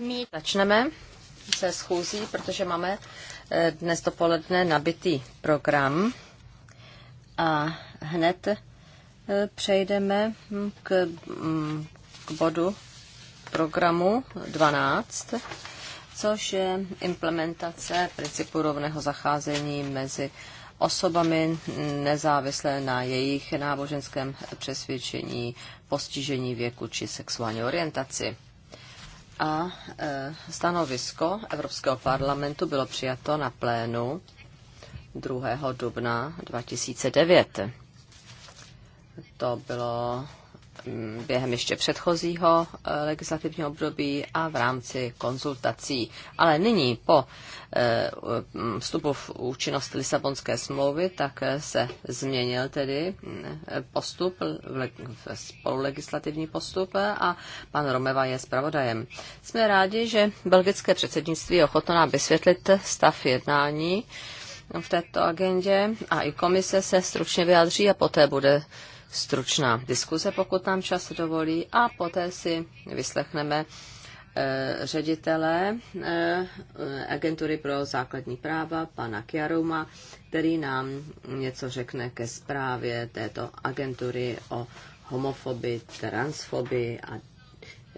My začneme se schůzí, protože máme eh, dnes dopoledne nabitý program a hned eh, přejdeme hm, k, hm, k bodu programu 12, což je implementace principu rovného zacházení mezi osobami nezávislé na jejich náboženském přesvědčení, postižení věku či sexuální orientaci a e, stanovisko Evropského parlamentu bylo přijato na plénu 2. dubna 2009. To bylo Mm, během ještě předchozího eh, legislativního období a v rámci konzultací. Ale nyní po eh, mm, vstupu v účinnost Lisabonské smlouvy, tak eh, se změnil tedy mm, postup, spolulegislativní postup a pan Romeva je zpravodajem. Jsme rádi, že belgické předsednictví je ochotno nám vysvětlit stav jednání v této agendě a i komise se stručně vyjádří a poté bude stručná diskuze, pokud nám čas dovolí, a poté si vyslechneme eh, ředitele eh, Agentury pro základní práva, pana Kiaruma, který nám něco řekne ke zprávě této agentury o homofobii, transfobii a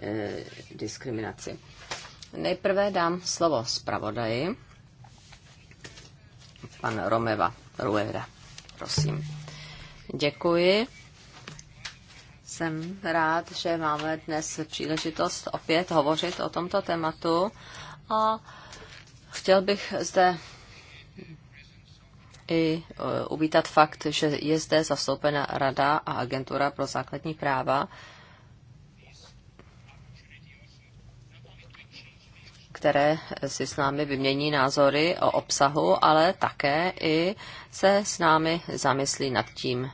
eh, diskriminaci. Nejprve dám slovo zpravodaji. Pan Romeva Rueda, prosím. Děkuji, jsem rád, že máme dnes příležitost opět hovořit o tomto tématu a chtěl bych zde i eh, uvítat fakt, že je zde zastoupena Rada a Agentura pro základní práva, které si s námi vymění názory o obsahu, ale také i se s námi zamyslí nad tím,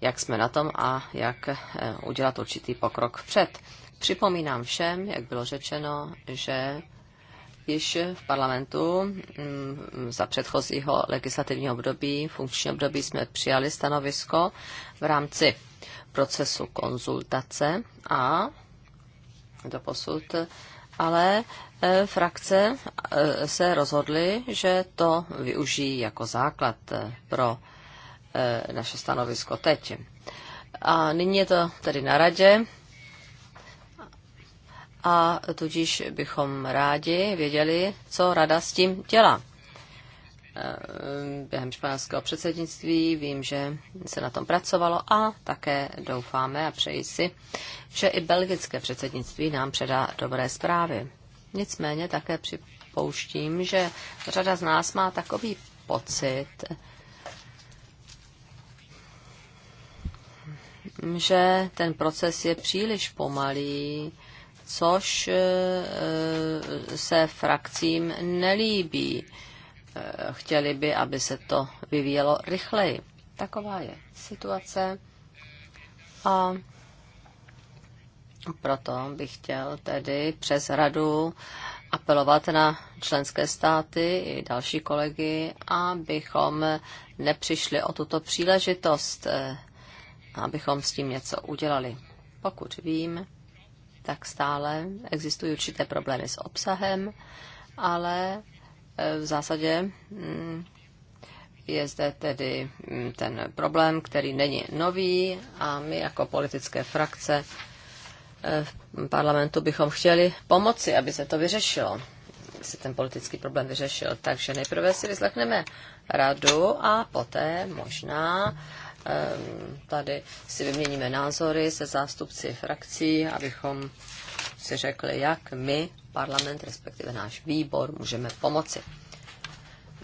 jak jsme na tom a jak eh, udělat určitý pokrok před. Připomínám všem, jak bylo řečeno, že již v parlamentu mm, za předchozího legislativního období, funkční období, jsme přijali stanovisko v rámci procesu konzultace a doposud, ale eh, frakce eh, se rozhodly, že to využijí jako základ pro Eh, naše stanovisko teď. A nyní je to tedy na radě a tudíž bychom rádi věděli, co rada s tím dělá. Eh, během španělského předsednictví vím, že se na tom pracovalo a také doufáme a přeji si, že i belgické předsednictví nám předá dobré zprávy. Nicméně také připouštím, že řada z nás má takový pocit, že ten proces je příliš pomalý, což eh, se frakcím nelíbí. Eh, chtěli by, aby se to vyvíjelo rychleji. Taková je situace. A proto bych chtěl tedy přes radu apelovat na členské státy i další kolegy, abychom nepřišli o tuto příležitost eh, abychom s tím něco udělali. Pokud vím, tak stále existují určité problémy s obsahem, ale e, v zásadě mm, je zde tedy mm, ten problém, který není nový a my jako politické frakce e, v parlamentu bychom chtěli pomoci, aby se to vyřešilo, aby se ten politický problém vyřešil. Takže nejprve si vyslechneme radu a poté možná tady si vyměníme názory se zástupci frakcí, abychom si řekli, jak my, parlament, respektive náš výbor, můžeme pomoci.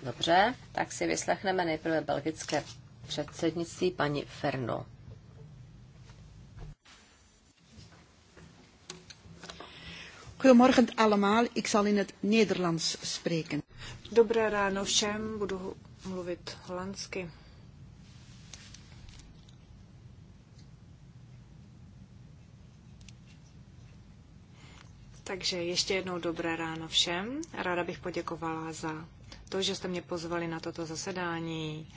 Dobře, tak si vyslechneme nejprve belgické předsednictví paní Ferno. Goedemorgen allemaal, ik zal in het Nederlands spreken. Dobré ráno všem, budu mluvit holandsky. Takže ještě jednou dobré ráno všem. Ráda bych poděkovala za to, že jste mě pozvali na toto zasedání.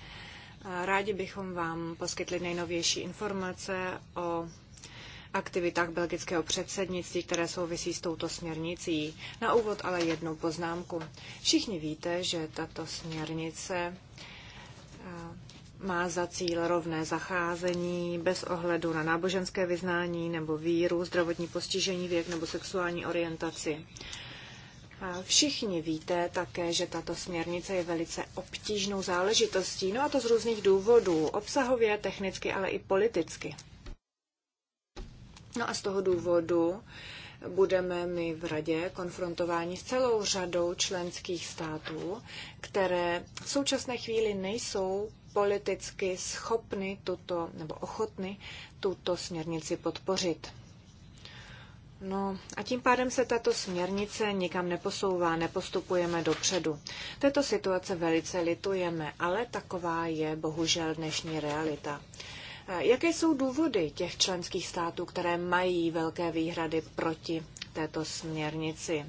Rádi bychom vám poskytli nejnovější informace o aktivitách belgického předsednictví, které souvisí s touto směrnicí. Na úvod ale jednu poznámku. Všichni víte, že tato směrnice má za cíl rovné zacházení bez ohledu na náboženské vyznání nebo víru, zdravotní postižení, věk nebo sexuální orientaci. A všichni víte také, že tato směrnice je velice obtížnou záležitostí, no a to z různých důvodů, obsahově, technicky, ale i politicky. No a z toho důvodu budeme my v Radě konfrontováni s celou řadou členských států, které v současné chvíli nejsou politicky schopny tuto, nebo ochotny tuto směrnici podpořit. No a tím pádem se tato směrnice nikam neposouvá, nepostupujeme dopředu. Této situace velice litujeme, ale taková je bohužel dnešní realita. E, jaké jsou důvody těch členských států, které mají velké výhrady proti této směrnici.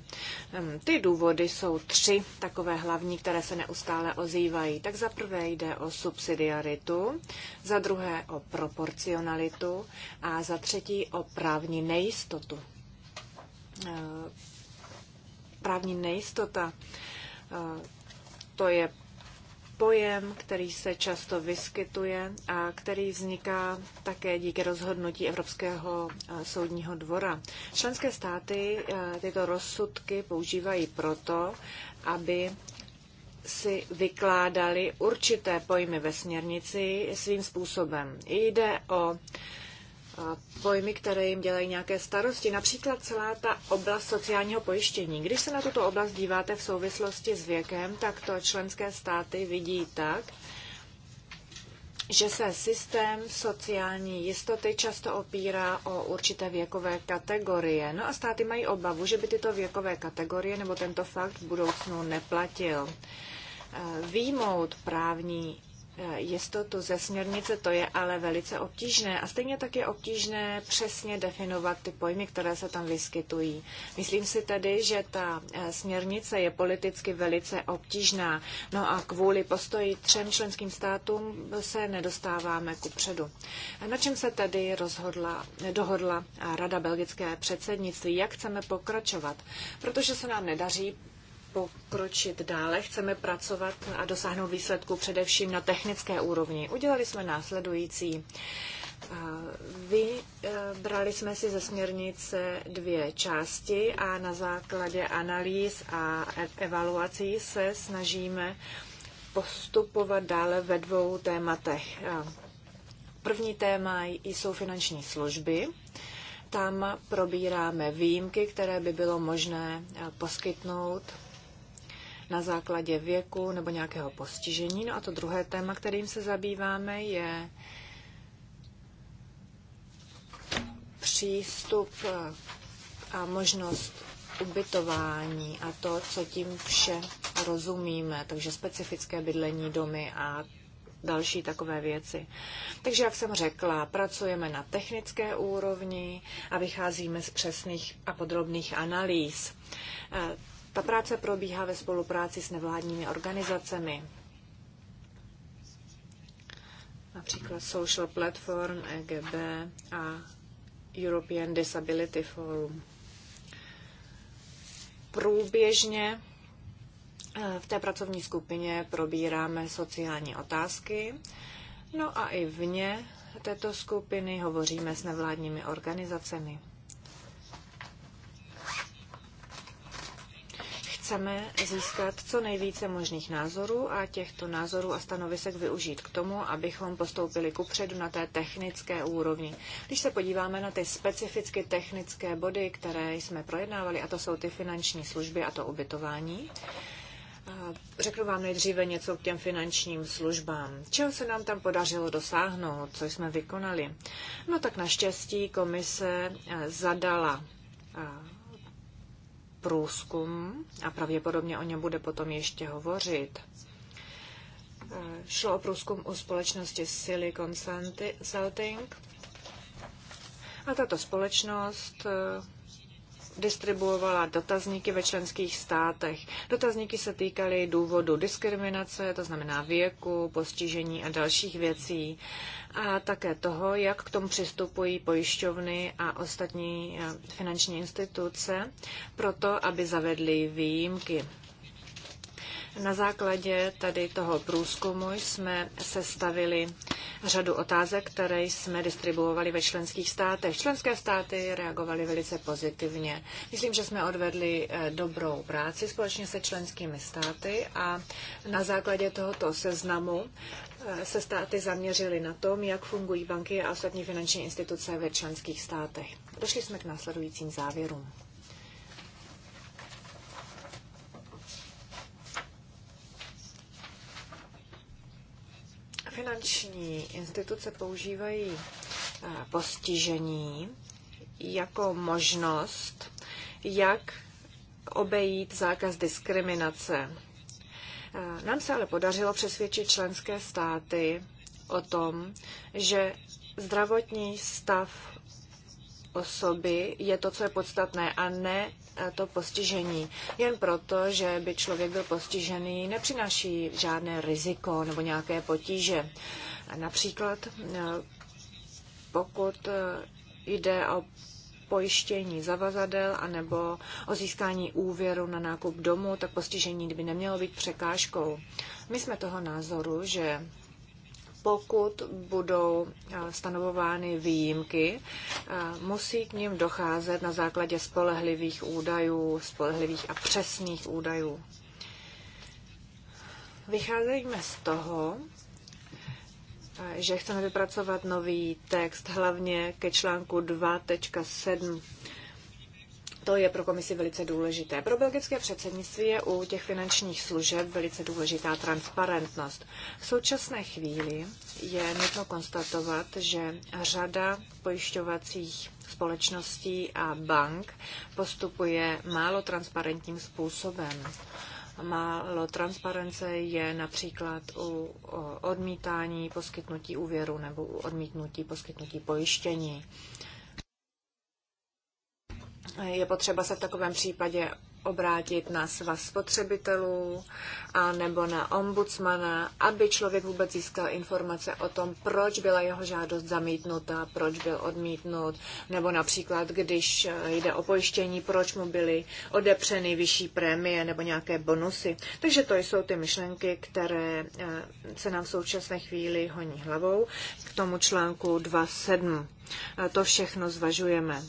Ehm, ty důvody jsou tři takové hlavní, které se neustále ozývají. Tak za prvé jde o subsidiaritu, za druhé o proporcionalitu a za třetí o právní nejistotu. Ehm, právní nejistota ehm, to je pojem, který se často vyskytuje a který vzniká také díky rozhodnutí Evropského eh, soudního dvora. Členské státy eh, tyto rozsudky používají proto, aby si vykládali určité pojmy ve směrnici svým způsobem. Jde o pojmy, které jim dělají nějaké starosti, například celá ta oblast sociálního pojištění. Když se na tuto oblast díváte v souvislosti s věkem, tak to členské státy vidí tak, že se systém sociální jistoty často opírá o určité věkové kategorie. No a státy mají obavu, že by tyto věkové kategorie nebo tento fakt v budoucnu neplatil. E, Výmout právní jistotu ze směrnice, to je ale velice obtížné. A stejně tak je obtížné přesně definovat ty pojmy, které se tam vyskytují. Myslím si tedy, že ta eh, směrnice je politicky velice obtížná. No a kvůli postoji třem členským státům se nedostáváme ku předu. Na čem se tedy rozhodla, dohodla Rada belgické předsednictví? Jak chceme pokračovat? Protože se nám nedaří pokročit dále, chceme pracovat a dosáhnout výsledku především na technické úrovni. Udělali jsme následující. Vybrali jsme si ze směrnice dvě části a na základě analýz a evaluací se snažíme postupovat dále ve dvou tématech. První téma jsou finanční služby. Tam probíráme výjimky, které by bylo možné poskytnout na základě věku nebo nějakého postižení. No a to druhé téma, kterým se zabýváme, je přístup eh, a možnost ubytování a to, co tím vše rozumíme, takže specifické bydlení, domy a další takové věci. Takže, jak jsem řekla, pracujeme na technické úrovni a vycházíme z přesných a podrobných analýz. Eh, ta práce probíhá ve spolupráci s nevládními organizacemi. Například Social Platform, EGB a European Disability Forum. Průběžně eh, v té pracovní skupině probíráme sociální otázky, no a i vně této skupiny hovoříme s nevládními organizacemi. chceme získat co nejvíce možných názorů a těchto názorů a stanovisek využít k tomu, abychom postoupili předu na té technické úrovni. Když se podíváme na ty specificky technické body, které jsme projednávali, a to jsou ty finanční služby a to ubytování, Řeknu vám nejdříve něco k těm finančním službám. Čeho se nám tam podařilo dosáhnout, co jsme vykonali? No tak naštěstí komise eh, zadala eh, průzkum a pravděpodobně o něm bude potom ještě hovořit. Šlo o průzkum u společnosti Silicon Consulting a tato společnost distribuovala dotazníky ve členských státech. Dotazníky se týkaly důvodu diskriminace, to znamená věku, postižení a dalších věcí, a také toho, jak k tomu přistupují pojišťovny a ostatní eh, finanční instituce, proto aby zavedly výjimky. Na základě tady toho průzkumu jsme sestavili řadu otázek, které jsme distribuovali ve členských státech. Členské státy reagovaly velice pozitivně. Myslím, že jsme odvedli eh, dobrou práci společně se členskými státy a na základě tohoto seznamu eh, se státy zaměřily na tom, jak fungují banky a ostatní finanční instituce ve členských státech. Došli jsme k následujícím závěrům. finanční instituce používají eh, postižení jako možnost, jak obejít zákaz diskriminace. Eh, nám se ale podařilo přesvědčit členské státy o tom, že zdravotní stav osoby je to, co je podstatné a ne e, to postižení. Jen proto, že by člověk byl postižený, nepřináší žádné riziko nebo nějaké potíže. Například e, pokud e, jde o pojištění zavazadel anebo o získání úvěru na nákup domu, tak postižení by nemělo být překážkou. My jsme toho názoru, že pokud budou eh, stanovovány výjimky, eh, musí k ním docházet na základě spolehlivých údajů, spolehlivých a přesných údajů. Vycházejme z toho, eh, že chceme vypracovat nový text hlavně ke článku 2.7 to je pro komisi velice důležité. Pro belgické předsednictví je u těch finančních služeb velice důležitá transparentnost. V současné chvíli je nutno konstatovat, že řada pojišťovacích společností a bank postupuje málo transparentním způsobem. Málo transparence je například u odmítání poskytnutí úvěru nebo u odmítnutí poskytnutí pojištění. Je potřeba se v takovém případě obrátit na svaz spotřebitelů a nebo na ombudsmana, aby člověk vůbec získal informace o tom, proč byla jeho žádost zamítnuta, proč byl odmítnut, nebo například, když jde o pojištění, proč mu byly odepřeny vyšší prémie nebo nějaké bonusy. Takže to jsou ty myšlenky, které eh, se nám v současné chvíli honí hlavou k tomu článku 2.7. To všechno zvažujeme.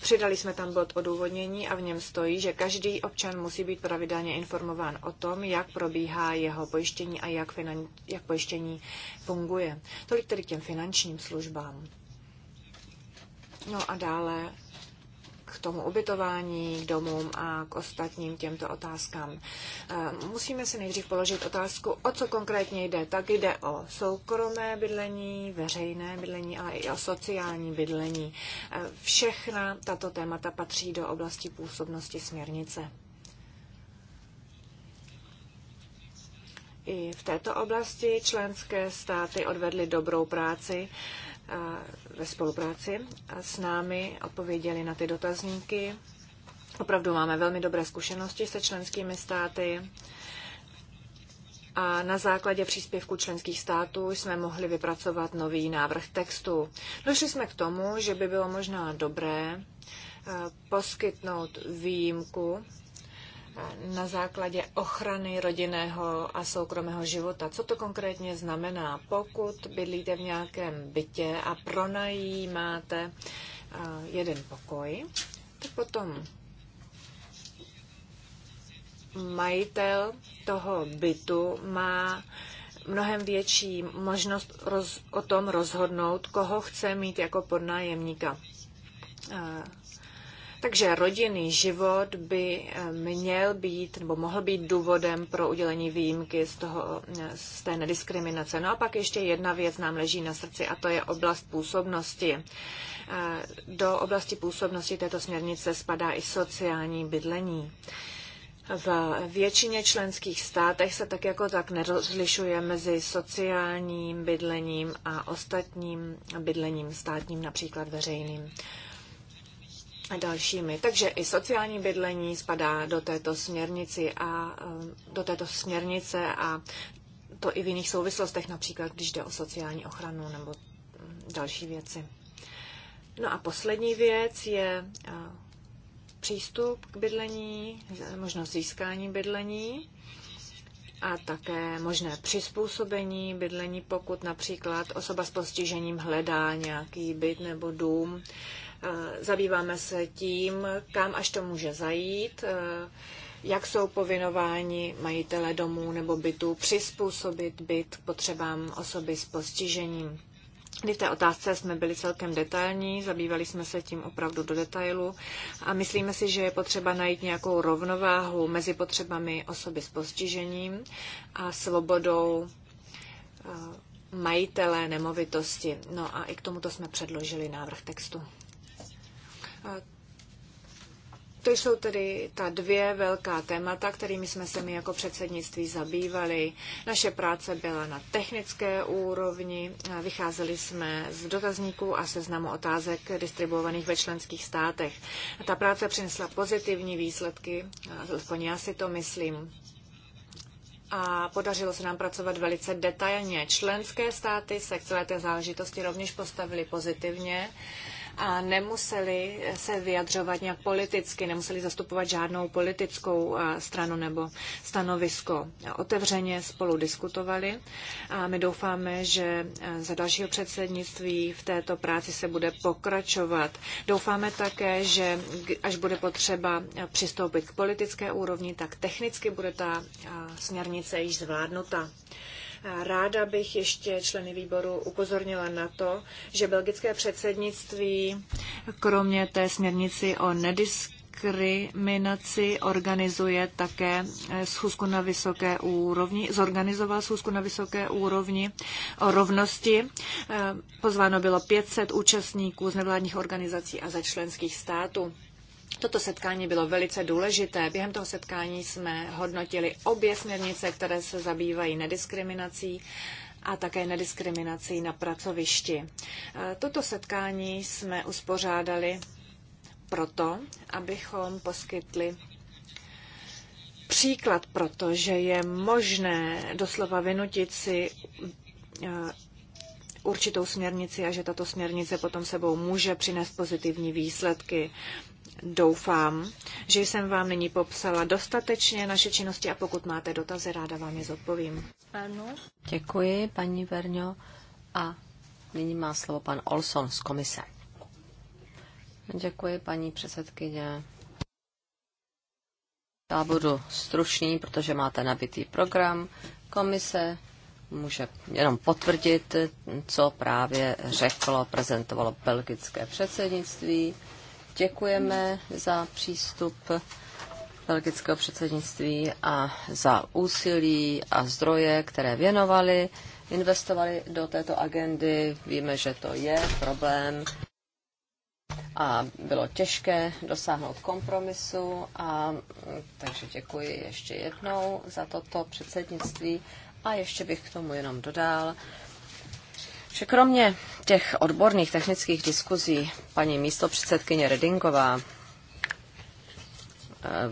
Přidali jsme tam bod odůvodnění a v něm stojí, že každý občan musí být pravidelně informován o tom, jak probíhá jeho pojištění a jak, finan- jak pojištění funguje. Tolik tedy k těm finančním službám. No a dále k tomu ubytování, k domům a k ostatním těmto otázkám. Eh, musíme si nejdřív položit otázku, o co konkrétně jde. Tak jde o soukromé bydlení, veřejné bydlení, ale i o sociální bydlení. Eh, všechna tato témata patří do oblasti působnosti směrnice. I v této oblasti členské státy odvedly dobrou práci ve spolupráci s námi, odpověděli na ty dotazníky. Opravdu máme velmi dobré zkušenosti se členskými státy a na základě příspěvku členských států jsme mohli vypracovat nový návrh textu. Došli jsme k tomu, že by bylo možná dobré eh, poskytnout výjimku na základě ochrany rodinného a soukromého života. Co to konkrétně znamená? Pokud bydlíte v nějakém bytě a pronajímáte eh, jeden pokoj, tak potom majitel toho bytu má mnohem větší možnost roz, o tom rozhodnout, koho chce mít jako podnájemníka. Eh, takže rodinný život by eh, měl být nebo mohl být důvodem pro udělení výjimky z, toho, eh, z té nediskriminace. No a pak ještě jedna věc nám leží na srdci a to je oblast působnosti. Eh, do oblasti působnosti této směrnice spadá i sociální bydlení. V většině členských státech se tak jako tak nerozlišuje mezi sociálním bydlením a ostatním bydlením státním, například veřejným a dalšími. Takže i sociální bydlení spadá do této směrnici a do této směrnice a to i v jiných souvislostech, například když jde o sociální ochranu nebo mm, další věci. No a poslední věc je přístup k bydlení, možnost získání bydlení a také možné přizpůsobení bydlení, pokud například osoba s postižením hledá nějaký byt nebo dům, Zabýváme se tím, kam až to může zajít, jak jsou povinováni majitele domů nebo bytu přizpůsobit byt potřebám osoby s postižením. v té otázce jsme byli celkem detailní, zabývali jsme se tím opravdu do detailu a myslíme si, že je potřeba najít nějakou rovnováhu mezi potřebami osoby s postižením a svobodou majitele nemovitosti. No a i k tomuto jsme předložili návrh textu. To jsou tedy ta dvě velká témata, kterými jsme se my jako předsednictví zabývali. Naše práce byla na technické úrovni, vycházeli jsme z dotazníků a seznamu otázek distribuovaných ve členských státech. Ta práce přinesla pozitivní výsledky, alespoň já si to myslím a podařilo se nám pracovat velice detailně. Členské státy se k celé té záležitosti rovněž postavili pozitivně a nemuseli se vyjadřovat nějak politicky, nemuseli zastupovat žádnou politickou stranu nebo stanovisko. Otevřeně spolu diskutovali a my doufáme, že za dalšího předsednictví v této práci se bude pokračovat. Doufáme také, že až bude potřeba přistoupit k politické úrovni, tak technicky bude ta směrnice již zvládnuta. Ráda bych ještě členy výboru upozornila na to, že belgické předsednictví, kromě té směrnici o nediskriminaci organizuje také eh, schůzku na vysoké úrovni, zorganizoval schůzku na vysoké úrovni o rovnosti. Eh, pozváno bylo 500 účastníků z nevládních organizací a ze členských států. Toto setkání bylo velice důležité. Během toho setkání jsme hodnotili obě směrnice, které se zabývají nediskriminací a také nediskriminací na pracovišti. E, toto setkání jsme uspořádali proto, abychom poskytli příklad proto, že je možné doslova vynutit si e, určitou směrnici a že tato směrnice potom sebou může přinést pozitivní výsledky. Doufám, že jsem vám nyní popsala dostatečně naše činnosti a pokud máte dotazy, ráda vám je zodpovím. Děkuji, paní Verňo. A nyní má slovo pan Olson z komise. Děkuji, paní předsedkyně. Já budu stručný, protože máte nabitý program. Komise může jenom potvrdit, co právě řeklo, prezentovalo belgické předsednictví. Děkujeme za přístup belgického předsednictví a za úsilí a zdroje, které věnovali, investovali do této agendy. Víme, že to je problém a bylo těžké dosáhnout kompromisu a takže děkuji ještě jednou za toto předsednictví a ještě bych k tomu jenom dodal, že kromě těch odborných technických diskuzí paní místo předsedkyně Redingová eh,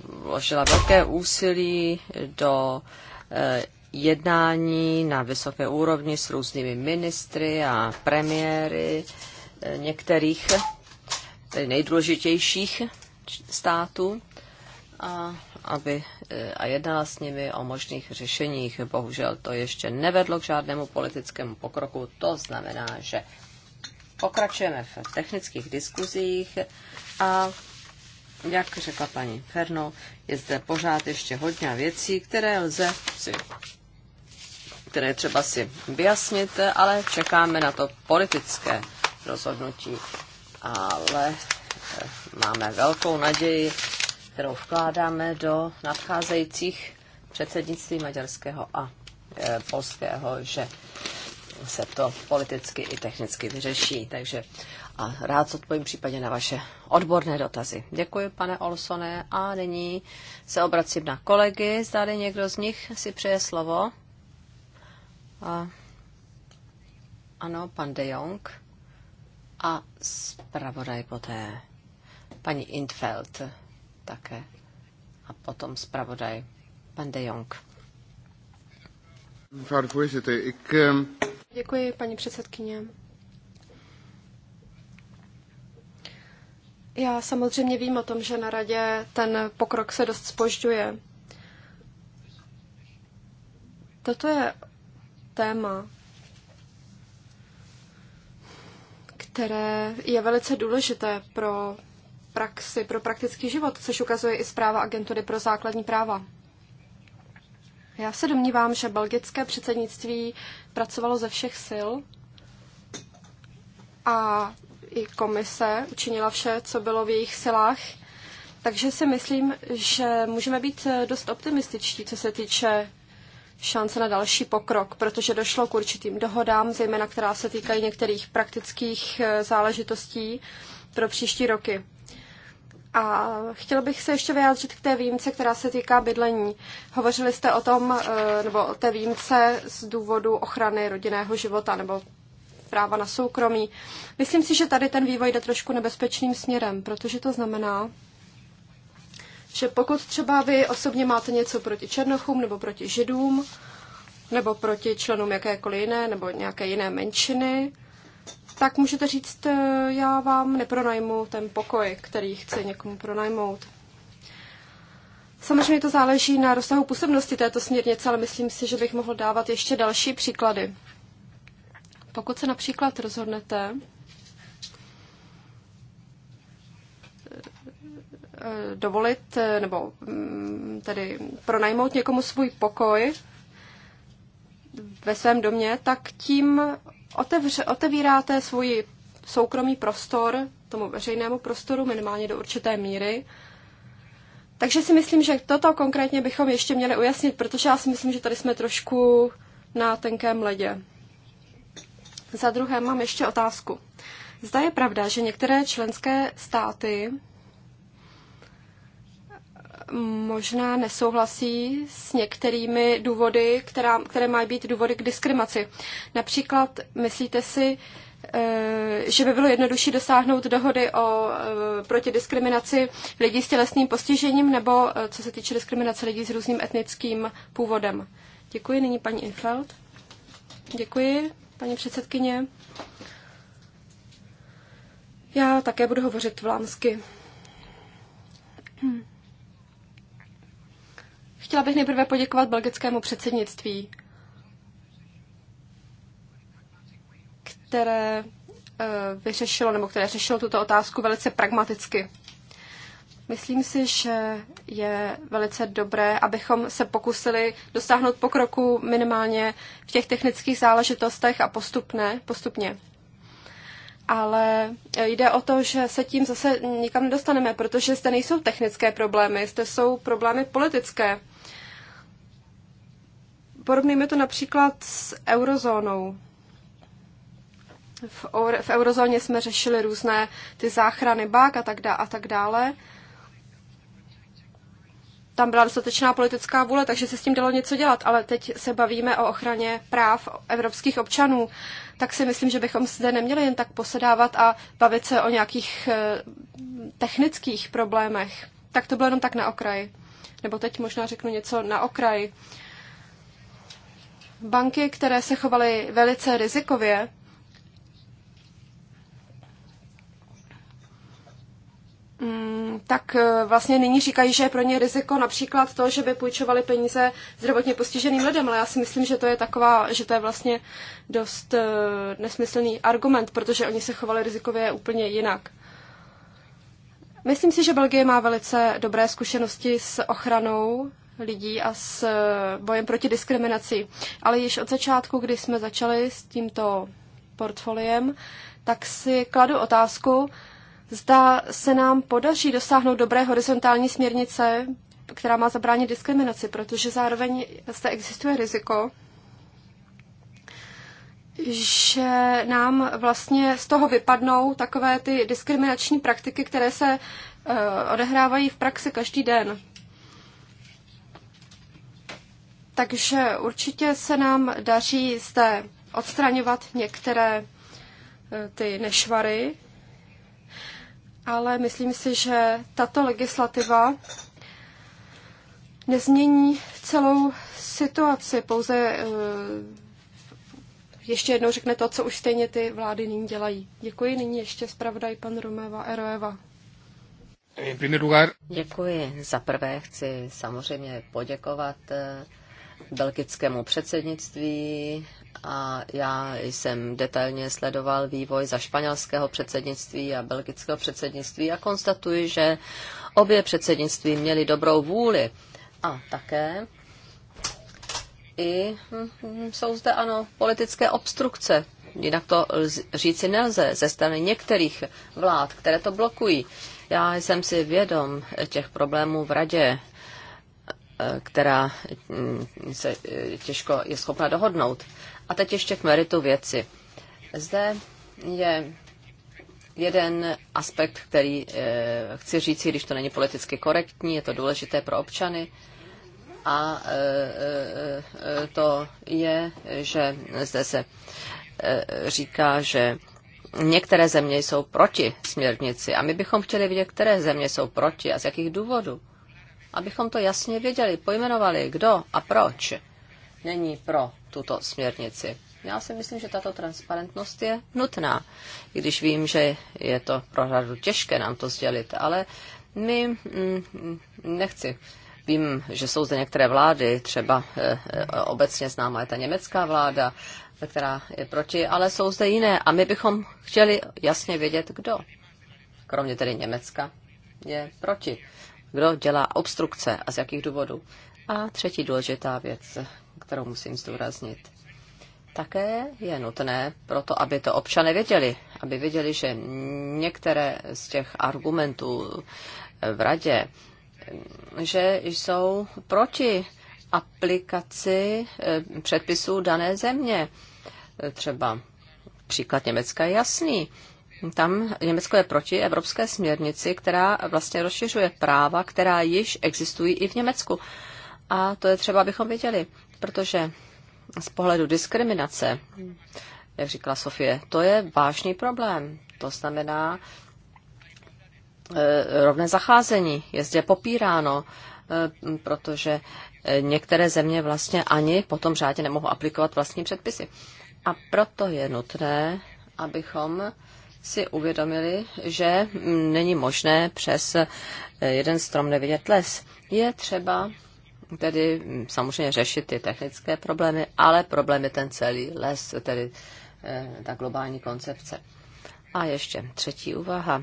vložila velké úsilí do eh, jednání na vysoké úrovni s různými ministry a premiéry eh, některých tedy nejdůležitějších států. A aby, e, a jednala s nimi o možných řešeních. Bohužel to ještě nevedlo k žádnému politickému pokroku. To znamená, že pokračujeme v technických diskuzích a jak řekla paní Ferno, je zde pořád ještě hodně věcí, které lze si které třeba si vyjasnit, ale čekáme na to politické rozhodnutí. Ale e, máme velkou naději, kterou vkládáme do nadcházejících předsednictví maďarského a e, polského, že se to politicky i technicky vyřeší. Takže a rád odpovím případně na vaše odborné dotazy. Děkuji, pane Olsone. A nyní se obracím na kolegy. zda někdo z nich si přeje slovo. A, ano, pan De Jong. A zpravodaj poté. Paní Intfeld také. A potom zpravodaj pan De Jong. Ehm, Děkuji, paní předsedkyně. Já samozřejmě vím o tom, že na radě ten pokrok se dost spožďuje. Toto je téma, které je velice důležité pro praxi, pro praktický život, což ukazuje i zpráva Agentury pro základní práva. Já se domnívám, že belgické předsednictví pracovalo ze všech sil a i komise učinila vše, co bylo v jejich silách. Takže si myslím, že můžeme být dost optimističtí, co se týče šance na další pokrok, protože došlo k určitým dohodám, zejména která se týkají některých praktických eh, záležitostí pro příští roky. A chtěla bych se ještě vyjádřit k té výjimce, která se týká bydlení. Hovořili jste o tom, eh, nebo o té výjimce z důvodu ochrany rodinného života nebo práva na soukromí. Myslím si, že tady ten vývoj jde trošku nebezpečným směrem, protože to znamená, že pokud třeba vy osobně máte něco proti Černochům nebo proti Židům, nebo proti členům jakékoliv jiné, nebo nějaké jiné menšiny, tak můžete říct, eh, já vám nepronajmu ten pokoj, který chce někomu pronajmout. Samozřejmě to záleží na rozsahu působnosti této směrnice, ale myslím si, že bych mohl dávat ještě další příklady. Pokud se například rozhodnete, eh, dovolit eh, nebo mm, tedy pronajmout někomu svůj pokoj ve svém domě, tak tím otevře, otevíráte svůj soukromý prostor tomu veřejnému prostoru, minimálně do určité míry. Takže si myslím, že toto konkrétně bychom ještě měli ujasnit, protože já si myslím, že tady jsme trošku na tenkém ledě. Za druhé mám ještě otázku. Zda je pravda, že některé členské státy možná nesouhlasí s některými důvody, která, které mají být důvody k diskrimaci. Například myslíte si, eh, že by bylo jednodušší dosáhnout dohody o eh, proti diskriminaci lidí s tělesným postižením nebo eh, co se týče diskriminace lidí s různým etnickým původem. Děkuji, nyní paní Infeld. Děkuji, paní předsedkyně. Já také budu hovořit vlámsky. Hmm. Chtěla bych nejprve poděkovat belgickému předsednictví, které eh, vyřešilo nebo které řešilo tuto otázku velice pragmaticky. Myslím si, že je velice dobré, abychom se pokusili dosáhnout pokroku minimálně v těch technických záležitostech a postupně, postupně ale jde o to, že se tím zase nikam nedostaneme, protože zde nejsou technické problémy, zde jsou problémy politické. Porovnejme to například s eurozónou. V, v eurozóně jsme řešili různé ty záchrany bák a tak, dá, a tak dále. Tam byla dostatečná politická vůle, takže se s tím dalo něco dělat, ale teď se bavíme o ochraně práv evropských občanů tak si myslím, že bychom zde neměli jen tak posedávat a bavit se o nějakých eh, technických problémech. Tak to bylo jenom tak na okraji. Nebo teď možná řeknu něco na okraji. Banky, které se chovaly velice rizikově, Mm, tak e, vlastně nyní říkají, že je pro ně riziko například to, že by půjčovali peníze zdravotně postiženým lidem, ale já si myslím, že to je taková, že to je vlastně dost e, nesmyslný argument, protože oni se chovali rizikově úplně jinak. Myslím si, že Belgie má velice dobré zkušenosti s ochranou lidí a s e, bojem proti diskriminaci. Ale již od začátku, kdy jsme začali s tímto portfoliem, tak si kladu otázku, Zda se nám podaří dosáhnout dobré horizontální směrnice, která má zabránit diskriminaci, protože zároveň zde existuje riziko, že nám vlastně z toho vypadnou takové ty diskriminační praktiky, které se eh, odehrávají v praxi každý den. Takže určitě se nám daří zde odstraňovat některé eh, ty nešvary, ale myslím si, že tato legislativa nezmění celou situaci, pouze eh, ještě jednou řekne to, co už stejně ty vlády nyní dělají. Děkuji, nyní ještě zpravodaj pan Romeva Eroeva. Děkuji. Za prvé chci samozřejmě poděkovat eh, belgickému předsednictví a já jsem detailně sledoval vývoj za španělského předsednictví a belgického předsednictví a konstatuji, že obě předsednictví měly dobrou vůli. A také i hm, jsou zde, ano, politické obstrukce. Jinak to říci nelze ze strany některých vlád, které to blokují. Já jsem si vědom těch problémů v radě, eh, která hm, se eh, těžko je schopna dohodnout. A teď ještě k meritu věci. Zde je jeden aspekt, který eh, chci říct, když to není politicky korektní, je to důležité pro občany. A eh, eh, eh, to je, že zde se eh, říká, že některé země jsou proti směrnici a my bychom chtěli vidět, které země jsou proti a z jakých důvodů. Abychom to jasně věděli, pojmenovali, kdo a proč není pro tuto směrnici. Já si myslím, že tato transparentnost je nutná, i když vím, že je to pro řadu těžké nám to sdělit, ale my mm, nechci. Vím, že jsou zde některé vlády, třeba eh, eh, obecně známá je ta německá vláda, která je proti, ale jsou zde jiné a my bychom chtěli jasně vědět, kdo, kromě tedy Německa, je proti, kdo dělá obstrukce a z jakých důvodů. A třetí důležitá věc, kterou musím zdůraznit. Také je nutné proto, aby to občané věděli, aby věděli, že některé z těch argumentů v radě, že jsou proti aplikaci eh, předpisů dané země. Třeba příklad Německa je jasný. Tam Německo je proti evropské směrnici, která vlastně rozšiřuje práva, která již existují i v Německu. A to je třeba, abychom věděli protože z pohledu diskriminace, jak říkala Sofie, to je vážný problém. To znamená, e, rovné zacházení je zde popíráno, e, protože některé země vlastně ani potom řádě nemohou aplikovat vlastní předpisy. A proto je nutné, abychom si uvědomili, že není možné přes e, jeden strom nevidět les. Je třeba tedy hm, samozřejmě řešit ty technické problémy, ale problém je ten celý les, tedy eh, ta globální koncepce. A ještě třetí úvaha.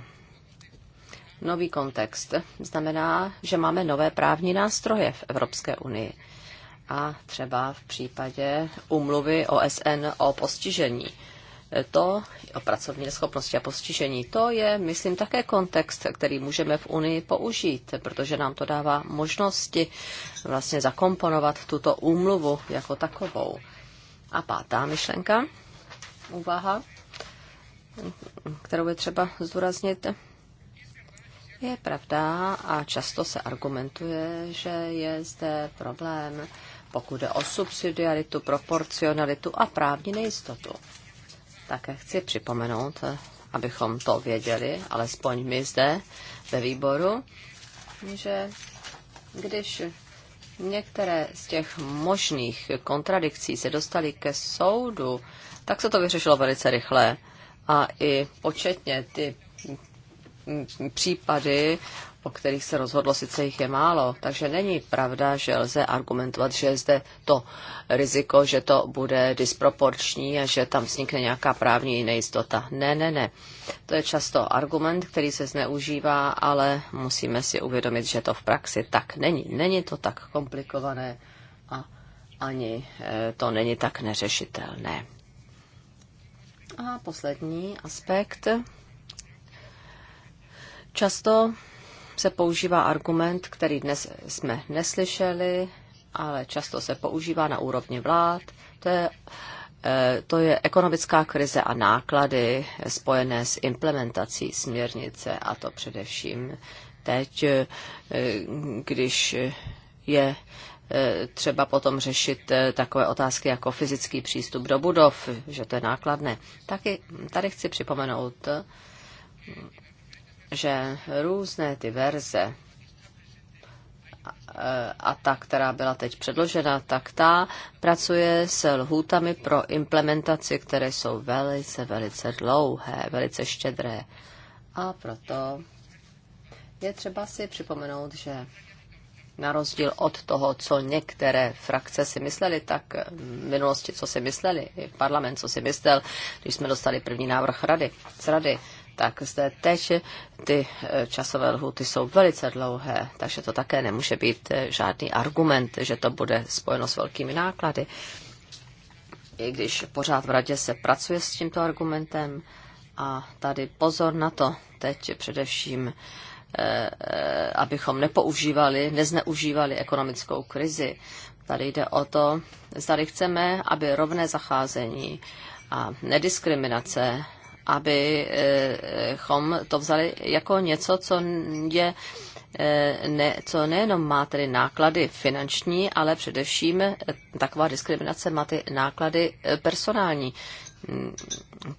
Nový kontext znamená, že máme nové právní nástroje v Evropské unii. A třeba v případě umluvy OSN o postižení to o pracovní neschopnosti a postižení. To je, myslím, také kontext, který můžeme v Unii použít, protože nám to dává možnosti vlastně zakomponovat tuto úmluvu jako takovou. A pátá myšlenka, úvaha, kterou je třeba zdůraznit, je pravda a často se argumentuje, že je zde problém, pokud jde o subsidiaritu, proporcionalitu a právní nejistotu. Také chci připomenout, abychom to věděli, alespoň my zde ve výboru, že když některé z těch možných kontradikcí se dostaly ke soudu, tak se to vyřešilo velice rychle. A i početně ty případy o kterých se rozhodlo, sice jich je málo, takže není pravda, že lze argumentovat, že je zde to riziko, že to bude disproporční a že tam vznikne nějaká právní nejistota. Ne, ne, ne. To je často argument, který se zneužívá, ale musíme si uvědomit, že to v praxi tak není. Není to tak komplikované a ani eh, to není tak neřešitelné. A poslední aspekt. Často se používá argument, který dnes jsme neslyšeli, ale často se používá na úrovni vlád. To je, eh, to je ekonomická krize a náklady spojené s implementací směrnice, a to především teď, eh, když je eh, třeba potom řešit takové otázky jako fyzický přístup do budov, že to je nákladné. Taky tady chci připomenout že různé ty verze a ta, která byla teď předložena, tak ta pracuje s lhůtami pro implementaci, které jsou velice, velice dlouhé, velice štědré. A proto je třeba si připomenout, že na rozdíl od toho, co některé frakce si mysleli, tak v minulosti, co si mysleli, parlament, co si myslel, když jsme dostali první návrh rady, z rady, tak zde teď ty eh, časové lhuty jsou velice dlouhé, takže to také nemůže být eh, žádný argument, že to bude spojeno s velkými náklady. I když pořád v radě se pracuje s tímto argumentem a tady pozor na to teď především, eh, abychom nepoužívali, nezneužívali ekonomickou krizi. Tady jde o to, zda chceme, aby rovné zacházení a nediskriminace abychom to vzali jako něco, co je eh, ne, co nejenom má tedy náklady finanční, ale především eh, taková diskriminace má ty náklady eh, personální. Mm,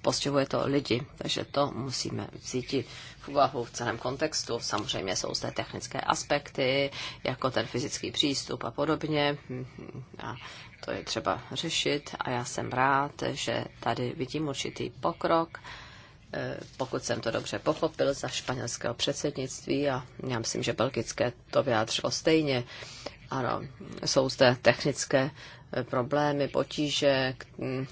postihuje to lidi, takže to musíme vzít v úvahu v celém kontextu. Samozřejmě jsou zde technické aspekty, jako ten fyzický přístup a podobně. Mm, a to je třeba řešit a já jsem rád, že tady vidím určitý pokrok, eh, pokud jsem to dobře pochopil, za španělského předsednictví a já myslím, že belgické to vyjádřilo stejně. Ano, jsou zde technické eh, problémy, potíže, mm,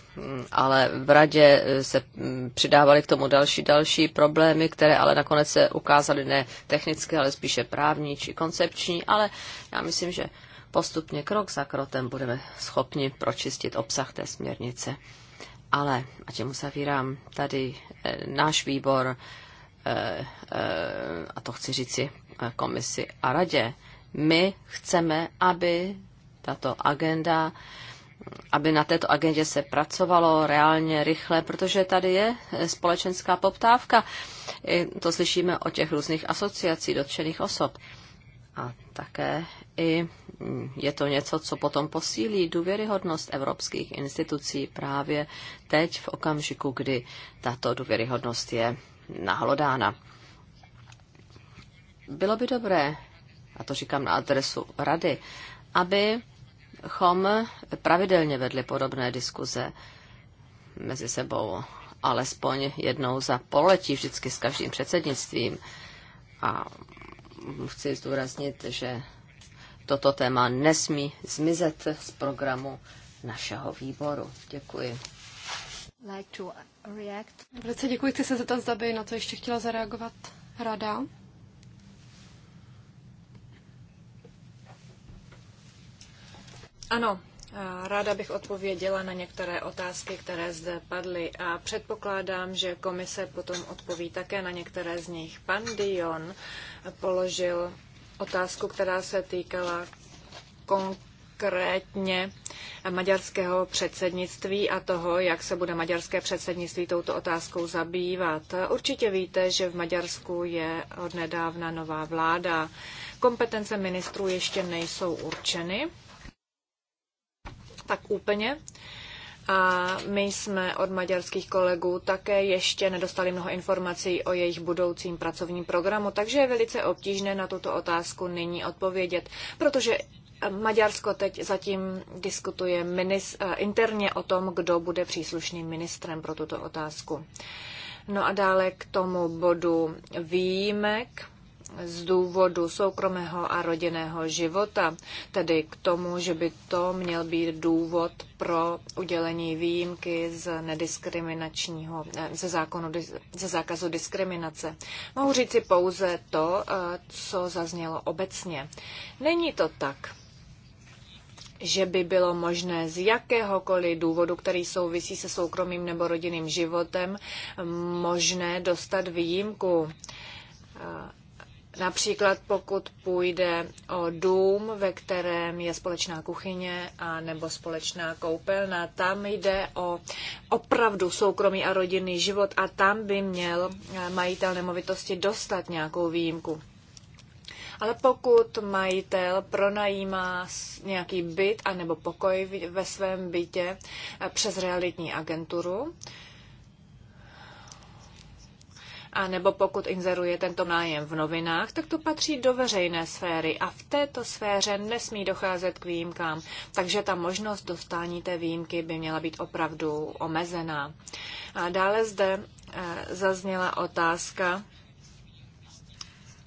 ale v radě eh, se mm, přidávaly k tomu další, další problémy, které ale nakonec se ukázaly ne technické, ale spíše právní či koncepční, ale já myslím, že postupně krok za krokem budeme schopni pročistit obsah té směrnice. Ale, a čemu vírám, tady e, náš výbor, e, e, a to chci říci komisi a radě, my chceme, aby tato agenda, aby na této agendě se pracovalo reálně, rychle, protože tady je společenská poptávka. To slyšíme o těch různých asociací dotčených osob. E, a také i mm, je to něco, co potom posílí důvěryhodnost evropských institucí právě teď v okamžiku, kdy tato důvěryhodnost je nahlodána. Bylo by dobré, a to říkám na adresu rady, abychom pravidelně vedli podobné diskuze mezi sebou, alespoň jednou za poletí, vždycky s každým předsednictvím. A chci zdůraznit, že toto téma nesmí zmizet z programu našeho výboru. Děkuji. Like to react. Velice děkuji, chci se zeptat, zda by na to ještě chtěla zareagovat rada. Ano, ráda bych odpověděla na některé otázky, které zde padly a předpokládám, že komise potom odpoví také na některé z nich. Pan Dion položil otázku, která se týkala konkrétně maďarského předsednictví a toho, jak se bude maďarské předsednictví touto otázkou zabývat. Určitě víte, že v Maďarsku je od nedávna nová vláda. Kompetence ministrů ještě nejsou určeny tak úplně a my jsme od maďarských kolegů také ještě nedostali mnoho informací o jejich budoucím pracovním programu, takže je velice obtížné na tuto otázku nyní odpovědět, protože Maďarsko teď zatím diskutuje minis, eh, interně o tom, kdo bude příslušným ministrem pro tuto otázku. No a dále k tomu bodu výjimek z důvodu soukromého a rodinného života, tedy k tomu, že by to měl být důvod pro udělení výjimky z nediskriminačního, eh, ze, zákonu, ze zákazu diskriminace. Mohu říci pouze to, eh, co zaznělo obecně. Není to tak že by bylo možné z jakéhokoliv důvodu, který souvisí se soukromým nebo rodinným životem, možné dostat výjimku. Eh, Například pokud půjde o dům, ve kterém je společná kuchyně a nebo společná koupelna, tam jde o opravdu soukromý a rodinný život a tam by měl eh, majitel nemovitosti dostat nějakou výjimku. Ale pokud majitel pronajímá nějaký byt anebo pokoj ve svém bytě eh, přes realitní agenturu, a nebo pokud inzeruje tento nájem v novinách, tak to patří do veřejné sféry a v této sféře nesmí docházet k výjimkám, takže ta možnost dostání té výjimky by měla být opravdu omezená. A dále zde eh, zazněla otázka,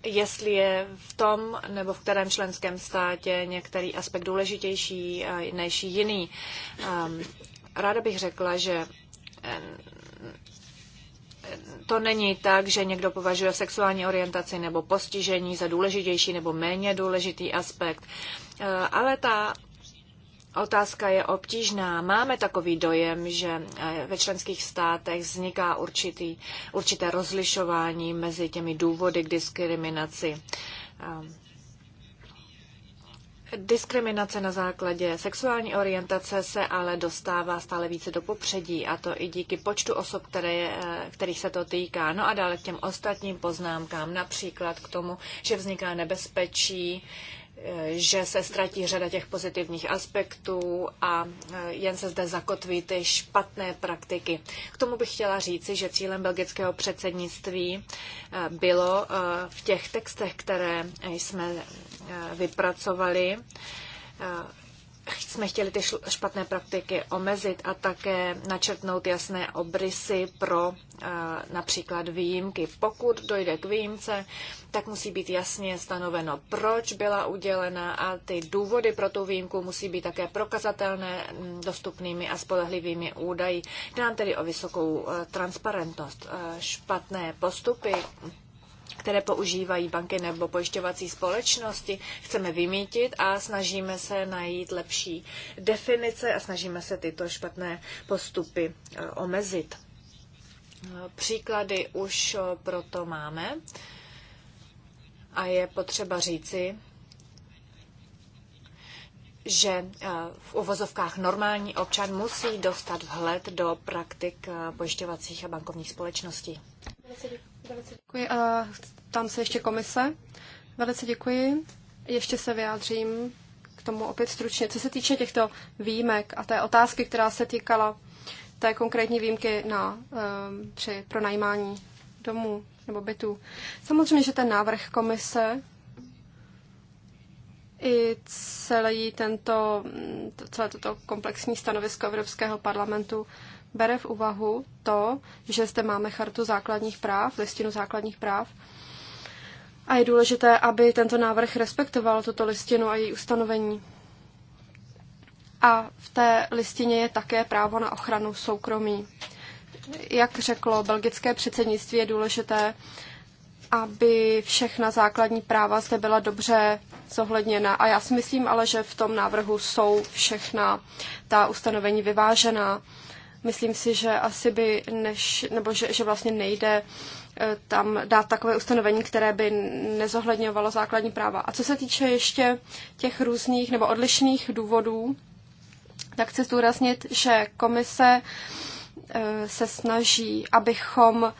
jestli je v tom nebo v kterém členském státě některý aspekt důležitější eh, než jiný. Ehm, ráda bych řekla, že eh, to není tak, že někdo považuje sexuální orientaci nebo postižení za důležitější nebo méně důležitý aspekt. Eh, ale ta Otázka je obtížná. Máme takový dojem, že eh, ve členských státech vzniká určitý, určité rozlišování mezi těmi důvody k diskriminaci. Eh, Diskriminace na základě sexuální orientace se ale dostává stále více do popředí, a to i díky počtu osob, které, eh, kterých se to týká. No a dále k těm ostatním poznámkám, například k tomu, že vzniká nebezpečí, že se ztratí řada těch pozitivních aspektů a e, jen se zde zakotví ty špatné praktiky. K tomu bych chtěla říci, že cílem belgického předsednictví e, bylo e, v těch textech, které jsme vypracovali, jsme chtěli ty špatné praktiky omezit a také načrtnout jasné obrysy pro eh, například výjimky. Pokud dojde k výjimce, tak musí být jasně stanoveno, proč byla udělena a ty důvody pro tu výjimku musí být také prokazatelné mm, dostupnými a spolehlivými údaji. Jde nám tedy o vysokou eh, transparentnost. Eh, špatné postupy které používají banky nebo pojišťovací společnosti, chceme vymítit a snažíme se najít lepší definice a snažíme se tyto špatné postupy eh, omezit. Eh, příklady už eh, proto máme a je potřeba říci, že v uvozovkách normální občan musí dostat vhled do praktik pojišťovacích a bankovních společností. Velice děkuji. A tam se ještě komise. Velice děkuji. Ještě se vyjádřím k tomu opět stručně. Co se týče těchto výjimek a té otázky, která se týkala té konkrétní výjimky na, ehm, při pronajímání domů nebo bytů. Samozřejmě, že ten návrh komise i celý tento, celé toto komplexní stanovisko Evropského parlamentu bere v úvahu to, že zde máme chartu základních práv, listinu základních práv, a je důležité, aby tento návrh respektoval tuto listinu a její ustanovení. A v té listině je také právo na ochranu soukromí. Jak řeklo belgické předsednictví, je důležité, aby všechna základní práva zde byla dobře zohledněna. A já si myslím ale, že v tom návrhu jsou všechna ta ustanovení vyvážená. Myslím si, že asi by než, nebo že, že vlastně nejde eh, tam dát takové ustanovení, které by nezohledňovalo základní práva. A co se týče ještě těch různých nebo odlišných důvodů, tak chci zdůraznit, že komise eh, se snaží, abychom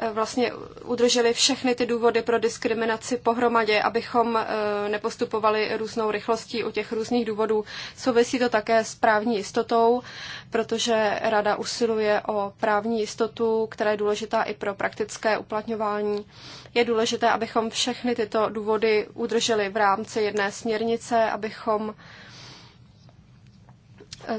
Eh, vlastně udrželi všechny ty důvody pro diskriminaci pohromadě, abychom eh, nepostupovali různou rychlostí u těch různých důvodů. Souvisí to také s právní jistotou, protože Rada usiluje o právní jistotu, která je důležitá i pro praktické uplatňování. Je důležité, abychom všechny tyto důvody udrželi v rámci jedné směrnice, abychom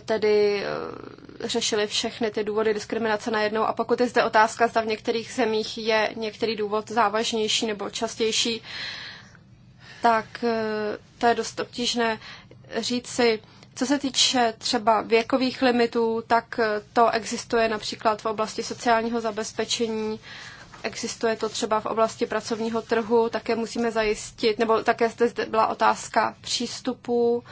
tedy eh, řešili všechny ty důvody diskriminace najednou. A pokud je zde otázka, zda v některých zemích je některý důvod závažnější nebo častější, tak eh, to je dost obtížné říci. Co se týče třeba věkových limitů, tak eh, to existuje například v oblasti sociálního zabezpečení, existuje to třeba v oblasti pracovního trhu, také musíme zajistit, nebo také zde byla otázka přístupu,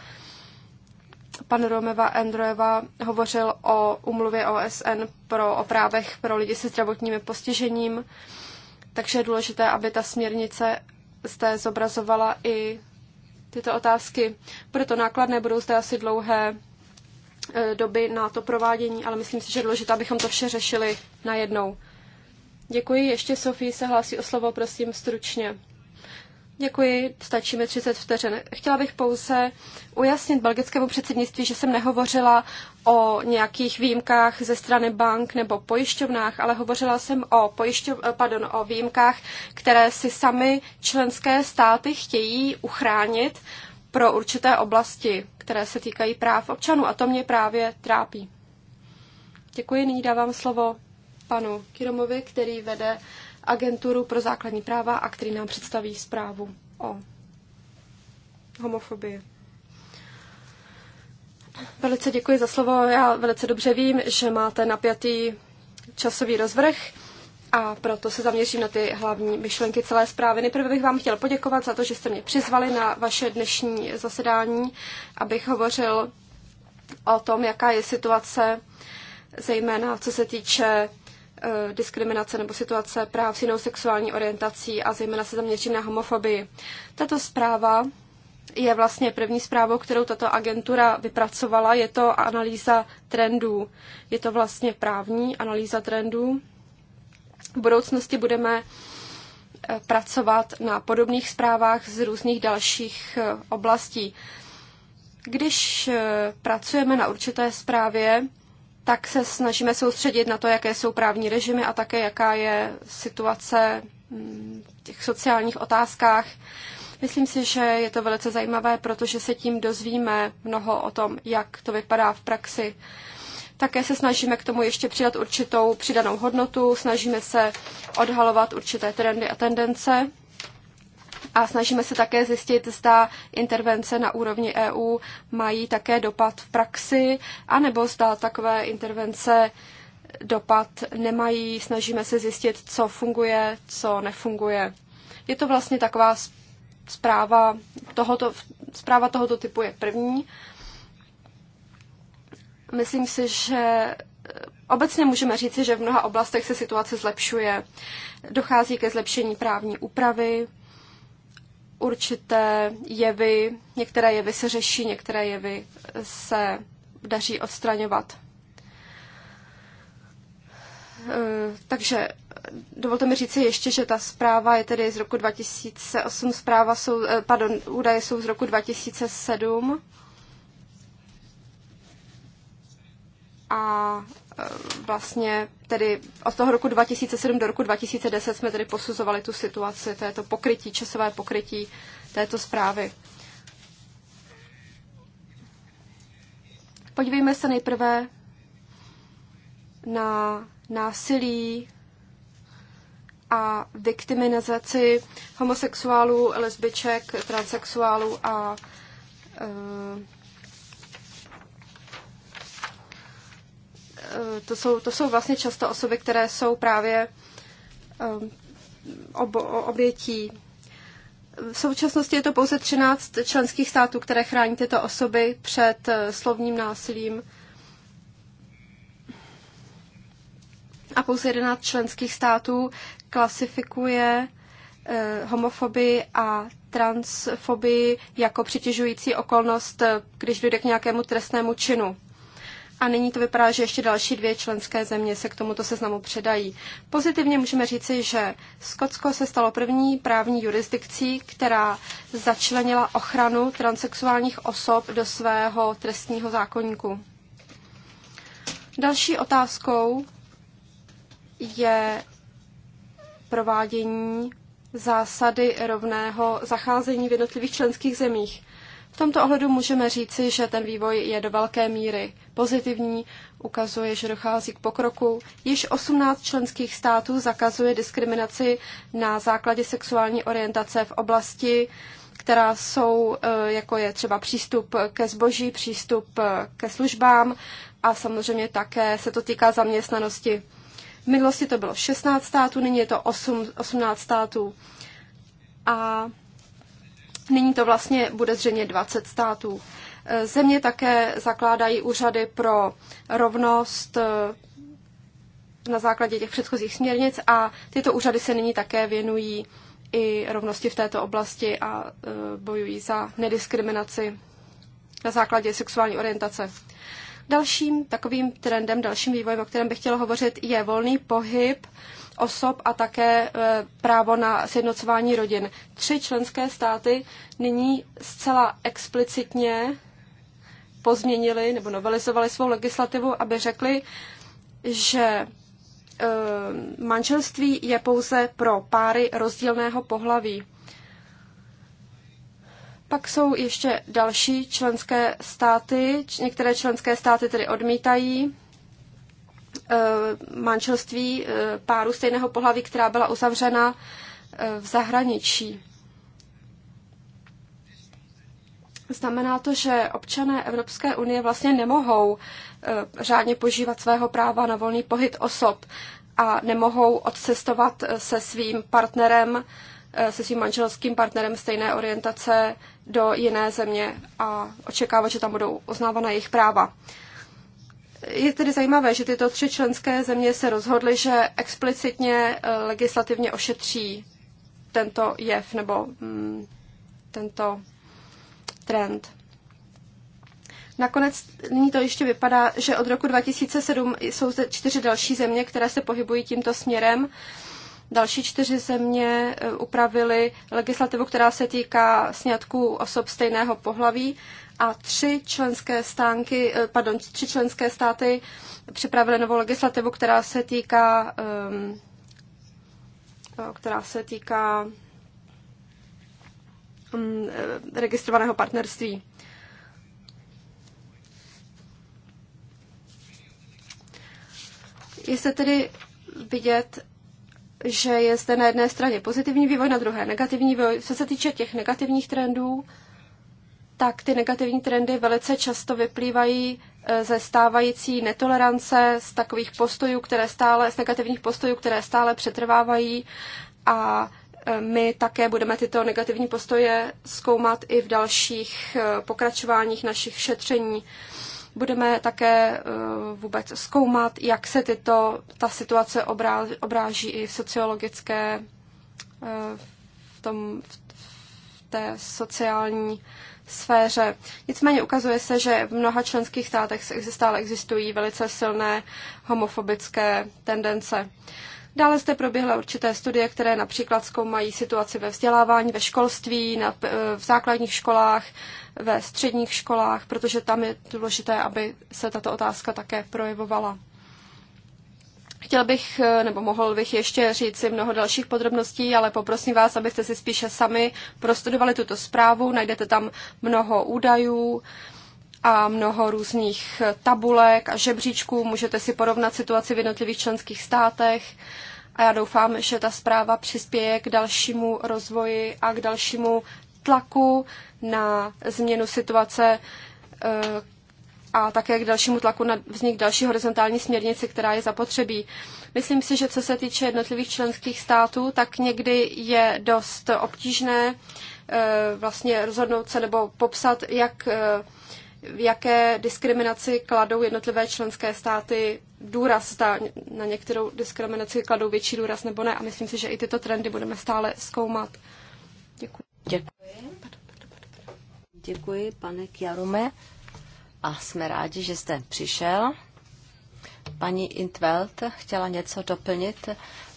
pan Romeva Androjeva hovořil o umluvě OSN pro, o právech pro lidi se zdravotním postižením, takže je důležité, aby ta směrnice zde zobrazovala i tyto otázky. Proto nákladné budou zde asi dlouhé e, doby na to provádění, ale myslím si, že je důležité, abychom to vše řešili najednou. Děkuji, ještě Sofie se hlásí o slovo, prosím, stručně. Děkuji, stačíme 30 vteřin. Chtěla bych pouze ujasnit belgickému předsednictví, že jsem nehovořila o nějakých výjimkách ze strany bank nebo pojišťovnách, ale hovořila jsem o, pojišťov, pardon, o výjimkách, které si sami členské státy chtějí uchránit pro určité oblasti, které se týkají práv občanů a to mě právě trápí. Děkuji, nyní dávám slovo panu Kiromovi, který vede agenturu pro základní práva a který nám představí zprávu o homofobii. Velice děkuji za slovo. Já velice dobře vím, že máte napjatý časový rozvrh a proto se zaměřím na ty hlavní myšlenky celé zprávy. Nejprve bych vám chtěl poděkovat za to, že jste mě přizvali na vaše dnešní zasedání, abych hovořil o tom, jaká je situace, zejména co se týče Eh, diskriminace nebo situace práv s jinou sexuální orientací a zejména se zaměřím na homofobii. Tato zpráva je vlastně první zprávou, kterou tato agentura vypracovala. Je to analýza trendů. Je to vlastně právní analýza trendů. V budoucnosti budeme eh, pracovat na podobných zprávách z různých dalších eh, oblastí. Když pracujeme na určité zprávě, tak se snažíme soustředit na to, jaké jsou právní režimy a také jaká je situace mm, v těch sociálních otázkách. Myslím si, že je to velice zajímavé, protože se tím dozvíme mnoho o tom, jak to vypadá v praxi. Také se snažíme k tomu ještě přidat určitou přidanou hodnotu, snažíme se odhalovat určité trendy a tendence a snažíme se také zjistit, zda intervence na úrovni EU mají také dopad v praxi, anebo zda takové intervence dopad nemají. Snažíme se zjistit, co funguje, co nefunguje. Je to vlastně taková zpráva tohoto, zpráva tohoto typu je první. Myslím si, že eh, obecně můžeme říci, že v mnoha oblastech se situace zlepšuje. Dochází ke zlepšení právní úpravy, určité jevy, některé jevy se řeší, některé jevy se daří odstraňovat. Eh, takže dovolte mi říci ještě, že ta zpráva je tedy z roku 2008, zpráva jsou, eh, pardon, údaje jsou z roku 2007. A vlastně tedy od toho roku 2007 do roku 2010 jsme tedy posuzovali tu situaci, této pokrytí, časové pokrytí této zprávy. Podívejme se nejprve na násilí a viktimizaci homosexuálů, lesbiček, transexuálů a eh, Eh, to jsou, to jsou vlastně často osoby, které jsou právě eh, ob, obětí. V současnosti je to pouze 13 členských států, které chrání tyto osoby před eh, slovním násilím. A pouze 11 členských států klasifikuje homofobii a transfobii jako přitěžující okolnost, když dojde k nějakému trestnému činu. A nyní to vypadá, že ještě další dvě členské země se k tomuto seznamu předají. Pozitivně můžeme říci, že Skotsko se stalo první právní jurisdikcí, která začlenila ochranu transexuálních osob do svého trestního zákonníku. Další otázkou je provádění zásady rovného zacházení v jednotlivých členských zemích. V tomto ohledu můžeme říci, že ten vývoj je do velké míry pozitivní, ukazuje, že dochází k pokroku. Již 18 členských států zakazuje diskriminaci na základě sexuální orientace v oblasti, která jsou, e, jako je třeba přístup ke zboží, přístup e, ke službám a samozřejmě také se to týká zaměstnanosti. V minulosti to bylo 16 států, nyní je to 8, 18 států. A Nyní to vlastně bude zřejmě 20 států. Eh, země také zakládají úřady pro rovnost eh, na základě těch předchozích směrnic a tyto úřady se nyní také věnují i rovnosti v této oblasti a eh, bojují za nediskriminaci na základě sexuální orientace. Dalším takovým trendem, dalším vývojem, o kterém bych chtěla hovořit, je volný pohyb osob a také e, právo na sjednocování rodin. Tři členské státy nyní zcela explicitně pozměnili nebo novelizovali svou legislativu, aby řekli, že e, manželství je pouze pro páry rozdílného pohlaví. Pak jsou ještě další členské státy, některé členské státy tedy odmítají Eh, manželství eh, páru stejného pohlaví, která byla uzavřena eh, v zahraničí. Znamená to, že občané Evropské unie vlastně nemohou řádně požívat svého práva na volný pohyb osob a nemohou odcestovat se svým partnerem, se svým manželským partnerem stejné orientace do jiné země a očekávat, že tam budou uznávána jejich práva. Je tedy zajímavé, že tyto tři členské země se rozhodly, že explicitně eh, legislativně ošetří tento jev nebo mm, tento trend. Nakonec nyní to ještě vypadá, že od roku 2007 jsou zde čtyři další země, které se pohybují tímto směrem. Další čtyři země eh, upravily legislativu, která se týká sňatků osob stejného pohlaví a tři členské, stánky, eh, pardon, tři členské státy připravily novou legislativu, která se týká, ehm, eh, která se týká mm, eh, registrovaného partnerství. Je se tedy vidět, že je zde na jedné straně pozitivní vývoj, na druhé negativní vývoj. Co se týče těch negativních trendů, tak ty negativní trendy velice často vyplývají e, ze stávající netolerance, z takových postojů, které stále, z negativních postojů, které stále přetrvávají a e, my také budeme tyto negativní postoje zkoumat i v dalších e, pokračováních našich šetření. Budeme také vůbec zkoumat, jak se tyto, ta situace obráží i v sociologické, v, tom, v té sociální sféře. Nicméně ukazuje se, že v mnoha členských státech stále existují velice silné homofobické tendence. Dále zde proběhly určité studie, které například zkoumají situaci ve vzdělávání, ve školství, na, eh, v základních školách, ve středních školách, protože tam je důležité, aby se tato otázka také projevovala. Chtěl bych, eh, nebo mohl bych ještě říct si mnoho dalších podrobností, ale poprosím vás, abyste si spíše sami prostudovali tuto zprávu. Najdete tam mnoho údajů a mnoho různých eh, tabulek a žebříčků. Můžete si porovnat situaci v jednotlivých členských státech. A já doufám, že ta zpráva přispěje k dalšímu rozvoji a k dalšímu tlaku na změnu situace, eh, a také k dalšímu tlaku na vznik další horizontální směrnice, která je zapotřebí. Myslím si, že co se týče jednotlivých členských států, tak někdy je dost obtížné eh, vlastně rozhodnout se nebo popsat, jak, eh, jaké diskriminaci kladou jednotlivé členské státy důraz, zda na některou diskriminaci kladou větší důraz nebo ne. A myslím si, že i tyto trendy budeme stále zkoumat. Děkuji. Děkuji. Děkuji, pane Kjarume a jsme rádi, že jste přišel. Paní Intveld chtěla něco doplnit.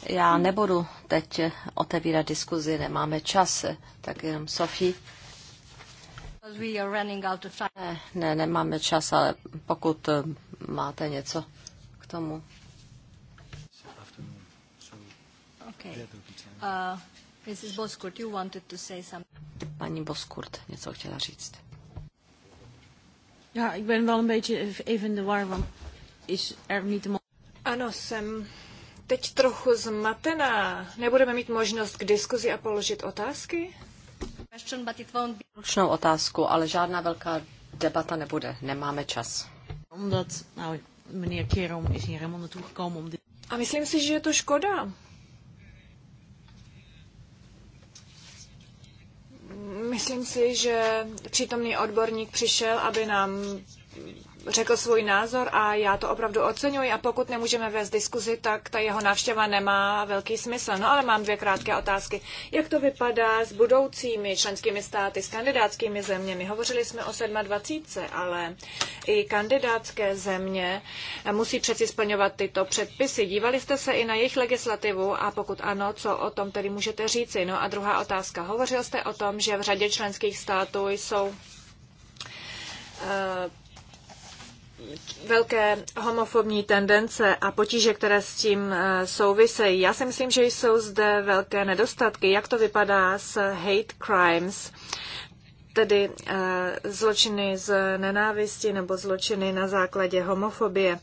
Já nebudu teď otevírat diskuzi, nemáme čas, tak jenom Sofie. Ne, ne, nemáme čas, ale pokud eh, máte něco k tomu. Okay. Uh, Mrs. Boskurt, you wanted to say something. Paní Boskurt něco chtěla říct. Ja, ik ben wel een beetje even in de war, want is er niet de Ano, jsem teď trochu zmatená. Nebudeme mít možnost k diskuzi a položit otázky? Ručnou otázku, ale žádná velká debata nebude. Nemáme čas. Omdat, nou, meneer Kerom is hier helemaal naartoe gekomen om A myslím si, že je to škoda, Myslím si, že přítomný odborník přišel, aby nám řekl svůj názor a já to opravdu oceňuji a pokud nemůžeme vést diskuzi, tak ta jeho návštěva nemá velký smysl. No ale mám dvě krátké otázky. Jak to vypadá s budoucími členskými státy, s kandidátskými zeměmi? Hovořili jsme o 27, ale i kandidátské země musí přeci splňovat tyto předpisy. Dívali jste se i na jejich legislativu a pokud ano, co o tom tedy můžete říci? No a druhá otázka. Hovořil jste o tom, že v řadě členských států jsou uh, velké homofobní tendence a potíže, které s tím eh, souvisejí. Já si myslím, že jsou zde velké nedostatky. Jak to vypadá s hate crimes, tedy eh, zločiny z nenávisti nebo zločiny na základě homofobie.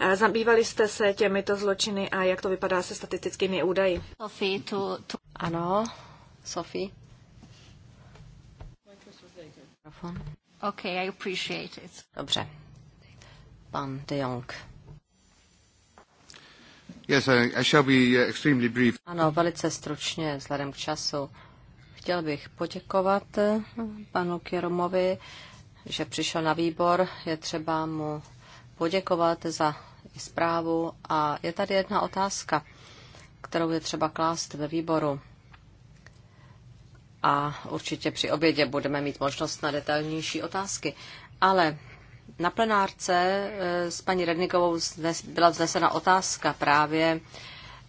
Eh, zabývali jste se těmito zločiny a jak to vypadá se statistickými údaji? Sophie, tu, tu... Ano, Sophie. Okay, I appreciate it. Dobře, pan de Jong. Yes, I shall be uh, extremely brief. Ano, velice stručně, vzhledem k času. Chtěl bych poděkovat eh, panu Kieromovi, že přišel na výbor. Je třeba mu poděkovat za zprávu. A je tady jedna otázka, kterou je třeba klást ve výboru. A určitě při obědě budeme mít možnost na detailnější otázky. Ale na plenárce eh, s paní Rednikovou byla vznesena otázka právě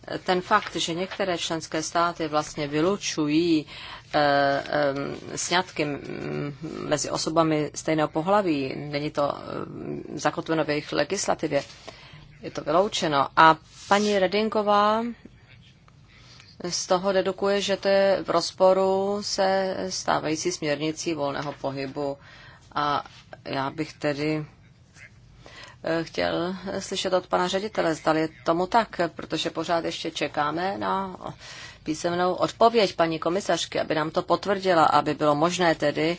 eh, ten fakt, že některé členské státy vlastně vylučují eh, sňatky mm, mezi osobami stejného pohlaví, není to zakotveno v jejich legislativě, je to vyloučeno. A paní Redinková z toho dedukuje, že to je v rozporu se stávající směrnicí volného pohybu a já bych tedy eh, chtěl slyšet od pana ředitele, zda je tomu tak, protože pořád ještě čekáme na písemnou odpověď paní komisařky, aby nám to potvrdila, aby bylo možné tedy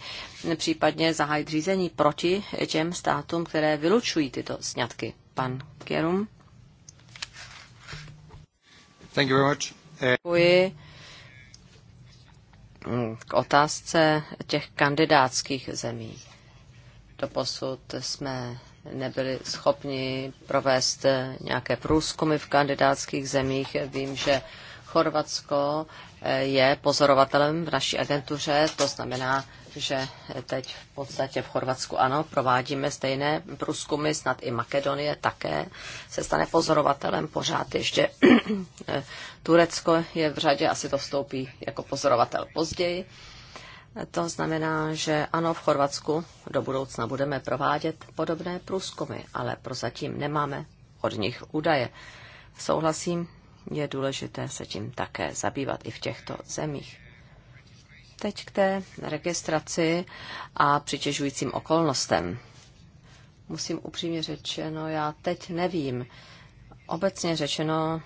případně zahájit řízení proti těm státům, které vylučují tyto sňatky. Pan Kerum. Thank you very much. Eh, Děkuji. K otázce těch kandidátských zemí. Doposud jsme nebyli schopni provést nějaké průzkumy v kandidátských zemích. Vím, že Chorvatsko eh, je pozorovatelem v naší agentuře, to znamená, že teď v podstatě v Chorvatsku ano, provádíme stejné průzkumy, snad i Makedonie také se stane pozorovatelem pořád ještě. Eh, Turecko je v řadě, asi to vstoupí jako pozorovatel později. To znamená, že ano, v Chorvatsku do budoucna budeme provádět podobné průzkumy, ale prozatím nemáme od nich údaje. Souhlasím, je důležité se tím také zabývat i v těchto zemích. Teď k té registraci a přitěžujícím okolnostem. Musím upřímně řečeno, já teď nevím. Obecně řečeno,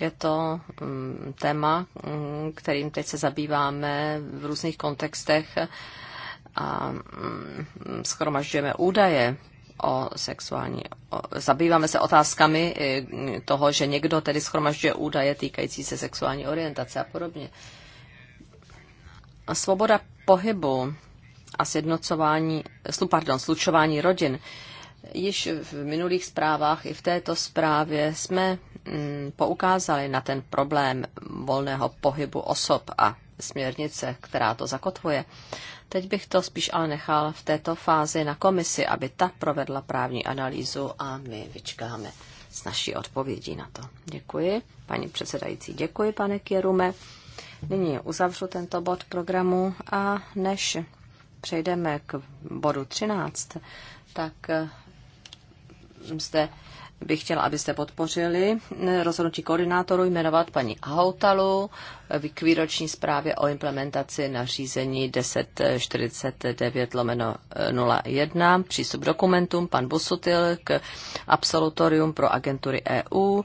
je to mm, téma, mm, kterým teď se zabýváme v různých kontextech a mm, schromažďujeme údaje o sexuální. O, zabýváme se otázkami toho, že někdo tedy schromažďuje údaje týkající se sexuální orientace a podobně. A svoboda pohybu a sjednocování, pardon, slučování rodin. Již v minulých zprávách i v této zprávě jsme Mm, poukázali na ten problém volného pohybu osob a směrnice, která to zakotvuje. Teď bych to spíš ale nechal v této fázi na komisi, aby ta provedla právní analýzu a my vyčkáme s naší odpovědí na to. Děkuji. Paní předsedající, děkuji, pane Kierume. Nyní uzavřu tento bod programu a než přejdeme k bodu 13, tak eh, zde bych chtěla, abyste podpořili eh, rozhodnutí koordinátoru jmenovat paní Hautalu k výroční zprávě o implementaci nařízení 1049 lomeno 01, eh, přístup dokumentům, pan Busutil k absolutorium pro agentury EU,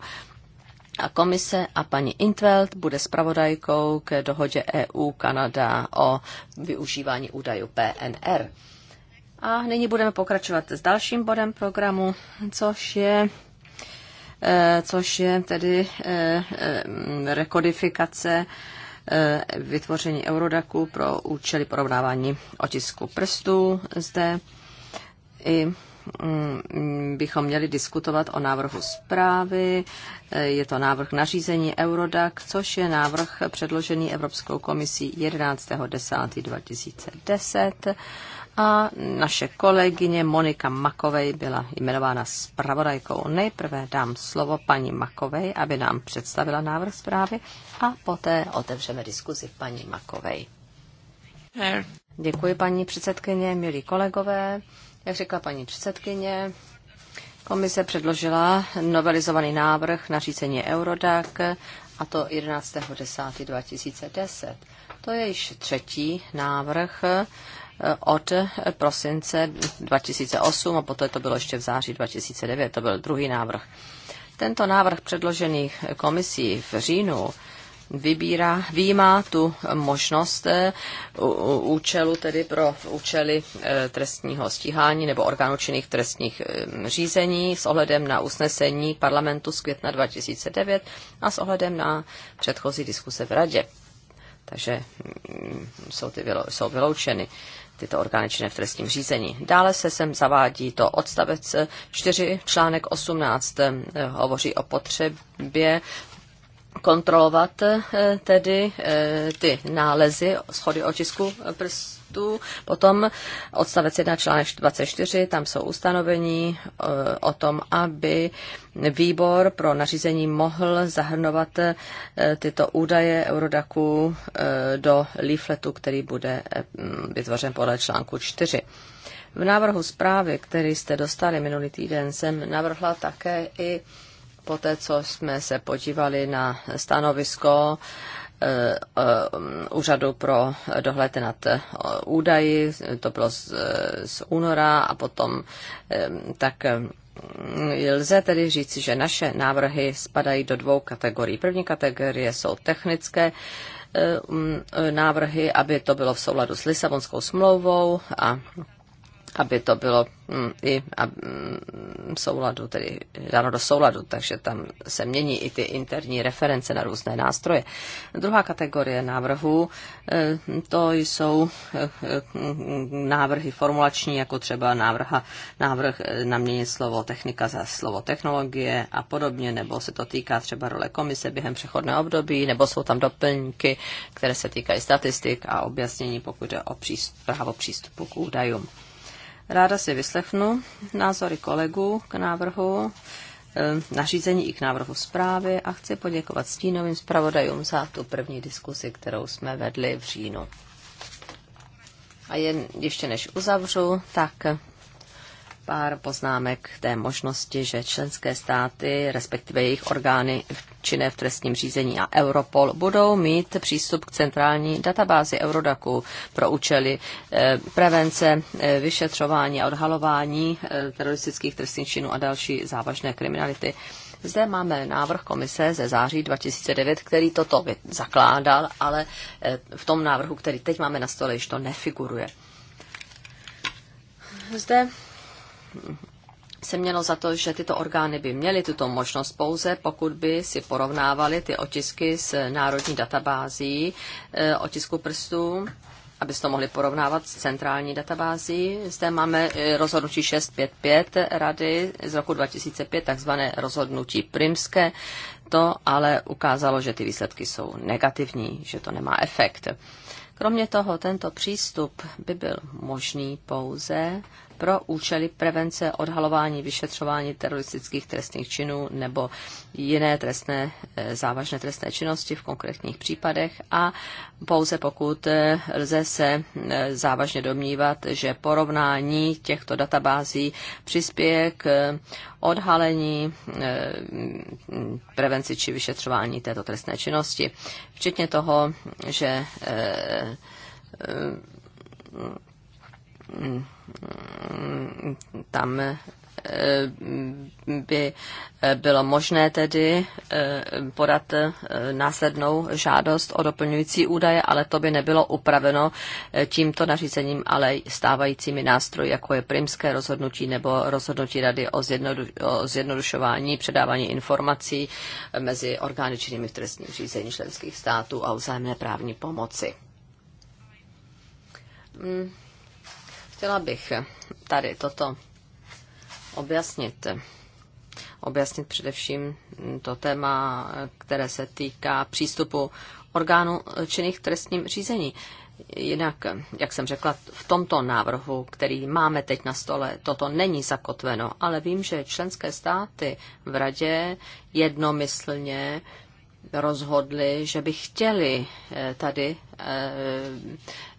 a komise a paní Intveld bude spravodajkou k dohodě EU-Kanada o využívání údajů PNR. A nyní budeme pokračovat s dalším bodem programu, což je Eh, což je tedy eh, eh, rekodifikace vytvoření Eurodaku pro účely porovnávání otisku prstů zde. I mm, bychom měli diskutovat o návrhu zprávy. Je to návrh nařízení Eurodac, což je návrh předložený Evropskou komisí 11.10.2010 a naše kolegyně Monika Makovej byla jmenována zpravodajkou. Nejprve dám slovo paní Makovej, aby nám představila návrh zprávy a poté otevřeme diskuzi paní Makovej. Děkuji paní předsedkyně, milí kolegové. Jak řekla paní předsedkyně, komise předložila novelizovaný návrh na řízení Eurodac a to 11.10.2010. To je již třetí návrh od prosince 2008 a poté to bylo ještě v září 2009, to byl druhý návrh. Tento návrh předložený komisí v říjnu vybírá, výjímá tu možnost eh, účelu tedy pro účely eh, trestního stíhání nebo orgánů činných trestních eh, řízení s ohledem na usnesení parlamentu z května 2009 a s ohledem na předchozí diskuse v radě. Takže mm, jsou, ty, jsou vyloučeny tyto orgány činné v trestním řízení. Dále se sem zavádí to odstavec 4, článek 18, eh, hovoří o potřebě kontrolovat eh, tedy eh, ty nálezy schody otisku prstů aktů. Potom odstavec 1 článek 24, tam jsou ustanovení eh, o tom, aby výbor pro nařízení mohl zahrnovat eh, tyto údaje Eurodaku eh, do leafletu, který bude mm, vytvořen podle článku 4. V návrhu zprávy, který jste dostali minulý týden, jsem navrhla také i po té, co jsme se podívali na stanovisko Eh, úřadu pro dohled nad eh, údaji, to bylo z, eh, z února a potom tak lze tedy říci, že naše návrhy spadají do dvou kategorií. První kategorie jsou technické návrhy, aby to bylo v souladu s Lisabonskou smlouvou a aby to bylo mm, i mm, souladu, tedy dáno do souladu, takže tam se mění i ty interní reference na různé nástroje. Druhá kategorie návrhů, e, to jsou e, e, návrhy formulační, jako třeba návrha, návrh mění slovo technika za slovo technologie a podobně, nebo se to týká třeba role komise během přechodného období, nebo jsou tam doplňky, které se týkají statistik a objasnění, pokud je o přístup, právo přístupu k údajům. Ráda si vyslechnu názory kolegů k návrhu eh, nařízení i k návrhu zprávy a chci poděkovat stínovým zpravodajům za tu první diskusi, kterou jsme vedli v říjnu. A jen ještě než uzavřu, tak pár poznámek k té možnosti, že členské státy, respektive jejich orgány činné v trestním řízení a Europol budou mít přístup k centrální databázi Eurodaku pro účely eh, prevence, eh, vyšetřování a odhalování eh, teroristických trestných činů a další závažné kriminality. Zde máme návrh komise ze září 2009, který toto zakládal, ale v tom návrhu, který teď máme na stole, již to nefiguruje. Zde se mělo za to, že tyto orgány by měly tuto možnost pouze, pokud by si porovnávaly ty otisky s národní databází eh, otisku prstů, aby se to mohli porovnávat s centrální databází. Zde máme eh, rozhodnutí 655 Rady z roku 2005, takzvané rozhodnutí primské. To ale ukázalo, že ty výsledky jsou negativní, že to nemá efekt. Kromě toho, tento přístup by byl možný pouze, pro účely prevence odhalování vyšetřování teroristických trestných činů nebo jiné trestné, eh, závažné trestné činnosti v konkrétních případech a pouze pokud eh, lze se eh, závažně domnívat, že porovnání těchto databází přispěje k odhalení, prevenci či vyšetřování této trestné činnosti. Včetně toho, že tam eh, by eh, bylo možné tedy eh, podat následnou žádost o doplňující údaje, ale to by nebylo upraveno tímto nařízením, ale stávajícími nástroji, jako je primské rozhodnutí nebo rozhodnutí rady o, zjednodu, o zjednodušování předávání informací mezi orgány činnými v trestním řízení členských států a vzájemné právní pomoci. Hmm. Chtěla bych tady toto objasnit. Objasnit především to téma, které se týká přístupu orgánů činných trestním řízení. Jinak, jak jsem řekla, v tomto návrhu, který máme teď na stole, toto není zakotveno, ale vím, že členské státy v radě jednomyslně rozhodly, že by chtěli eh, tady eh,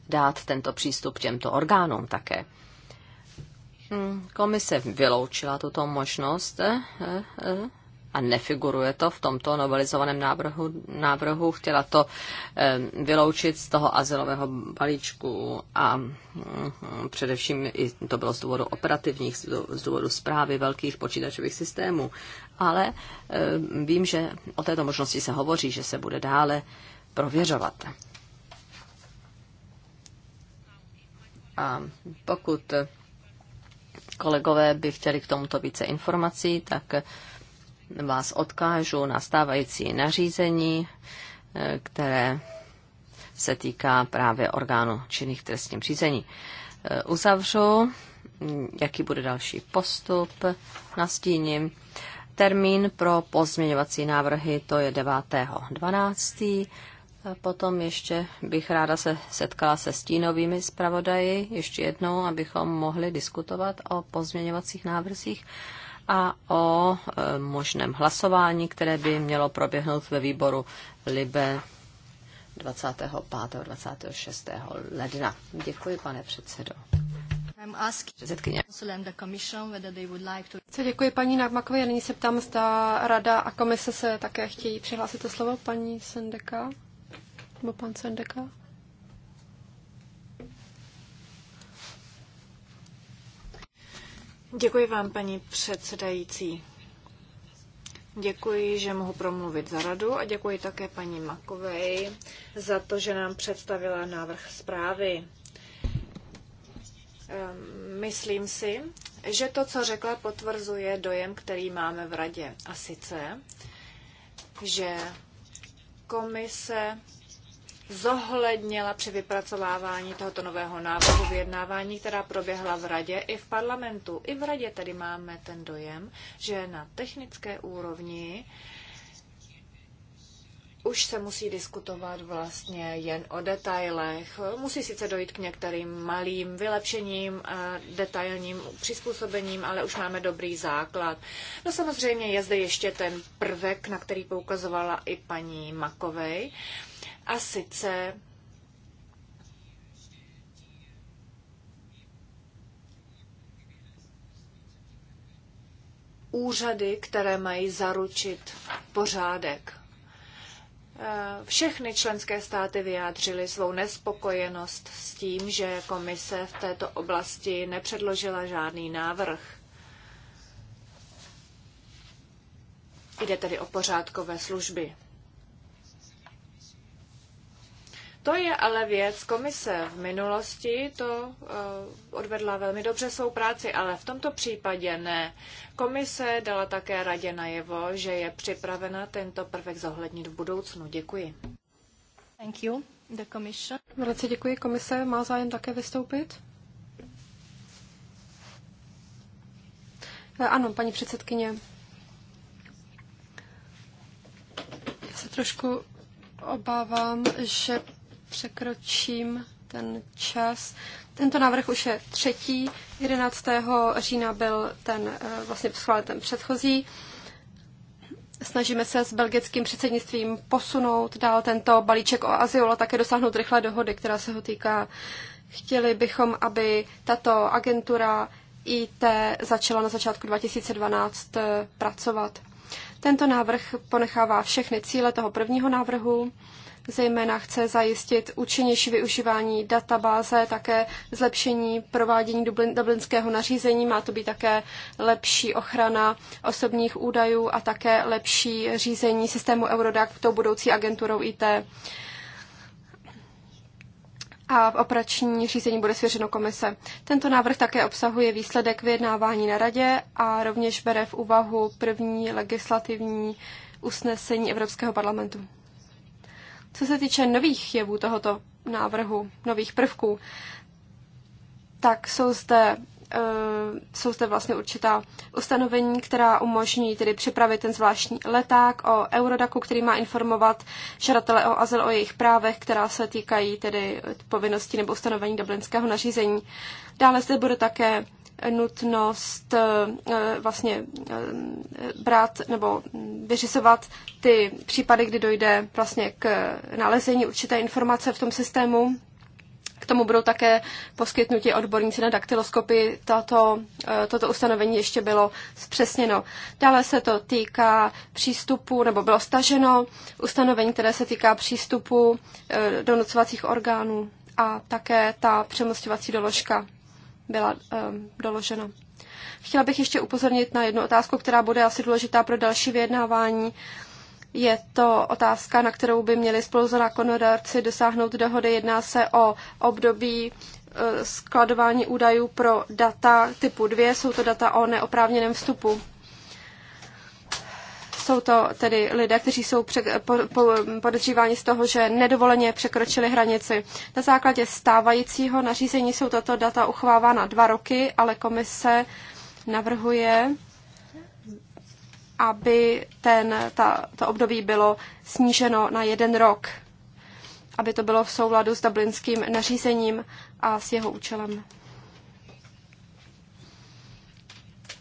dát tento přístup těmto orgánům také. Hmm, komise vyloučila tuto možnost eh, eh, a nefiguruje to v tomto novelizovaném návrhu. návrhu. Chtěla to eh, vyloučit z toho azylového balíčku a hm, především i to bylo z důvodu operativních, z důvodu zprávy velkých počítačových systémů. Ale vím, že o této možnosti se hovoří, že se bude dále prověřovat. A pokud kolegové by chtěli k tomuto více informací, tak vás odkážu na stávající nařízení, které se týká právě orgánu činných trestním řízení. Uzavřu, jaký bude další postup, nastíním. Termín pro pozměňovací návrhy to je 9.12. A potom ještě bych ráda se setkala se stínovými zpravodaji ještě jednou, abychom mohli diskutovat o pozměňovacích návrzích a o e, možném hlasování, které by mělo proběhnout ve výboru Libe 25. 26. ledna. Děkuji, pane předsedo. Co děkuji paní Nagmakové. Nyní se ptám, zda rada a komise se také chtějí přihlásit to slovo paní Sendeka. Nebo pan Sendeka? Děkuji vám, paní předsedající. Děkuji, že mohu promluvit za radu a děkuji také paní Makovej za to, že nám představila návrh zprávy. Ehm, myslím si, že to, co řekla, potvrzuje dojem, který máme v radě. A sice, že komise zohlednila při vypracovávání tohoto nového návrhu vyjednávání, která proběhla v radě i v parlamentu. I v radě tedy máme ten dojem, že na technické úrovni už se musí diskutovat vlastně jen o detailech. Musí sice dojít k některým malým vylepšením, eh, detailním přizpůsobením, ale už máme dobrý základ. No samozřejmě je zde ještě ten prvek, na který poukazovala i paní Makovej. A sice úřady, které mají zaručit pořádek. Eh, všechny členské státy vyjádřily svou nespokojenost s tím, že komise v této oblasti nepředložila žádný návrh. Jde tedy o pořádkové služby. To je ale věc komise. V minulosti to eh, odvedla velmi dobře svou práci, ale v tomto případě ne. Komise dala také radě najevo, že je připravena tento prvek zohlednit v budoucnu. Děkuji. Thank you. The commission. Velice děkuji. Komise má zájem také vystoupit? Eh, ano, paní předsedkyně. Já se trošku obávám, že překročím ten čas. Tento návrh už je třetí. 11. října byl ten eh, vlastně schválen ten předchozí. Snažíme se s belgickým předsednictvím posunout dál tento balíček o azyl a také dosáhnout rychlé dohody, která se ho týká. Chtěli bychom, aby tato agentura IT začala na začátku 2012 eh, pracovat. Tento návrh ponechává všechny cíle toho prvního návrhu Zejména chce zajistit účinnější využívání databáze, také zlepšení provádění Dublin, dublinského nařízení. Má to být také lepší ochrana osobních údajů a také lepší řízení systému Eurodac tou budoucí agenturou IT. A v operační řízení bude svěřeno komise. Tento návrh také obsahuje výsledek vyjednávání na radě a rovněž bere v úvahu první legislativní usnesení Evropského parlamentu. Co se týče nových jevů tohoto návrhu, nových prvků, tak jsou zde eh, jsou zde vlastně určitá ustanovení, která umožní tedy připravit ten zvláštní leták o Eurodaku, který má informovat žadatele o azyl o jejich právech, která se týkají tedy povinností nebo ustanovení dublinského nařízení. Dále zde bude také nutnost eh, eh, vlastně eh, brát nebo vyřizovat ty případy, kdy dojde vlastně k nalezení určité informace v tom systému. K tomu budou také poskytnuti odborníci na daktyloskopy. Tato, toto ustanovení ještě bylo zpřesněno. Dále se to týká přístupu, nebo bylo staženo ustanovení, které se týká přístupu donocovacích orgánů a také ta přemostěvací doložka byla um, doložena. Chtěla bych ještě upozornit na jednu otázku, která bude asi důležitá pro další vyjednávání. Je to otázka, na kterou by měli spoluzákonodárci dosáhnout dohody. Jedná se o období eh, skladování údajů pro data typu 2. Jsou to data o neoprávněném vstupu. Jsou to tedy lidé, kteří jsou před, po, po, podezříváni z toho, že nedovoleně překročili hranici. Na základě stávajícího nařízení jsou tato data uchovávána dva roky, ale komise navrhuje, aby ten, ta, to období bylo sníženo na jeden rok, aby to bylo v souladu s dublinským nařízením a s jeho účelem.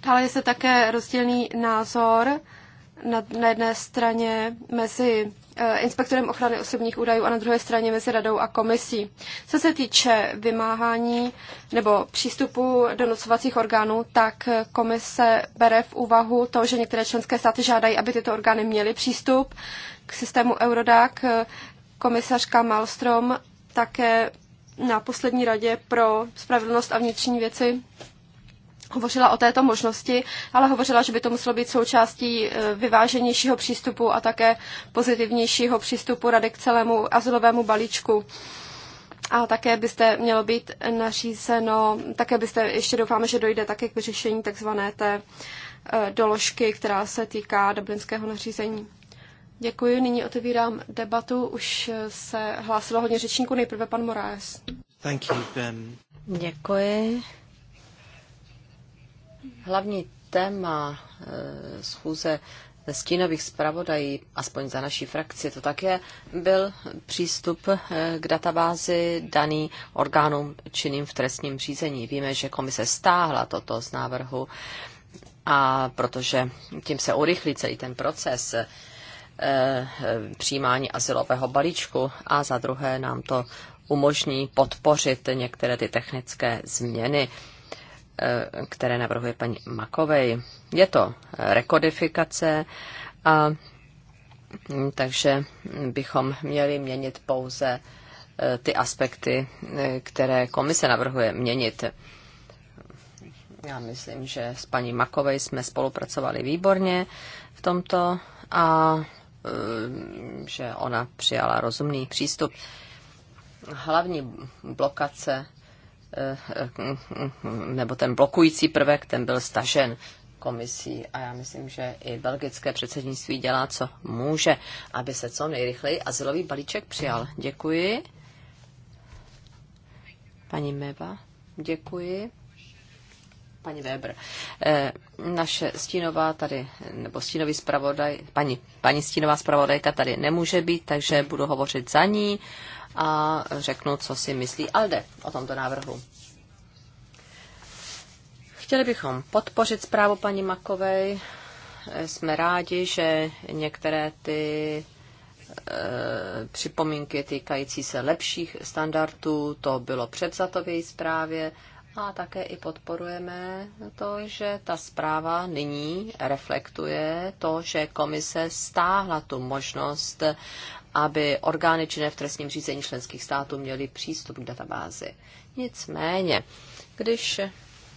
Dále je se také rozdílný názor na, na jedné straně mezi eh, inspektorem ochrany osobních údajů a na druhé straně mezi radou a komisí. Co se týče vymáhání nebo přístupu donocovacích orgánů, tak komise bere v úvahu to, že některé členské státy žádají, aby tyto orgány měly přístup k systému Eurodac. Komisařka Malmström také na poslední radě pro spravedlnost a vnitřní věci hovořila o této možnosti, ale hovořila, že by to muselo být součástí eh, vyváženějšího přístupu a také pozitivnějšího přístupu rady k celému azylovému balíčku. A také byste mělo být nařízeno, také byste ještě doufáme, že dojde také k vyřešení takzvané té eh, doložky, která se týká dublinského nařízení. Děkuji, nyní otevírám debatu. Už eh, se hlásilo hodně řečníků, nejprve pan Moraes. Thank you, ben. Děkuji. Hlavní téma eh, schůze stínových zpravodají, aspoň za naší frakci to také, byl přístup eh, k databázi daný orgánům činným v trestním řízení. Víme, že komise stáhla toto z návrhu a protože tím se urychlí celý ten proces eh, přijímání asilového balíčku a za druhé nám to umožní podpořit některé ty technické změny Eh, které navrhuje paní Makovej. Je to rekodifikace a mm, takže bychom měli měnit pouze eh, ty aspekty, eh, které komise navrhuje měnit. Já myslím, že s paní Makovej jsme spolupracovali výborně v tomto a že ona přijala rozumný přístup. Hlavní blokace Eh, nebo ten blokující prvek, ten byl stažen komisí a já myslím, že i belgické předsednictví dělá, co může, aby se co nejrychleji azylový balíček přijal. Děkuji. Paní Meba, děkuji. Paní Weber, eh, naše stínová tady, nebo stínový zpravodaj, paní, paní stínová zpravodajka tady nemůže být, takže budu hovořit za ní a řeknu, co si myslí ALDE o tomto návrhu. Chtěli bychom podpořit zprávu paní Makovej. Jsme rádi, že některé ty e, připomínky týkající se lepších standardů, to bylo převzato v její zprávě a také i podporujeme to, že ta zpráva nyní reflektuje to, že komise stáhla tu možnost aby orgány činné v trestním řízení členských států měly přístup k databázi. Nicméně, když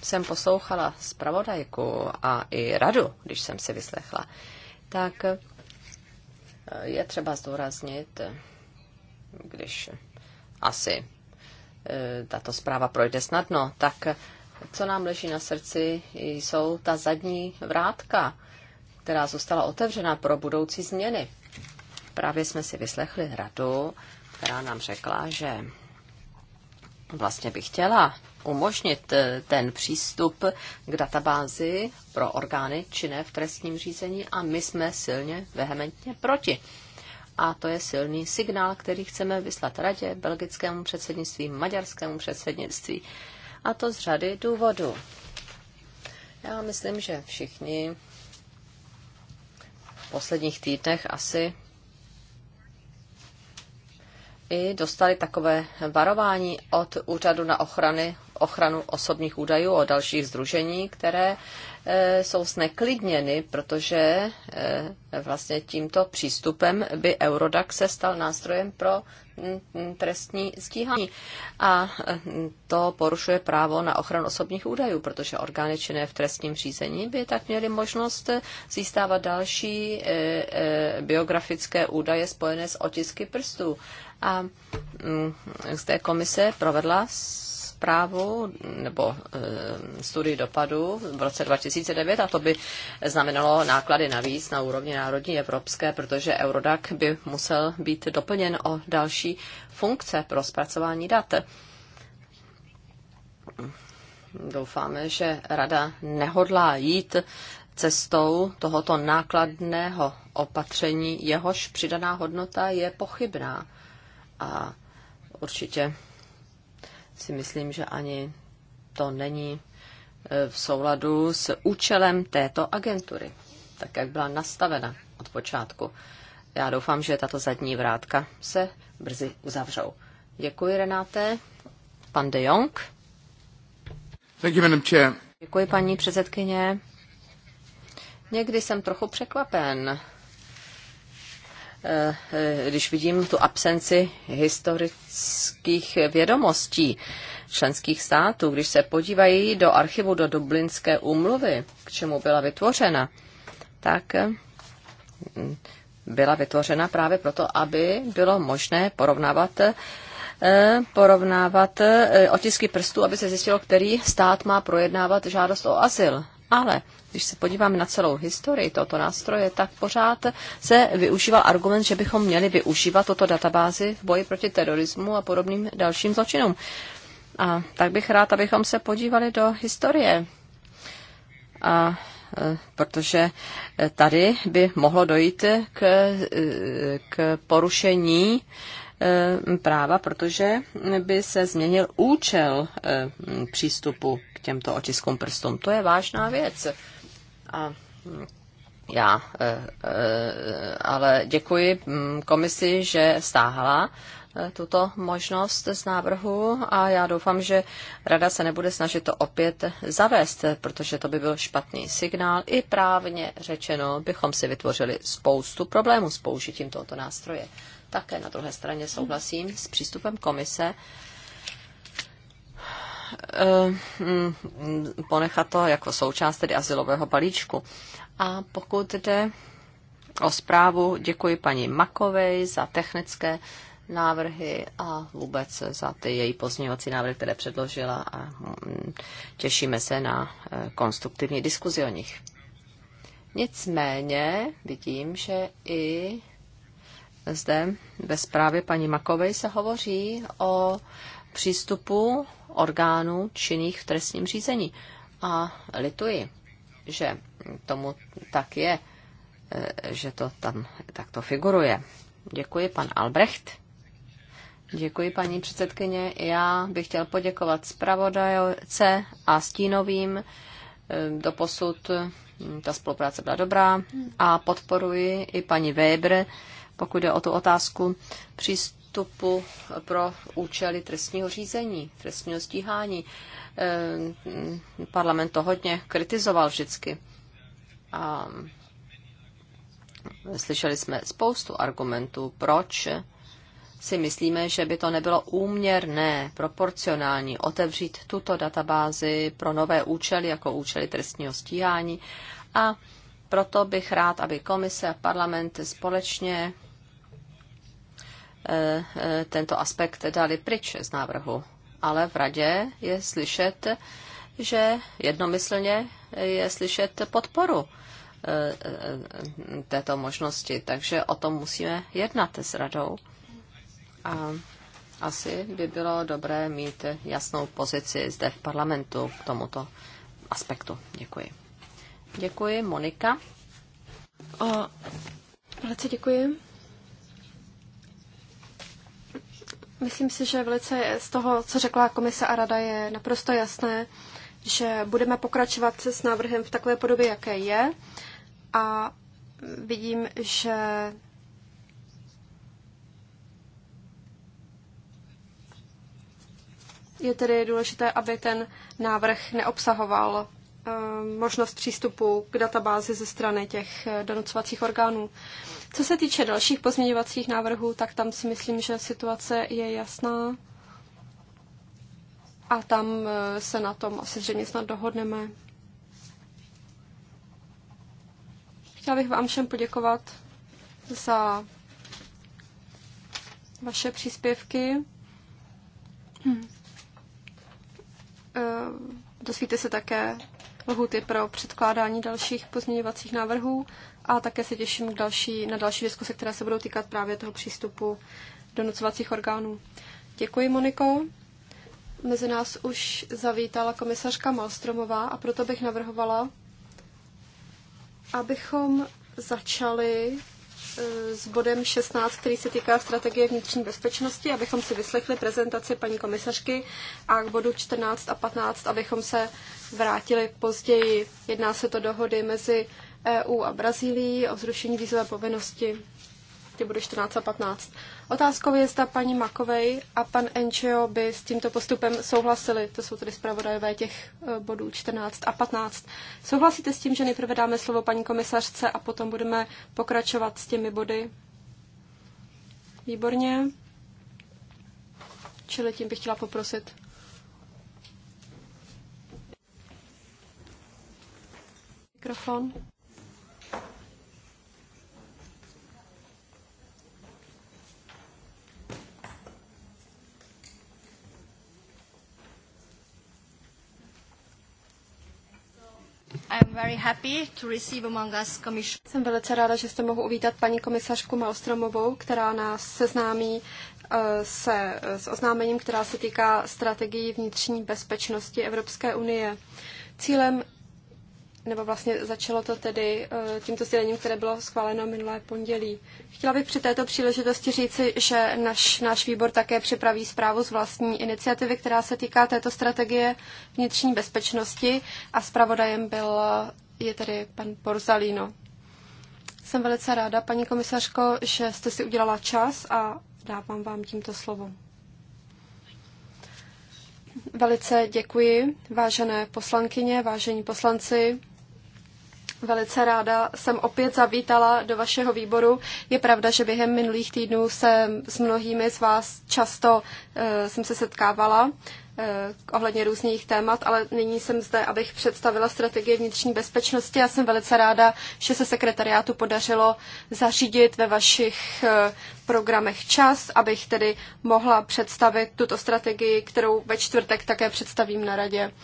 jsem poslouchala zpravodajku a i radu, když jsem si vyslechla, tak eh, je třeba zdůraznit, když asi eh, tato zpráva projde snadno, tak co nám leží na srdci, jsou ta zadní vrátka, která zůstala otevřena pro budoucí změny. Právě jsme si vyslechli radu, která nám řekla, že vlastně by chtěla umožnit eh, ten přístup k databázi pro orgány činné v trestním řízení a my jsme silně vehementně proti. A to je silný signál, který chceme vyslat radě, belgickému předsednictví, maďarskému předsednictví. A to z řady důvodů. Já myslím, že všichni v posledních týdnech asi i dostali takové varování od Úřadu na ochrany, ochranu osobních údajů o dalších združení, které e, jsou zneklidněny, protože e, vlastně tímto přístupem by Eurodax se stal nástrojem pro trestní stíhání. A to porušuje právo na ochranu osobních údajů, protože orgány činné v trestním řízení by tak měly možnost získávat další e, e, biografické údaje spojené s otisky prstů a mm, z té komise provedla zprávu nebo e, studii dopadu v roce 2009 a to by znamenalo náklady navíc na úrovni národní evropské, protože Eurodac by musel být doplněn o další funkce pro zpracování dat. Doufáme, že Rada nehodlá jít cestou tohoto nákladného opatření, jehož přidaná hodnota je pochybná a určitě si myslím, že ani to není e, v souladu s účelem této agentury, tak jak byla nastavena od počátku. Já doufám, že tato zadní vrátka se brzy uzavřou. Děkuji, Renáte. Pan de Jong. Děkuji, paní předsedkyně. Někdy jsem trochu překvapen Eh, když vidím tu absenci historických vědomostí členských států, když se podívají do archivu do Dublinské úmluvy, k čemu byla vytvořena, tak mm, byla vytvořena právě proto, aby bylo možné porovnávat eh, porovnávat eh, otisky prstů, aby se zjistilo, který stát má projednávat žádost o azyl. Ale když se podíváme na celou historii tohoto nástroje, tak pořád se využíval argument, že bychom měli využívat toto databázi v boji proti terorismu a podobným dalším zločinům. A tak bych rád, abychom se podívali do historie. A e, protože e, tady by mohlo dojít k, e, k porušení práva, protože by se změnil účel přístupu těmto otiskům prstům. To je vážná věc. A hm, já eh, eh, ale děkuji hm, komisi, že stáhala eh, tuto možnost z návrhu a já doufám, že rada se nebude snažit to opět zavést, protože to by byl špatný signál. I právně řečeno bychom si vytvořili spoustu problémů s použitím tohoto nástroje. Také na druhé straně souhlasím s přístupem komise, Eh, mm, ponechat to jako součást tedy asilového balíčku. A pokud jde o zprávu, děkuji paní Makovej za technické návrhy a vůbec za ty její pozměňovací návrhy, které předložila a mm, těšíme se na eh, konstruktivní diskuzi o nich. Nicméně vidím, že i zde ve zprávě paní Makovej se hovoří o přístupu orgánů činných v trestním řízení. A lituji, že tomu tak je, e, že to tam takto figuruje. Děkuji, pan Albrecht. Děkuji, paní předsedkyně. Já bych chtěl poděkovat zpravodajce a stínovým. E, do posud. Mm, ta spolupráce byla dobrá a podporuji i paní Weber, pokud jde o tu otázku přístupu postupu pro účely trestního řízení, trestního stíhání. Eh, parlament to hodně kritizoval vždycky. A slyšeli jsme spoustu argumentů, proč si myslíme, že by to nebylo úměrné, proporcionální otevřít tuto databázi pro nové účely, jako účely trestního stíhání. A proto bych rád, aby komise a parlament společně E, e, tento aspekt dali pryč z návrhu. Ale v radě je slyšet, že jednomyslně je slyšet podporu e, této možnosti. Takže o tom musíme jednat s radou. A asi by bylo dobré mít jasnou pozici zde v parlamentu k tomuto aspektu. Děkuji. Děkuji, Monika. O, velice děkuji. Myslím si, že velice z toho, co řekla komise a rada, je naprosto jasné, že budeme pokračovat s návrhem v takové podobě, jaké je. A vidím, že je tedy důležité, aby ten návrh neobsahoval eh, možnost přístupu k databázi ze strany těch donucovacích orgánů. Co se týče dalších pozměňovacích návrhů, tak tam si myslím, že situace je jasná a tam e, se na tom asi zřejmě snad dohodneme. Chtěla bych vám všem poděkovat za vaše příspěvky. Hm. E, dozvíte se také lhuty pro předkládání dalších pozměňovacích návrhů a také se těším k další, na další diskuse, které se budou týkat právě toho přístupu donocovacích orgánů. Děkuji, Moniko. Mezi nás už zavítala komisařka Malstromová a proto bych navrhovala, abychom začali eh, s bodem 16, který se týká strategie vnitřní bezpečnosti, abychom si vyslechli prezentaci paní komisařky a k bodu 14 a 15, abychom se vrátili později. Jedná se to dohody mezi EU a Brazílii o zrušení vízové povinnosti. Ty bude 14 a 15. Otázkou je, zda paní Makovej a pan Enčeo by s tímto postupem souhlasili. To jsou tedy zpravodajové těch e, bodů 14 a 15. Souhlasíte s tím, že nejprve dáme slovo paní komisařce a potom budeme pokračovat s těmi body? Výborně. Čili tím bych chtěla poprosit. Mikrofon. Jsem velice ráda, že jste mohu uvítat paní komisařku Malstromovou, která nás seznámí eh, se eh, s oznámením, která se týká strategií vnitřní bezpečnosti Evropské unie. Cílem nebo vlastně začalo to tedy eh, tímto sdělením, které bylo schváleno minulé pondělí. Chtěla bych při této příležitosti říci, že naš, náš výbor také připraví zprávu z vlastní iniciativy, která se týká této strategie vnitřní bezpečnosti a zpravodajem byl eh, je tedy pan Porzalino. Jsem velice ráda, paní komisařko, že jste si udělala čas a dávám vám tímto slovo. Velice děkuji, vážené poslankyně, vážení poslanci. Velice ráda jsem opět zavítala do vašeho výboru. Je pravda, že během minulých týdnů jsem s mnohými z vás často uh, jsem se setkávala uh, ohledně různých témat, ale nyní jsem zde, abych představila strategii vnitřní bezpečnosti. Já jsem velice ráda, že se sekretariátu podařilo zařídit ve vašich uh, programech čas, abych tedy mohla představit tuto strategii, kterou ve čtvrtek také představím na radě. Uh,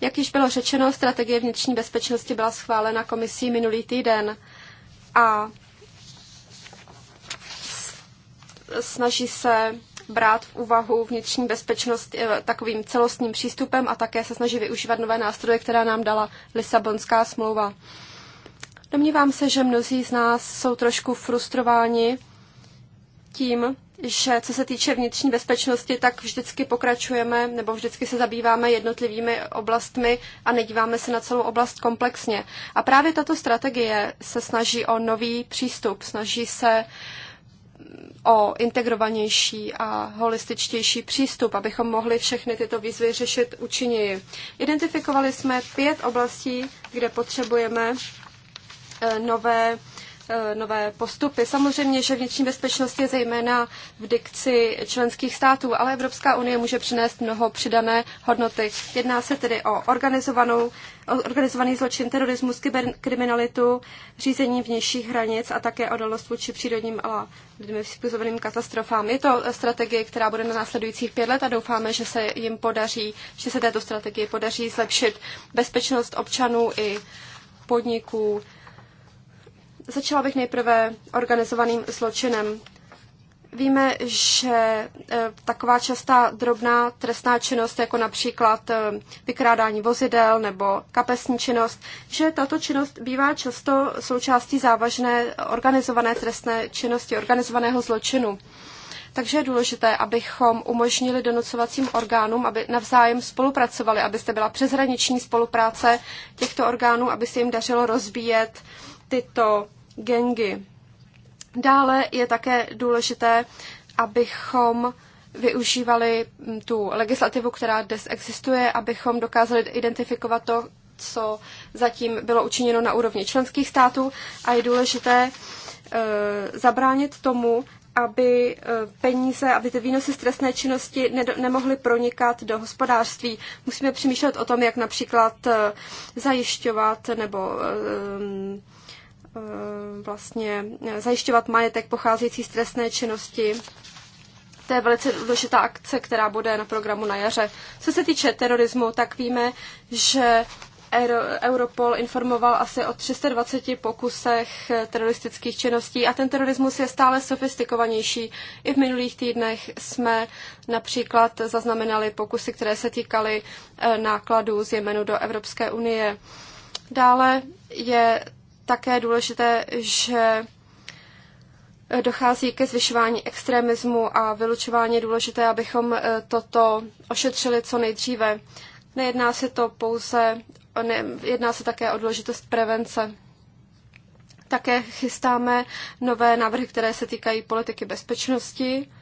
jak již bylo řečeno, strategie vnitřní bezpečnosti byla schválena komisí minulý týden a snaží se brát v úvahu vnitřní bezpečnost eh, takovým celostním přístupem a také se snaží využívat nové nástroje, která nám dala Lisabonská smlouva. Domnívám se, že mnozí z nás jsou trošku frustrováni tím, že co se týče vnitřní bezpečnosti, tak vždycky pokračujeme nebo vždycky se zabýváme jednotlivými oblastmi a nedíváme se na celou oblast komplexně. A právě tato strategie se snaží o nový přístup, snaží se o integrovanější a holističtější přístup, abychom mohli všechny tyto výzvy řešit účinněji. Identifikovali jsme pět oblastí, kde potřebujeme eh, nové Eh, nové postupy. Samozřejmě, že vnitřní bezpečnost je zejména v dikci členských států, ale Evropská unie může přinést mnoho přidané hodnoty. Jedná se tedy o organizovanou, organizovaný zločin, terorismus, kriminalitu, řízení vnějších hranic a také odolnost vůči přírodním a lidmi způsobeným katastrofám. Je to strategie, která bude na následujících pět let a doufáme, že se jim podaří, že se této strategii podaří zlepšit bezpečnost občanů i podniků Začala bych nejprve organizovaným zločinem. Víme, že e, taková častá drobná trestná činnost, jako například e, vykrádání vozidel nebo kapesní činnost, že tato činnost bývá často součástí závažné organizované trestné činnosti, organizovaného zločinu. Takže je důležité, abychom umožnili donocovacím orgánům, aby navzájem spolupracovali, aby byla přeshraniční spolupráce těchto orgánů, aby se jim dařilo rozbíjet tyto gengy. Dále je také důležité, abychom využívali mm, tu legislativu, která dnes existuje, abychom dokázali identifikovat to, co zatím bylo učiněno na úrovni členských států a je důležité e, zabránit tomu, aby e, peníze, aby ty výnosy z trestné činnosti nemohly pronikat do hospodářství. Musíme přemýšlet o tom, jak například e, zajišťovat nebo e, Eh, vlastně eh, zajišťovat majetek pocházející z trestné činnosti. To je velice důležitá akce, která bude na programu na jaře. Co se týče terorismu, tak víme, že Europol informoval asi o 320 pokusech eh, teroristických činností a ten terorismus je stále sofistikovanější. I v minulých týdnech jsme například zaznamenali pokusy, které se týkaly nákladů z Jemenu do Evropské unie. Dále je také důležité, že dochází ke zvyšování extremismu a vylučování je důležité, abychom eh, toto ošetřili co nejdříve. Nejedná se to pouze, ne, jedná se také o důležitost prevence. Také chystáme nové návrhy, které se týkají politiky bezpečnosti.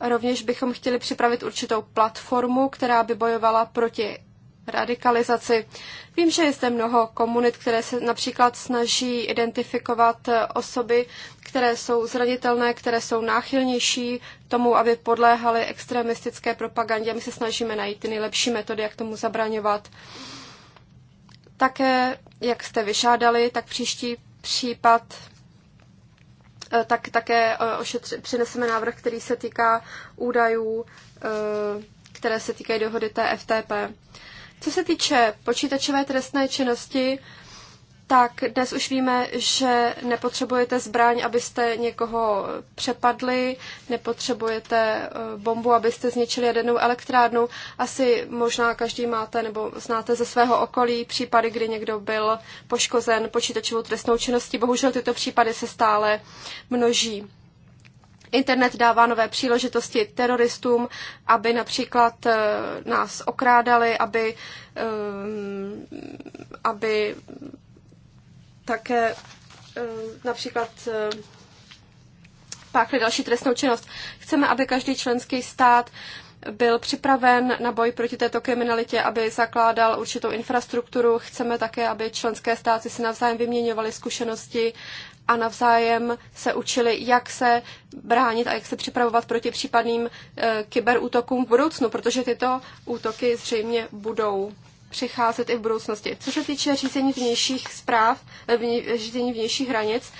Rovněž bychom chtěli připravit určitou platformu, která by bojovala proti radikalizaci. Vím, že je zde mnoho komunit, které se například snaží identifikovat osoby, které jsou zranitelné, které jsou náchylnější tomu, aby podléhaly extremistické propagandě. My se snažíme najít ty nejlepší metody, jak tomu zabraňovat. Také, jak jste vyšádali, tak příští případ eh, tak také eh, ošetři, přineseme návrh, který se týká údajů, eh, které se týkají dohody TFTP. FTP. Co se týče počítačové trestné činnosti, tak dnes už víme, že nepotřebujete zbraň, abyste někoho přepadli, nepotřebujete eh, bombu, abyste zničili jadernou elektrárnu. Asi možná každý máte nebo znáte ze svého okolí případy, kdy někdo byl poškozen počítačovou trestnou činností. Bohužel tyto případy se stále množí. Internet dává nové příležitosti teroristům, aby například eh, nás okrádali, aby, eh, aby také eh, například páchli další trestnou činnost. Chceme, aby každý členský stát byl připraven na boj proti této kriminalitě, aby zakládal určitou infrastrukturu. Chceme také, aby členské státy si navzájem vyměňovaly zkušenosti a navzájem se učili, jak se bránit a jak se připravovat proti případným e, kyberútokům v budoucnu, protože tyto útoky zřejmě budou přicházet i v budoucnosti. Co se týče řízení vnějších zpráv, eh, vně, řízení vnějších hranic,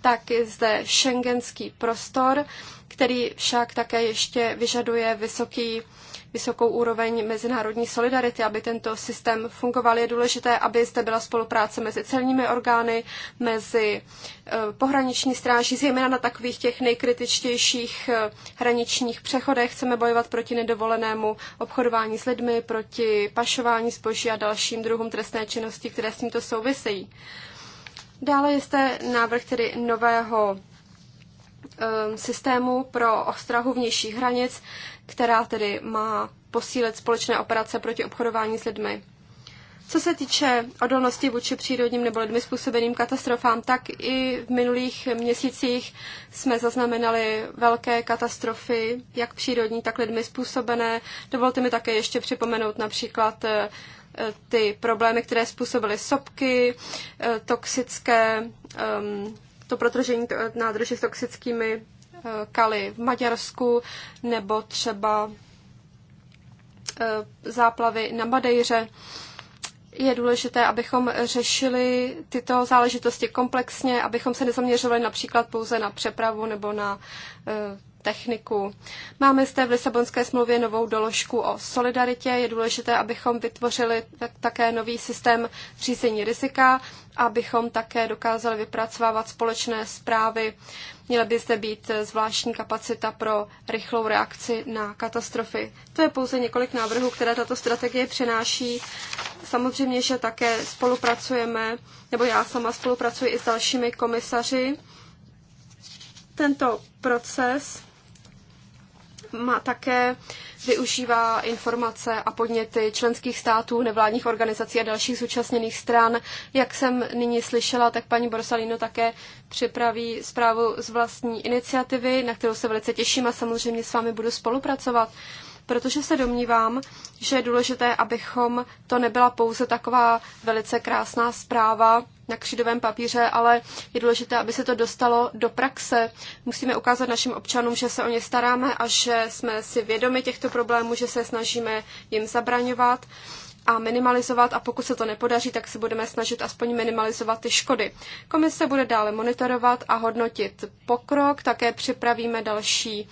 tak je zde šengenský prostor, který však také ještě vyžaduje vysoký vysokou úroveň mezinárodní solidarity, aby tento systém fungoval. Je důležité, aby zde byla spolupráce mezi celními orgány, mezi eh, pohraniční stráží, zejména na takových těch nejkritičtějších eh, hraničních přechodech. Chceme bojovat proti nedovolenému obchodování s lidmi, proti pašování zboží a dalším druhům trestné činnosti, které s tímto souvisejí. Dále je zde návrh tedy nového eh, systému pro ostrahu vnějších hranic která tedy má posílit společné operace proti obchodování s lidmi. Co se týče odolnosti vůči přírodním nebo lidmi způsobeným katastrofám, tak i v minulých měsících jsme zaznamenali velké katastrofy, jak přírodní, tak lidmi způsobené. Dovolte mi také ještě připomenout například eh, ty problémy, které způsobily sopky, eh, toxické, ehm, to protržení nádrže s toxickými Eh, Kali v Maďarsku nebo třeba eh, záplavy na Madejře. Je důležité, abychom řešili tyto záležitosti komplexně, abychom se nezaměřovali například pouze na přepravu nebo na eh, techniku. Máme zde v Lisabonské smlouvě novou doložku o solidaritě. Je důležité, abychom vytvořili také nový systém řízení rizika, abychom také dokázali vypracovávat společné zprávy. Měla by zde být zvláštní kapacita pro rychlou reakci na katastrofy. To je pouze několik návrhů, které tato strategie přináší. Samozřejmě, že také spolupracujeme, nebo já sama spolupracuji i s dalšími komisaři. Tento proces má také využívá informace a podněty členských států, nevládních organizací a dalších zúčastněných stran. Jak jsem nyní slyšela, tak paní Borsalino také připraví zprávu z vlastní iniciativy, na kterou se velice těším a samozřejmě s vámi budu spolupracovat protože se domnívám, že je důležité, abychom to nebyla pouze taková velice krásná zpráva na křídovém papíře, ale je důležité, aby se to dostalo do praxe. Musíme ukázat našim občanům, že se o ně staráme a že jsme si vědomi těchto problémů, že se snažíme jim zabraňovat a minimalizovat a pokud se to nepodaří, tak se budeme snažit aspoň minimalizovat ty škody. Komise bude dále monitorovat a hodnotit pokrok, také připravíme další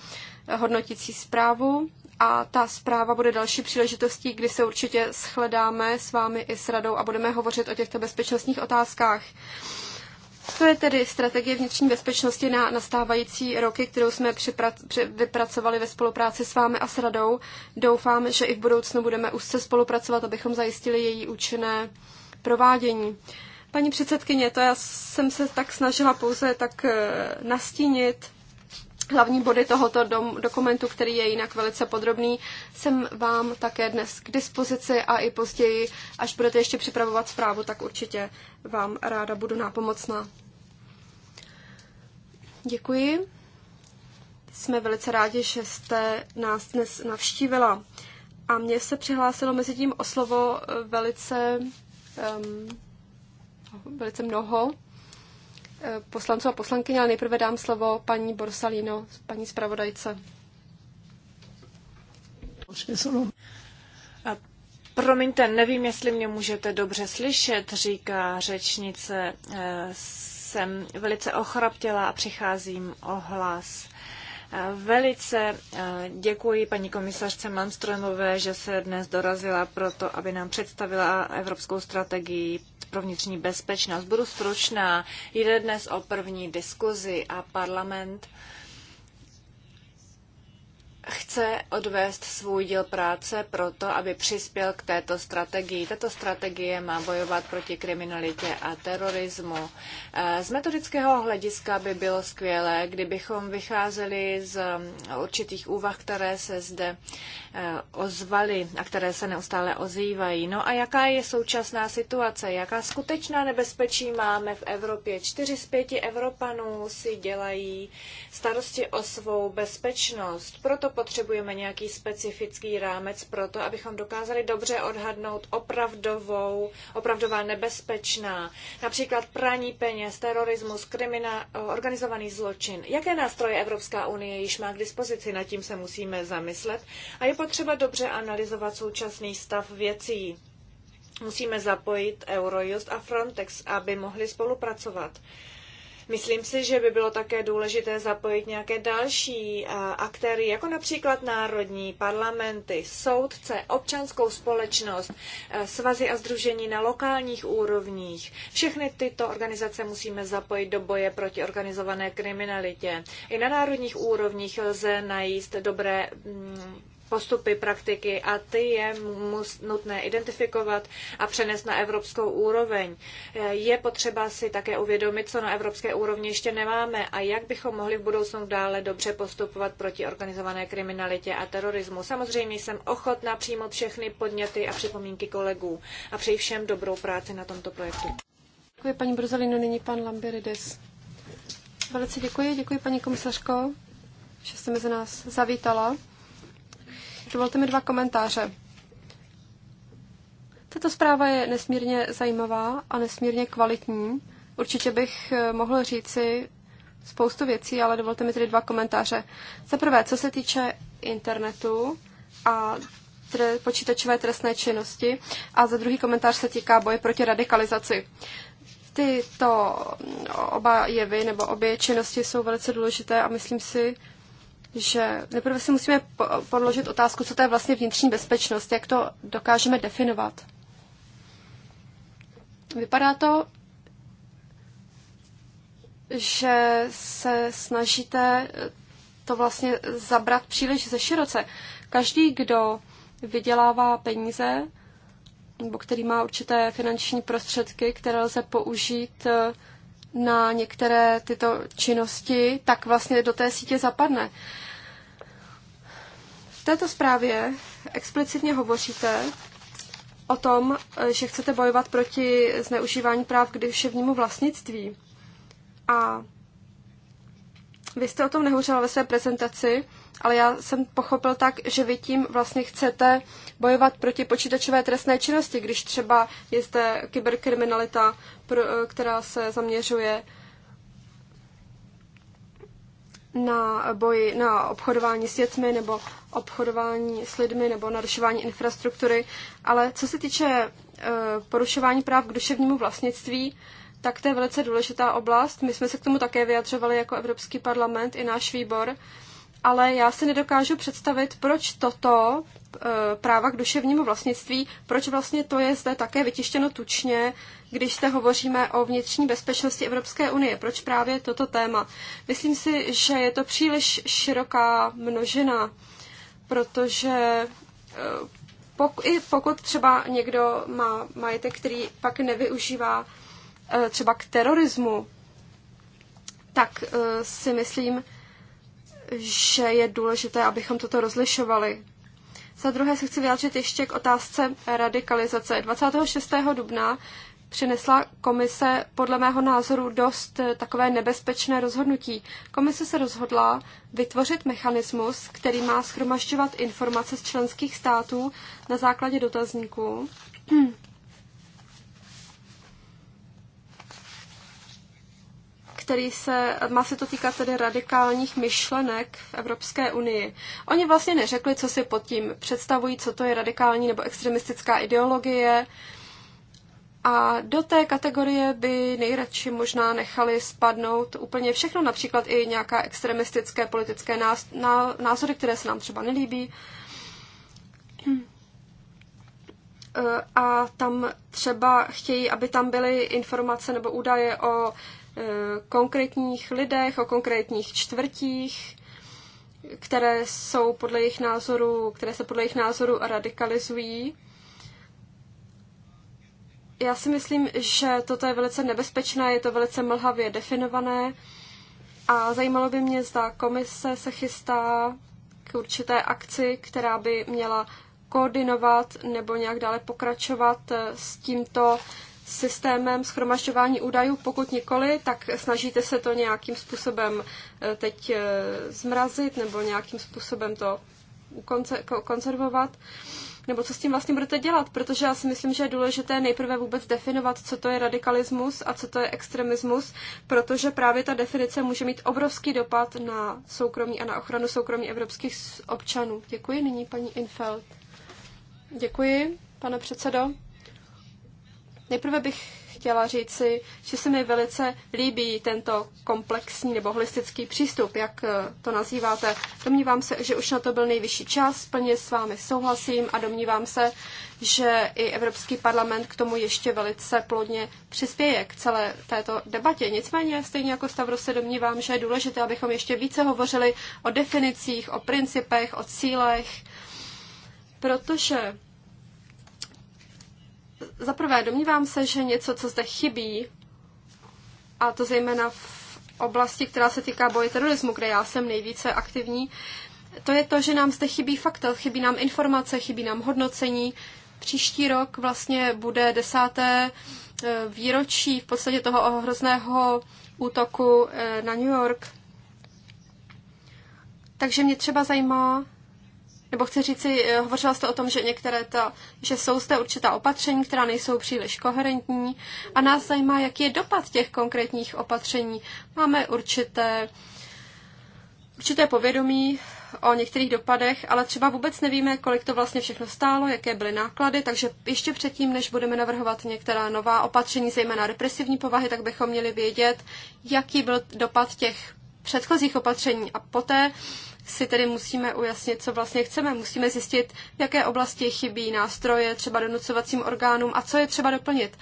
hodnotící zprávu a ta zpráva bude další příležitostí, kdy se určitě shledáme s vámi i s radou a budeme hovořit o těchto bezpečnostních otázkách. To je tedy strategie vnitřní bezpečnosti na nastávající roky, kterou jsme vypracovali ve spolupráci s vámi a s radou. Doufám, že i v budoucnu budeme úzce spolupracovat, abychom zajistili její účinné provádění. Paní předsedkyně, to já jsem se tak snažila pouze tak eh, nastínit Hlavní body tohoto dom, dokumentu, který je jinak velice podrobný, jsem vám také dnes k dispozici a i později, až budete ještě připravovat zprávu, tak určitě vám ráda budu nápomocná. Děkuji. Jsme velice rádi, že jste nás dnes navštívila. A mně se přihlásilo mezi tím o slovo velice, um, velice mnoho poslanců a poslankyně, ale nejprve dám slovo paní Borsalino, paní zpravodajce. Promiňte, nevím, jestli mě můžete dobře slyšet, říká řečnice. Eh, jsem velice ochraptěla a přicházím o hlas. Eh, velice eh, děkuji paní komisařce Malmströmové, že se dnes dorazila proto, aby nám představila evropskou strategii pro vnitřní bezpečnost. Budu stručná. Jde dnes o první diskuzi a parlament chce odvést svůj díl práce pro to, aby přispěl k této strategii. Tato strategie má bojovat proti kriminalitě a terorismu. Eh, z metodického hlediska by bylo skvělé, kdybychom vycházeli z eh, určitých úvah, které se zde eh, ozvaly a které se neustále ozývají. No a jaká je současná situace? Jaká skutečná nebezpečí máme v Evropě? Čtyři z pěti Evropanů si dělají starosti o svou bezpečnost. Proto potřebujeme nějaký specifický rámec pro to, abychom dokázali dobře odhadnout opravdovou, opravdová nebezpečná, například praní peněz, terorismus, krimina, eh, organizovaný zločin. Jaké nástroje Evropská unie již má k dispozici, nad tím se musíme zamyslet a je potřeba dobře analyzovat současný stav věcí. Musíme zapojit Eurojust a Frontex, aby mohli spolupracovat. Myslím si, že by bylo také důležité zapojit nějaké další eh, aktéry, jako například národní parlamenty, soudce, občanskou společnost, eh, svazy a združení na lokálních úrovních. Všechny tyto organizace musíme zapojit do boje proti organizované kriminalitě. I na národních úrovních lze najít dobré mm, postupy, praktiky a ty je mus, nutné identifikovat a přenést na evropskou úroveň. Eh, je potřeba si také uvědomit, co na evropské úrovni ještě nemáme a jak bychom mohli v budoucnu dále dobře postupovat proti organizované kriminalitě a terorismu. Samozřejmě jsem ochotná přijmout všechny podněty a připomínky kolegů a přeji všem dobrou práci na tomto projektu. Děkuji paní Brzalino, nyní pan Lambirides. Velice děkuji, děkuji paní komisařko, že jste mezi nás zavítala dovolte mi dva komentáře. Tato zpráva je nesmírně zajímavá a nesmírně kvalitní. Určitě bych eh, mohl říci spoustu věcí, ale dovolte mi tedy dva komentáře. Za prvé, co se týče internetu a tre- počítačové trestné činnosti a za druhý komentář se týká boje proti radikalizaci. Tyto mm, oba jevy nebo obě činnosti jsou velice důležité a myslím si, že nejprve si musíme podložit otázku, co to je vlastně vnitřní bezpečnost, jak to dokážeme definovat. Vypadá to, že se snažíte to vlastně zabrat příliš ze široce. Každý, kdo vydělává peníze, nebo který má určité finanční prostředky, které lze použít eh, na některé tyto činnosti, tak vlastně do té sítě zapadne. V této zprávě explicitně hovoříte o tom, že chcete bojovat proti zneužívání práv k duševnímu vlastnictví. A vy jste o tom nehořela ve své prezentaci, ale já jsem pochopil tak, že vy tím vlastně chcete bojovat proti počítačové trestné činnosti, když třeba je zde kyberkriminalita, která se zaměřuje na boji na obchodování s dětmi nebo obchodování s lidmi nebo narušování infrastruktury, ale co se týče eh, porušování práv k duševnímu vlastnictví, tak to je velice důležitá oblast. My jsme se k tomu také vyjadřovali jako Evropský parlament i náš výbor ale já si nedokážu představit, proč toto e, práva k duševnímu vlastnictví, proč vlastně to je zde také vytištěno tučně, když se hovoříme o vnitřní bezpečnosti Evropské unie. Proč právě toto téma? Myslím si, že je to příliš široká množina, protože e, pok, i pokud třeba někdo má majetek, který pak nevyužívá e, třeba k terorismu, tak si myslím, že je důležité, abychom toto rozlišovali. Za druhé se chci vyjádřit ještě k otázce radikalizace. 26. dubna přinesla komise podle mého názoru dost takové nebezpečné rozhodnutí. Komise se rozhodla vytvořit mechanismus, který má schromažďovat informace z členských států na základě dotazníků. který se, má se to týkat tedy radikálních myšlenek v Evropské unii. Oni vlastně neřekli, co si pod tím představují, co to je radikální nebo extremistická ideologie. A do té kategorie by nejradši možná nechali spadnout úplně všechno, například i nějaká extremistické politické názory, které se nám třeba nelíbí. A tam třeba chtějí, aby tam byly informace nebo údaje o Eh, konkrétních lidech, o konkrétních čtvrtích, které jsou podle jejich názoru, které se podle jejich názoru radikalizují. Já si myslím, že toto je velice nebezpečné, je to velice mlhavě definované a zajímalo by mě, zda komise se chystá k určité akci, která by měla koordinovat nebo nějak dále pokračovat eh, s tímto systémem schromažďování údajů? Pokud nikoli, tak snažíte se to nějakým způsobem eh, teď eh, zmrazit nebo nějakým způsobem to konzervovat? Nebo co s tím vlastně budete dělat? Protože já si myslím, že je důležité nejprve vůbec definovat, co to je radikalismus a co to je extremismus, protože právě ta definice může mít obrovský dopad na soukromí a na ochranu soukromí evropských občanů. Děkuji nyní paní Infeld. Děkuji, pane předsedo. Nejprve bych chtěla říci, že se mi velice líbí tento komplexní nebo holistický přístup, jak eh, to nazýváte. Domnívám se, že už na to byl nejvyšší čas, plně s vámi souhlasím a domnívám se, že i Evropský parlament k tomu ještě velice plodně přispěje k celé této debatě. Nicméně, stejně jako Stavro, se domnívám, že je důležité, abychom ještě více hovořili o definicích, o principech, o cílech, protože za prvé, domnívám se, že něco, co zde chybí, a to zejména v oblasti, která se týká boje terorismu, kde já jsem nejvíce aktivní, to je to, že nám zde chybí fakta, chybí nám informace, chybí nám hodnocení. Příští rok vlastně bude desáté eh, výročí v podstatě toho hrozného útoku eh, na New York. Takže mě třeba zajímá, nebo chci říci, eh, hovořila jste o tom, že některé to, že jsou zde určitá opatření, která nejsou příliš koherentní a nás zajímá, jaký je dopad těch konkrétních opatření. Máme určité, určité povědomí o některých dopadech, ale třeba vůbec nevíme, kolik to vlastně všechno stálo, jaké byly náklady, takže ještě předtím, než budeme navrhovat některá nová opatření, zejména represivní povahy, tak bychom měli vědět, jaký byl dopad těch předchozích opatření a poté si tedy musíme ujasnit, co vlastně chceme. Musíme zjistit, v jaké oblasti chybí nástroje, třeba donucovacím orgánům a co je třeba doplnit.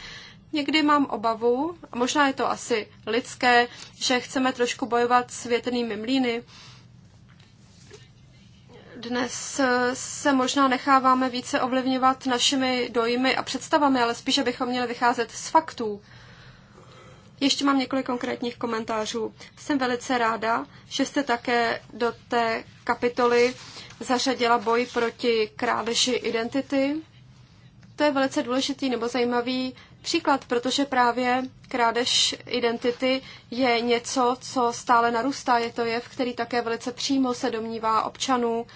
Někdy mám obavu, a možná je to asi lidské, že chceme trošku bojovat s větrnými mlíny. Dnes se možná necháváme více ovlivňovat našimi dojmy a představami, ale spíše bychom měli vycházet z faktů. Ještě mám několik konkrétních komentářů. Jsem velice ráda, že jste také do té kapitoly zařadila boj proti krádeži identity. To je velice důležitý nebo zajímavý příklad, protože právě krádež identity je něco, co stále narůstá. Je to jev, který také velice přímo se domnívá občanů.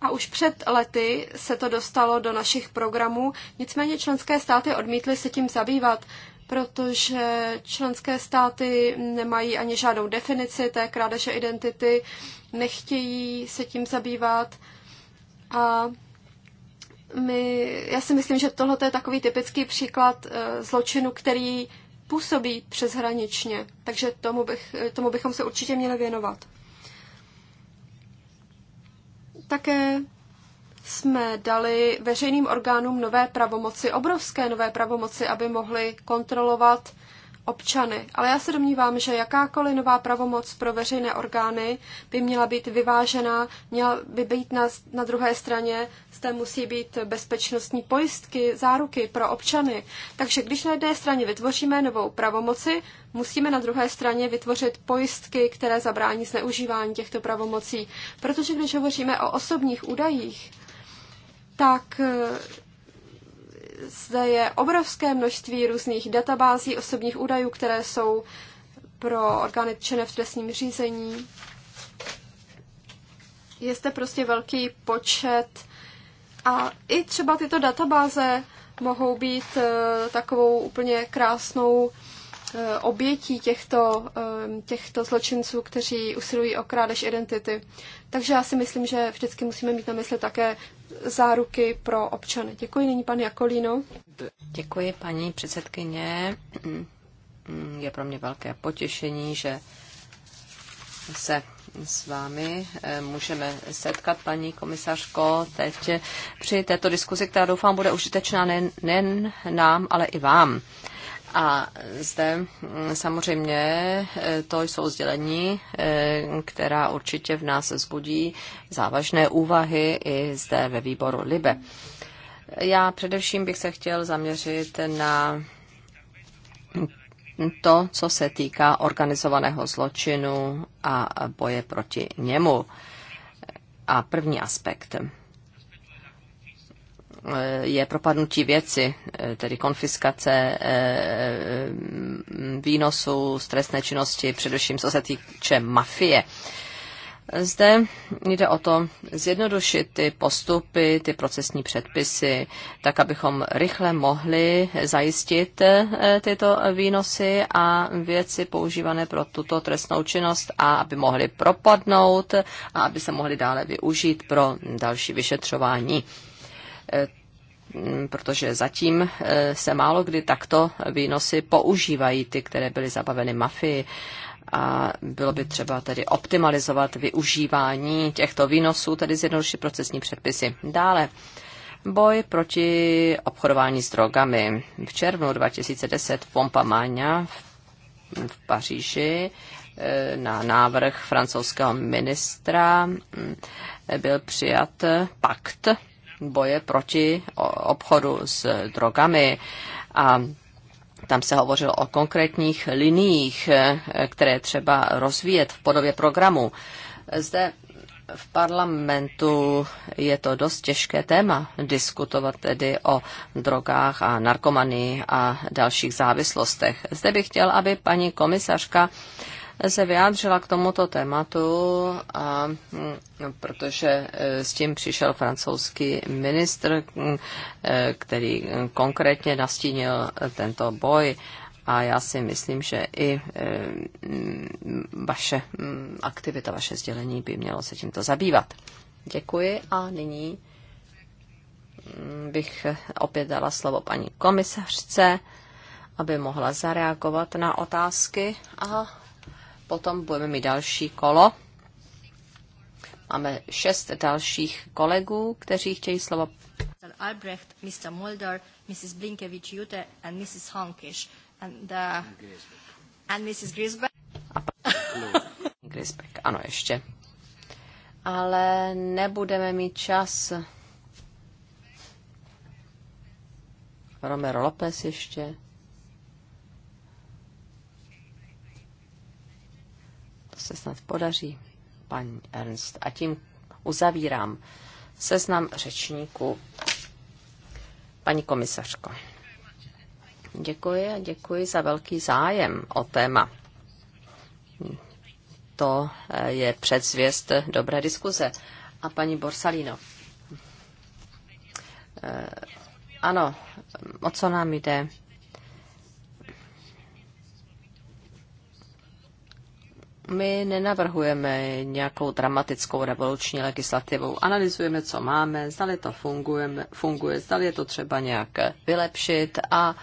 A už před lety se to dostalo do našich programů, nicméně členské státy odmítly se tím zabývat protože členské státy nemají ani žádnou definici té krádeže identity, nechtějí se tím zabývat. A my, já si myslím, že tohle je takový typický příklad eh, zločinu, který působí přeshraničně, takže tomu, bych, eh, tomu bychom se určitě měli věnovat. Také jsme dali veřejným orgánům nové pravomoci, obrovské nové pravomoci, aby mohli kontrolovat občany. Ale já se domnívám, že jakákoliv nová pravomoc pro veřejné orgány by měla být vyvážená, měla by být na, na druhé straně, zde musí být bezpečnostní pojistky, záruky pro občany. Takže když na jedné straně vytvoříme novou pravomoci, musíme na druhé straně vytvořit pojistky, které zabrání zneužívání těchto pravomocí. Protože když hovoříme o osobních údajích, tak eh, zde je obrovské množství různých databází osobních údajů, které jsou pro orgány čene v trestním řízení. Je zde prostě velký počet a i třeba tyto databáze mohou být eh, takovou úplně krásnou Eh, obětí těchto, eh, těchto zločinců, kteří usilují o krádež identity. Takže já si myslím, že vždycky musíme mít na mysli také záruky pro občany. Děkuji nyní pan Jakolino. Děkuji paní předsedkyně. Je pro mě velké potěšení, že se s vámi eh, můžeme setkat, paní komisařko, teď při této diskuzi, která doufám bude užitečná nejen nám, ale i vám. A zde mm, samozřejmě eh, to jsou sdělení, eh, která určitě v nás zbudí závažné úvahy i zde ve výboru LIBE. Já především bych se chtěl zaměřit na to, co se týká organizovaného zločinu a boje proti němu. A první aspekt. Eh, je propadnutí věci, eh, tedy konfiskace eh, výnosů z trestné činnosti, především co se týče mafie. Zde jde o to zjednodušit ty postupy, ty procesní předpisy, tak abychom rychle mohli zajistit tyto výnosy a věci používané pro tuto trestnou činnost a aby mohly propadnout a aby se mohly dále využít pro další vyšetřování. Eh, mm, protože zatím eh, se málo kdy takto výnosy používají ty, které byly zabaveny mafii a bylo by třeba tedy optimalizovat využívání těchto výnosů, tedy zjednodušit procesní předpisy. Dále, boj proti obchodování s drogami. V červnu 2010 v Máňa v Paříži eh, na návrh francouzského ministra mm, byl přijat pakt boje proti obchodu s drogami a tam se hovořilo o konkrétních liniích, eh, které třeba rozvíjet v podobě programu. Zde v parlamentu je to dost těžké téma diskutovat tedy o drogách a narkomanii a dalších závislostech. Zde bych chtěl, aby paní komisařka uh, se vyjádřila k tomuto tématu, a, no, protože e, s tím přišel francouzský ministr, e, který e, konkrétně nastínil tento boj. A já si myslím, že i vaše aktivita, vaše sdělení by mělo se tímto zabývat. Děkuji a nyní bych opět dala slovo paní komisařce, aby mohla zareagovat na otázky a potom budeme mít další kolo. Máme šest dalších kolegů, kteří chtějí slovo. Mr. Albrecht, Mr. Mulder, Mrs. Blinkevich-Jute and Mrs. Honkish and, uh, and Mrs. Grisbeck. A pa- Grisbeck, ano, ještě. Ale nebudeme mít čas. Romero Lopez ještě. se snad podaří, paní Ernst. A tím uzavírám seznam řečníků. Paní komisařko. Děkuji a děkuji za velký zájem o téma. To eh, je předzvěst dobré diskuze. A paní Borsalino. Eh, ano, o co nám jde? my nenavrhujeme nějakou dramatickou revoluční legislativu. Analyzujeme, co máme, zdali to funguje, funguje zdali je to třeba nějak vylepšit a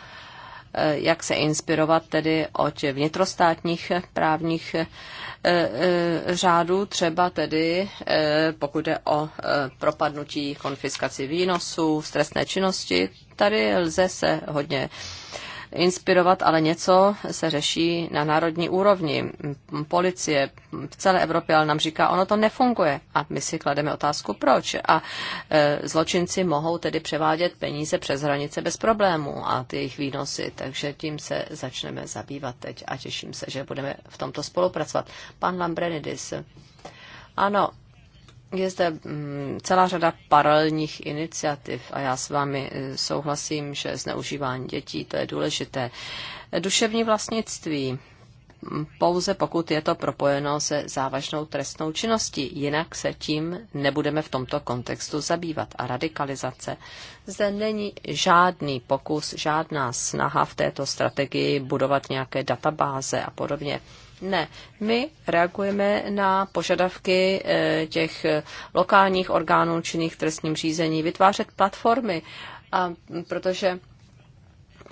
e, jak se inspirovat tedy od vnitrostátních právních e, e, řádů, třeba tedy pokud jde o propadnutí konfiskaci výnosů, stresné činnosti, tady lze se hodně inspirovat, ale něco se řeší na národní úrovni. Policie v celé Evropě ale nám říká, ono to nefunguje. A my si klademe otázku, proč. A e, zločinci mohou tedy převádět peníze přes hranice bez problémů a ty jejich výnosy. Takže tím se začneme zabývat teď a těším se, že budeme v tomto spolupracovat. Pan Lambrenidis. Ano, je zde mm, celá řada paralelních iniciativ a já s vámi e, souhlasím, že zneužívání dětí, to je důležité. Duševní vlastnictví, mm, pouze pokud je to propojeno se závažnou trestnou činností, jinak se tím nebudeme v tomto kontextu zabývat. A radikalizace. Zde není žádný pokus, žádná snaha v této strategii budovat nějaké databáze a podobně. Ne, my reagujeme na požadavky eh, těch eh, lokálních orgánů činných trestním řízení, vytvářet platformy, a protože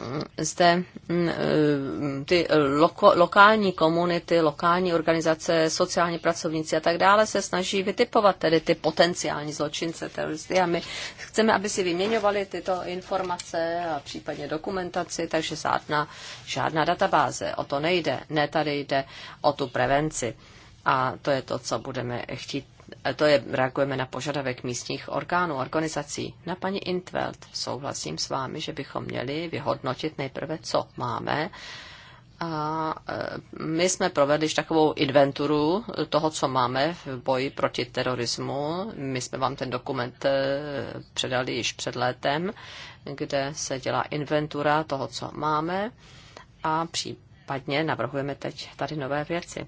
Eh, zde mm, eh, ty loko, lokální komunity, lokální organizace, sociální pracovníci a tak dále se snaží vytipovat tedy ty potenciální zločince, teroristy a my chceme, aby si vyměňovali tyto informace a případně dokumentaci, takže žádná, žádná databáze, o to nejde, ne tady jde o tu prevenci. A to je to, co budeme chtít to je, reagujeme na požadavek místních orgánů, organizací. Na paní Intveld souhlasím s vámi, že bychom měli vyhodnotit nejprve, co máme. A e, my jsme provedli takovou inventuru toho, co máme v boji proti terorismu. My jsme vám ten dokument e, předali již před létem, kde se dělá inventura toho, co máme a případně navrhujeme teď tady nové věci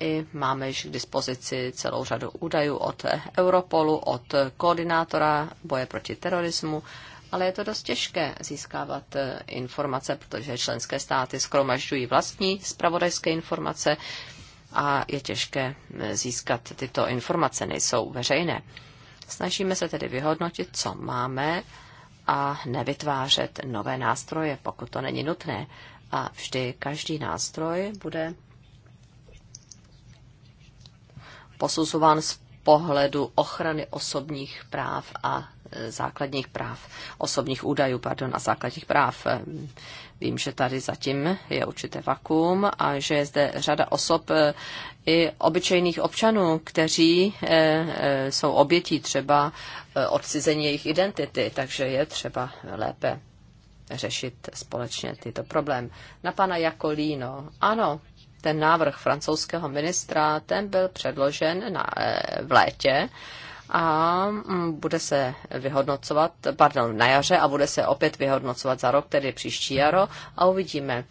i máme již k dispozici celou řadu údajů od Europolu, od koordinátora boje proti terorismu, ale je to dost těžké získávat eh, informace, protože členské státy skromažďují vlastní zpravodajské informace a je těžké eh, získat tyto informace, nejsou veřejné. Snažíme se tedy vyhodnotit, co máme a nevytvářet nové nástroje, pokud to není nutné. A vždy každý nástroj bude posuzován z pohledu ochrany osobních práv a e, základních práv, osobních údajů, pardon, a základních práv. E, vím, že tady zatím je určité vakuum a že je zde řada osob e, i obyčejných občanů, kteří jsou obětí třeba odcizení jejich identity, takže je třeba lépe řešit společně tyto problémy. Na pana Jakolíno. Ano, ten návrh francouzského ministra, ten byl předložen na, eh, v létě a mm, bude se vyhodnocovat, pardon, na jaře a bude se opět vyhodnocovat za rok, tedy příští jaro a uvidíme.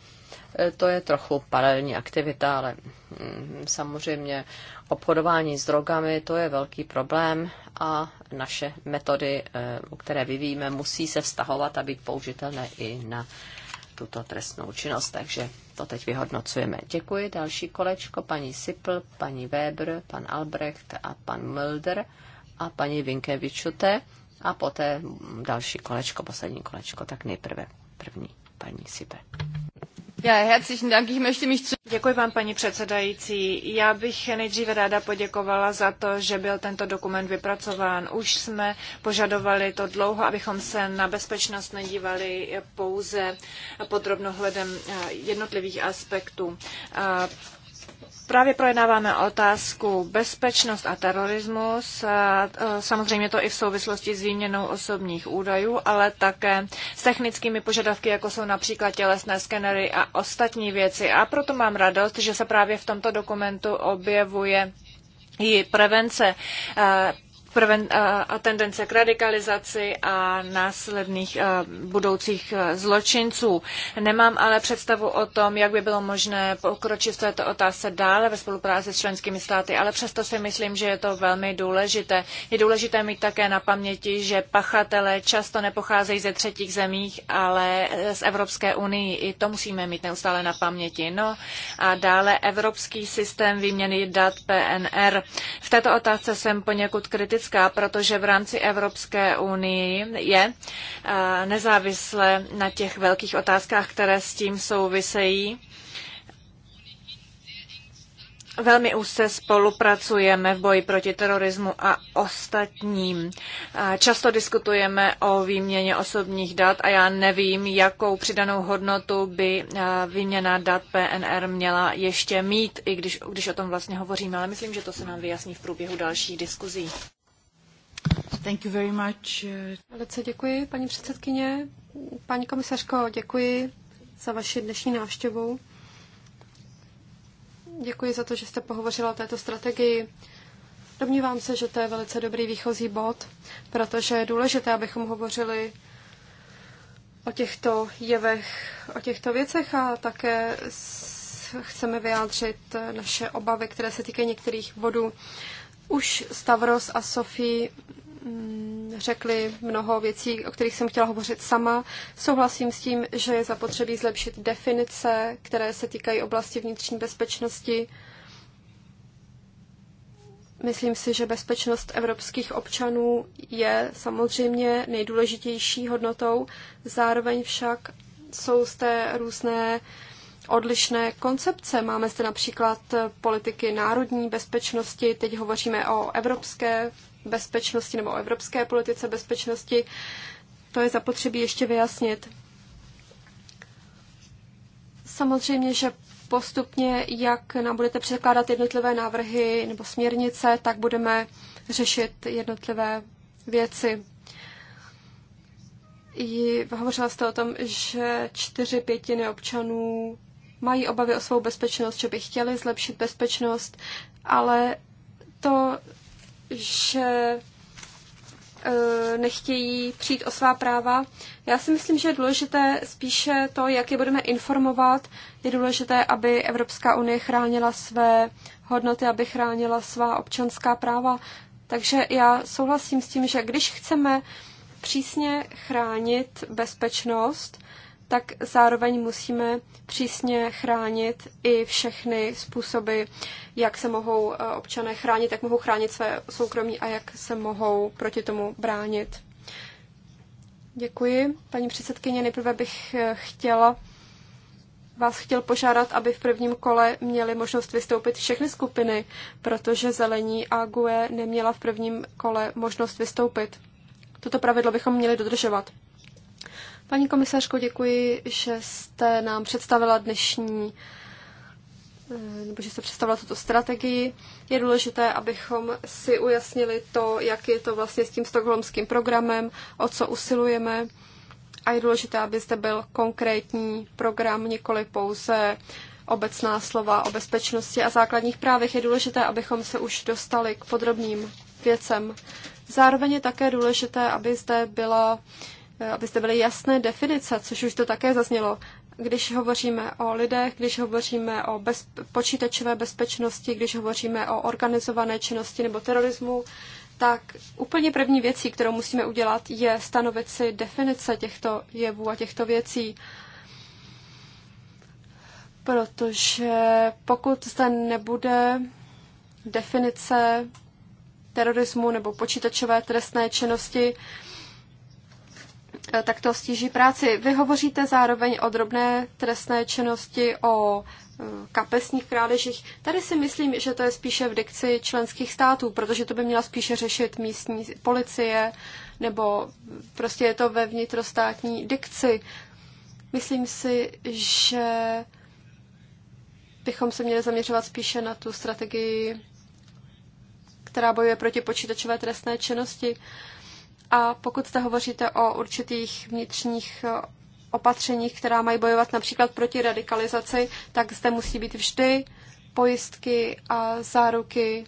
Eh, to je trochu paralelní aktivita, ale mm, samozřejmě obchodování s drogami, to je velký problém a naše metody, eh, které vyvíjíme, musí se vztahovat a být použitelné i na tuto trestnou činnost. Takže to teď vyhodnocujeme. Děkuji. Další kolečko, paní Sipl, paní Weber, pan Albrecht a pan Mulder a paní Vinkevičute a poté další kolečko, poslední kolečko, tak nejprve první paní Sipe. Děkuji vám, paní předsedající. Já bych nejdříve ráda poděkovala za to, že byl tento dokument vypracován. Už jsme požadovali to dlouho, abychom se na bezpečnost nedívali pouze pod eh, jednotlivých aspektů eh, Právě projednáváme otázku bezpečnost a terorismus, samozřejmě to i v souvislosti s výměnou osobních údajů, ale také s technickými požadavky, jako jsou například tělesné skenery a ostatní věci. A proto mám radost, že se právě v tomto dokumentu objevuje i prevence preven- a tendence k radikalizaci a následných budoucích zločinců. Nemám ale představu o tom, jak by bylo možné pokročit v této otázce dále ve spolupráci s členskými státy, ale přesto si myslím, že je to velmi důležité. Je důležité mít také na paměti, že pachatelé často nepocházejí ze třetích zemích, ale z Evropské unii. I to musíme mít neustále na paměti. No a dále Evropský systém výměny dat PNR. V této otázce jsem poněkud kritický kritická, protože v rámci Evropské unii je eh, nezávisle na těch velkých otázkách, které s tím souvisejí. Velmi úzce spolupracujeme v boji proti terorismu a ostatním. Eh, často diskutujeme o výměně osobních dat a já nevím, jakou přidanou hodnotu by eh, výměna dat PNR měla ještě mít, i když, když o tom vlastně hovoříme, ale myslím, že to se nám vyjasní v průběhu dalších diskuzí. Thank you very much. Uh, velice děkuji, paní předsedkyně. Paní komisařko, děkuji za vaši dnešní návštěvu. Děkuji za to, že jste pohovořila o této strategii. Domnívám se, že to je velice dobrý výchozí bod, protože je důležité, abychom hovořili o těchto jevech, o těchto věcech a také chceme vyjádřit naše obavy, které se týkají některých bodů. Už Stavros a Sofie Mm, řekli mnoho věcí, o kterých jsem chtěla hovořit sama. Souhlasím s tím, že je zapotřebí zlepšit definice, které se týkají oblasti vnitřní bezpečnosti. Myslím si, že bezpečnost evropských občanů je samozřejmě nejdůležitější hodnotou. Zároveň však jsou zde různé odlišné koncepce. Máme zde například politiky národní bezpečnosti, teď hovoříme o evropské bezpečnosti nebo o evropské politice bezpečnosti. To je zapotřebí ještě vyjasnit. Samozřejmě, že postupně, jak nám budete předkládat jednotlivé návrhy nebo směrnice, tak budeme řešit jednotlivé věci. I hovořila jste o tom, že čtyři pětiny občanů mají obavy o svou bezpečnost, že by chtěli zlepšit bezpečnost, ale to že e, nechtějí přijít o svá práva. Já si myslím, že je důležité spíše to, jak je budeme informovat. Je důležité, aby Evropská unie chránila své hodnoty, aby chránila svá občanská práva. Takže já souhlasím s tím, že když chceme přísně chránit bezpečnost, tak zároveň musíme přísně chránit i všechny způsoby, jak se mohou eh, občané chránit, jak mohou chránit své soukromí a jak se mohou proti tomu bránit. Děkuji. Paní předsedkyně, nejprve bych eh, chtěla vás chtěl požádat, aby v prvním kole měli možnost vystoupit všechny skupiny, protože Zelení a GUE neměla v prvním kole možnost vystoupit. Toto pravidlo bychom měli dodržovat. Paní komisařko, děkuji, že jste nám představila dnešní eh, nebo že jste představila tuto strategii. Je důležité, abychom si ujasnili to, jak je to vlastně s tím stokholmským programem, o co usilujeme. A je důležité, abyste byl konkrétní program, nikoli pouze obecná slova o bezpečnosti a základních právech. Je důležité, abychom se už dostali k podrobným věcem. Zároveň je také důležité, aby zde byla Eh, abyste byly jasné definice, což už to také zaznělo. Když hovoříme o lidech, když hovoříme o bez, počítačové bezpečnosti, když hovoříme o organizované činnosti nebo terorismu, tak úplně první věcí, kterou musíme udělat, je stanovit si definice těchto jevů a těchto věcí. Protože pokud zde nebude definice terorismu nebo počítačové trestné činnosti, Eh, tak to stíží práci. Vy hovoříte zároveň o drobné trestné činnosti, o eh, kapesních krádežích. Tady si myslím, že to je spíše v dikci členských států, protože to by měla spíše řešit místní policie, nebo prostě je to ve vnitrostátní dikci. Myslím si, že bychom se měli zaměřovat spíše na tu strategii, která bojuje proti počítačové trestné činnosti. Uh, a pokud jste hovoříte o určitých vnitřních eh, opatřeních, která mají bojovat například proti radikalizaci, tak zde musí být vždy pojistky a záruky,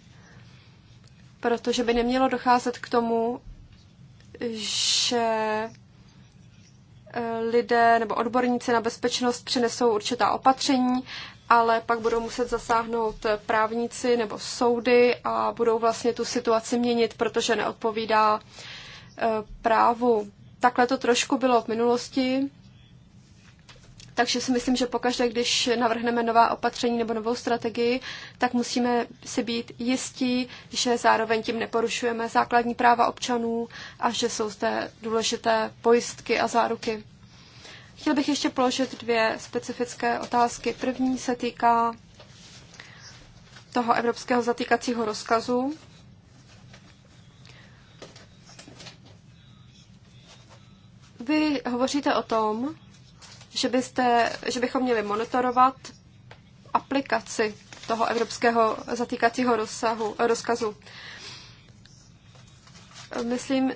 protože by nemělo docházet k tomu, že eh, lidé nebo odborníci na bezpečnost přinesou určitá opatření, ale pak budou muset zasáhnout právníci nebo soudy a budou vlastně tu situaci měnit, protože neodpovídá právu. Takhle to trošku bylo v minulosti, takže si myslím, že pokaždé, když navrhneme nová opatření nebo novou strategii, tak musíme si být jistí, že zároveň tím neporušujeme základní práva občanů a že jsou zde důležité pojistky a záruky. Chtěl bych ještě položit dvě specifické otázky. První se týká toho evropského zatýkacího rozkazu. Vy hovoříte o tom, že, byste, že bychom měli monitorovat aplikaci toho evropského zatýkacího rozsahu, rozkazu. Myslím,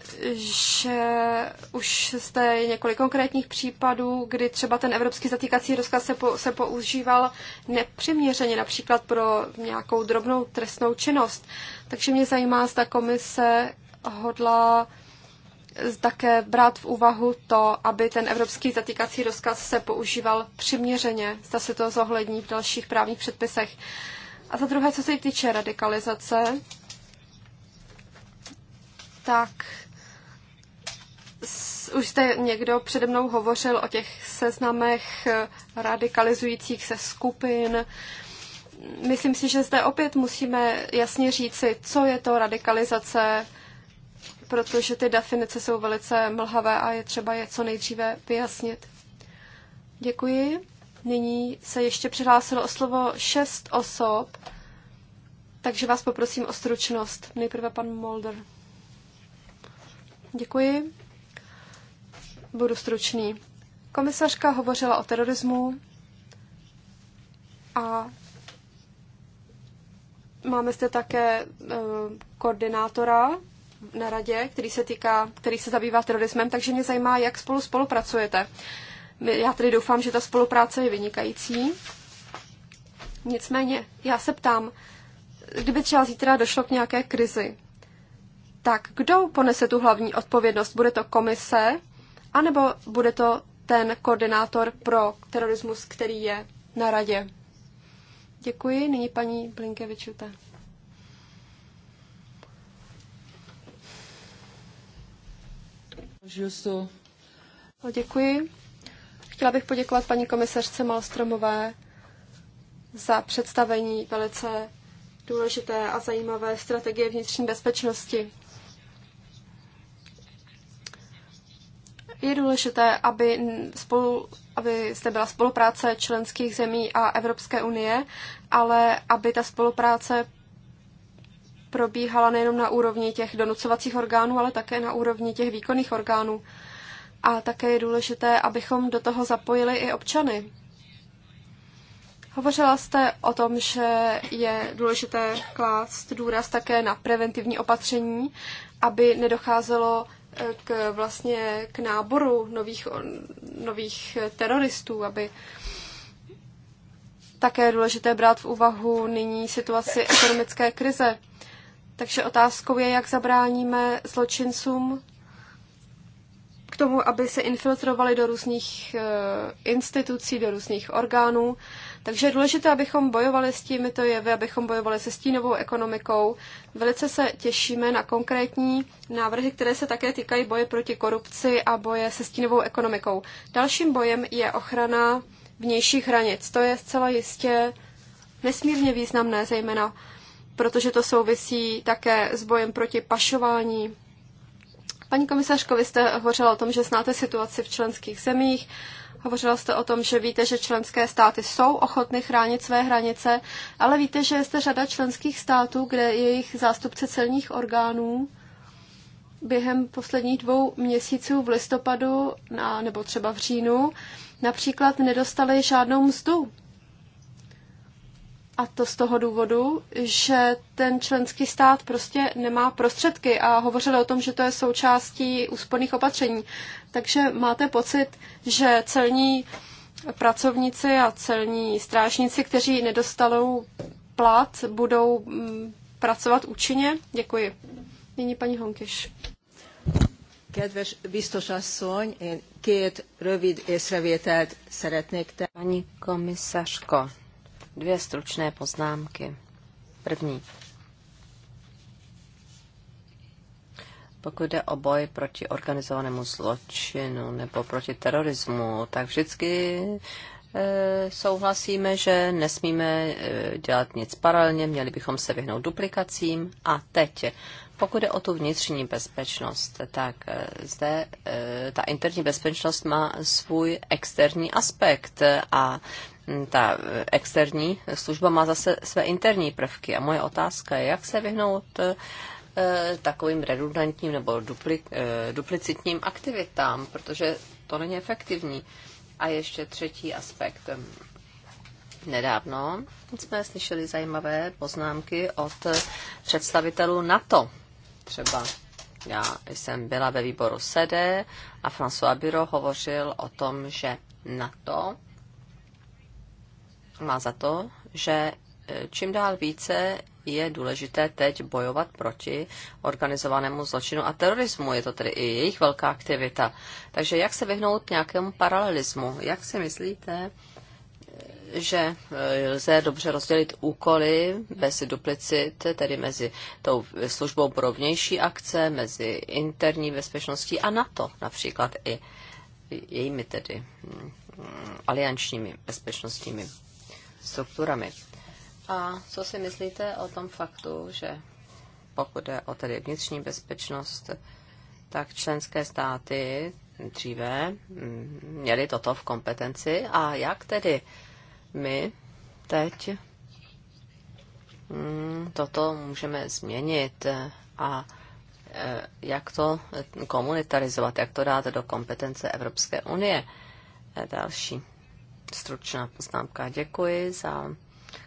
že už jste několik konkrétních případů, kdy třeba ten evropský zatýkací rozkaz se, po, se používal nepřiměřeně, například pro nějakou drobnou trestnou činnost. Takže mě zajímá, zda komise hodla také brát v úvahu to, aby ten evropský zatýkací rozkaz se používal přiměřeně, zda se to zohlední v dalších právních předpisech. A za druhé, co se týče radikalizace, tak už jste někdo přede mnou hovořil o těch seznamech radikalizujících se skupin. Myslím si, že zde opět musíme jasně říci, co je to radikalizace, protože ty definice jsou velice mlhavé a je třeba je co nejdříve vyjasnit. Děkuji. Nyní se ještě přihlásilo o slovo šest osob, takže vás poprosím o stručnost. Nejprve pan Molder. Děkuji. Budu stručný. Komisařka hovořila o terorismu a máme zde také eh, koordinátora na radě, který se, týká, který se zabývá terorismem, takže mě zajímá, jak spolu spolupracujete. Já tedy doufám, že ta spolupráce je vynikající. Nicméně, já se ptám, kdyby třeba zítra došlo k nějaké krizi, tak kdo ponese tu hlavní odpovědnost? Bude to komise, anebo bude to ten koordinátor pro terorismus, který je na radě? Děkuji. Nyní paní Blinkevičute. No, děkuji. Chtěla bych poděkovat paní komisařce Malstromové za představení velice důležité a zajímavé strategie vnitřní bezpečnosti. Je důležité, aby, spolu, aby zde byla spolupráce členských zemí a Evropské unie, ale aby ta spolupráce probíhala nejenom na úrovni těch donucovacích orgánů, ale také na úrovni těch výkonných orgánů. A také je důležité, abychom do toho zapojili i občany. Hovořila jste o tom, že je důležité klást důraz také na preventivní opatření, aby nedocházelo eh, k, vlastně k náboru nových, nových eh, teroristů, aby také je důležité brát v úvahu nyní situaci ekonomické krize. Takže otázkou je, jak zabráníme zločincům k tomu, aby se infiltrovali do různých eh, institucí, do různých orgánů. Takže je důležité, abychom bojovali s těmito jevy, abychom bojovali se stínovou ekonomikou. Velice se těšíme na konkrétní návrhy, které se také týkají boje proti korupci a boje se stínovou ekonomikou. Dalším bojem je ochrana vnějších hranic. To je zcela jistě nesmírně významné, zejména protože to souvisí také s bojem proti pašování. Paní komisařko, vy jste hovořila o tom, že znáte situaci v členských zemích, hovořila jste o tom, že víte, že členské státy jsou ochotny chránit své hranice, ale víte, že jste řada členských států, kde jejich zástupce celních orgánů během posledních dvou měsíců v listopadu na, nebo třeba v říjnu například nedostali žádnou mzdu a to z toho důvodu, že ten členský stát prostě nemá prostředky a hovořili o tom, že to je součástí úsporných opatření. Takže máte pocit, že celní pracovníci a celní strážníci, kteří nedostanou plat, budou mm, pracovat účinně? Děkuji. Nyní paní Honkyš. Kedves biztos asszony, én két rövid észrevételt szeretnék te. Pani komisařko, dvě stručné poznámky. První. Pokud jde o boj proti organizovanému zločinu nebo proti terorismu, tak vždycky e, souhlasíme, že nesmíme e, dělat nic paralelně, měli bychom se vyhnout duplikacím. A teď, pokud je o tu vnitřní bezpečnost, tak e, zde ta interní bezpečnost má svůj externí aspekt a ta externí služba má zase své interní prvky. A moje otázka je, jak se vyhnout eh, takovým redundantním nebo dupli, eh, duplicitním aktivitám, protože to není efektivní. A ještě třetí aspekt. Nedávno jsme slyšeli zajímavé poznámky od představitelů NATO. Třeba já jsem byla ve výboru SEDE a François Biro hovořil o tom, že NATO má za to, že e, čím dál více je důležité teď bojovat proti organizovanému zločinu a terorismu. Je to tedy i jejich velká aktivita. Takže jak se vyhnout nějakému paralelismu? Jak si myslíte, e, že e, lze dobře rozdělit úkoly bez duplicit, tedy mezi tou službou pro vnější akce, mezi interní bezpečností a NATO například i jejími tedy mm, aliančními bezpečnostními strukturami. A co si myslíte o tom faktu, že pokud je o tedy vnitřní bezpečnost, tak členské státy dříve mm, měli toto v kompetenci. A jak tedy my teď mm, toto můžeme změnit a e, jak to komunitarizovat, jak to dát do kompetence Evropské unie. E, další stručná poznámka. Děkuji za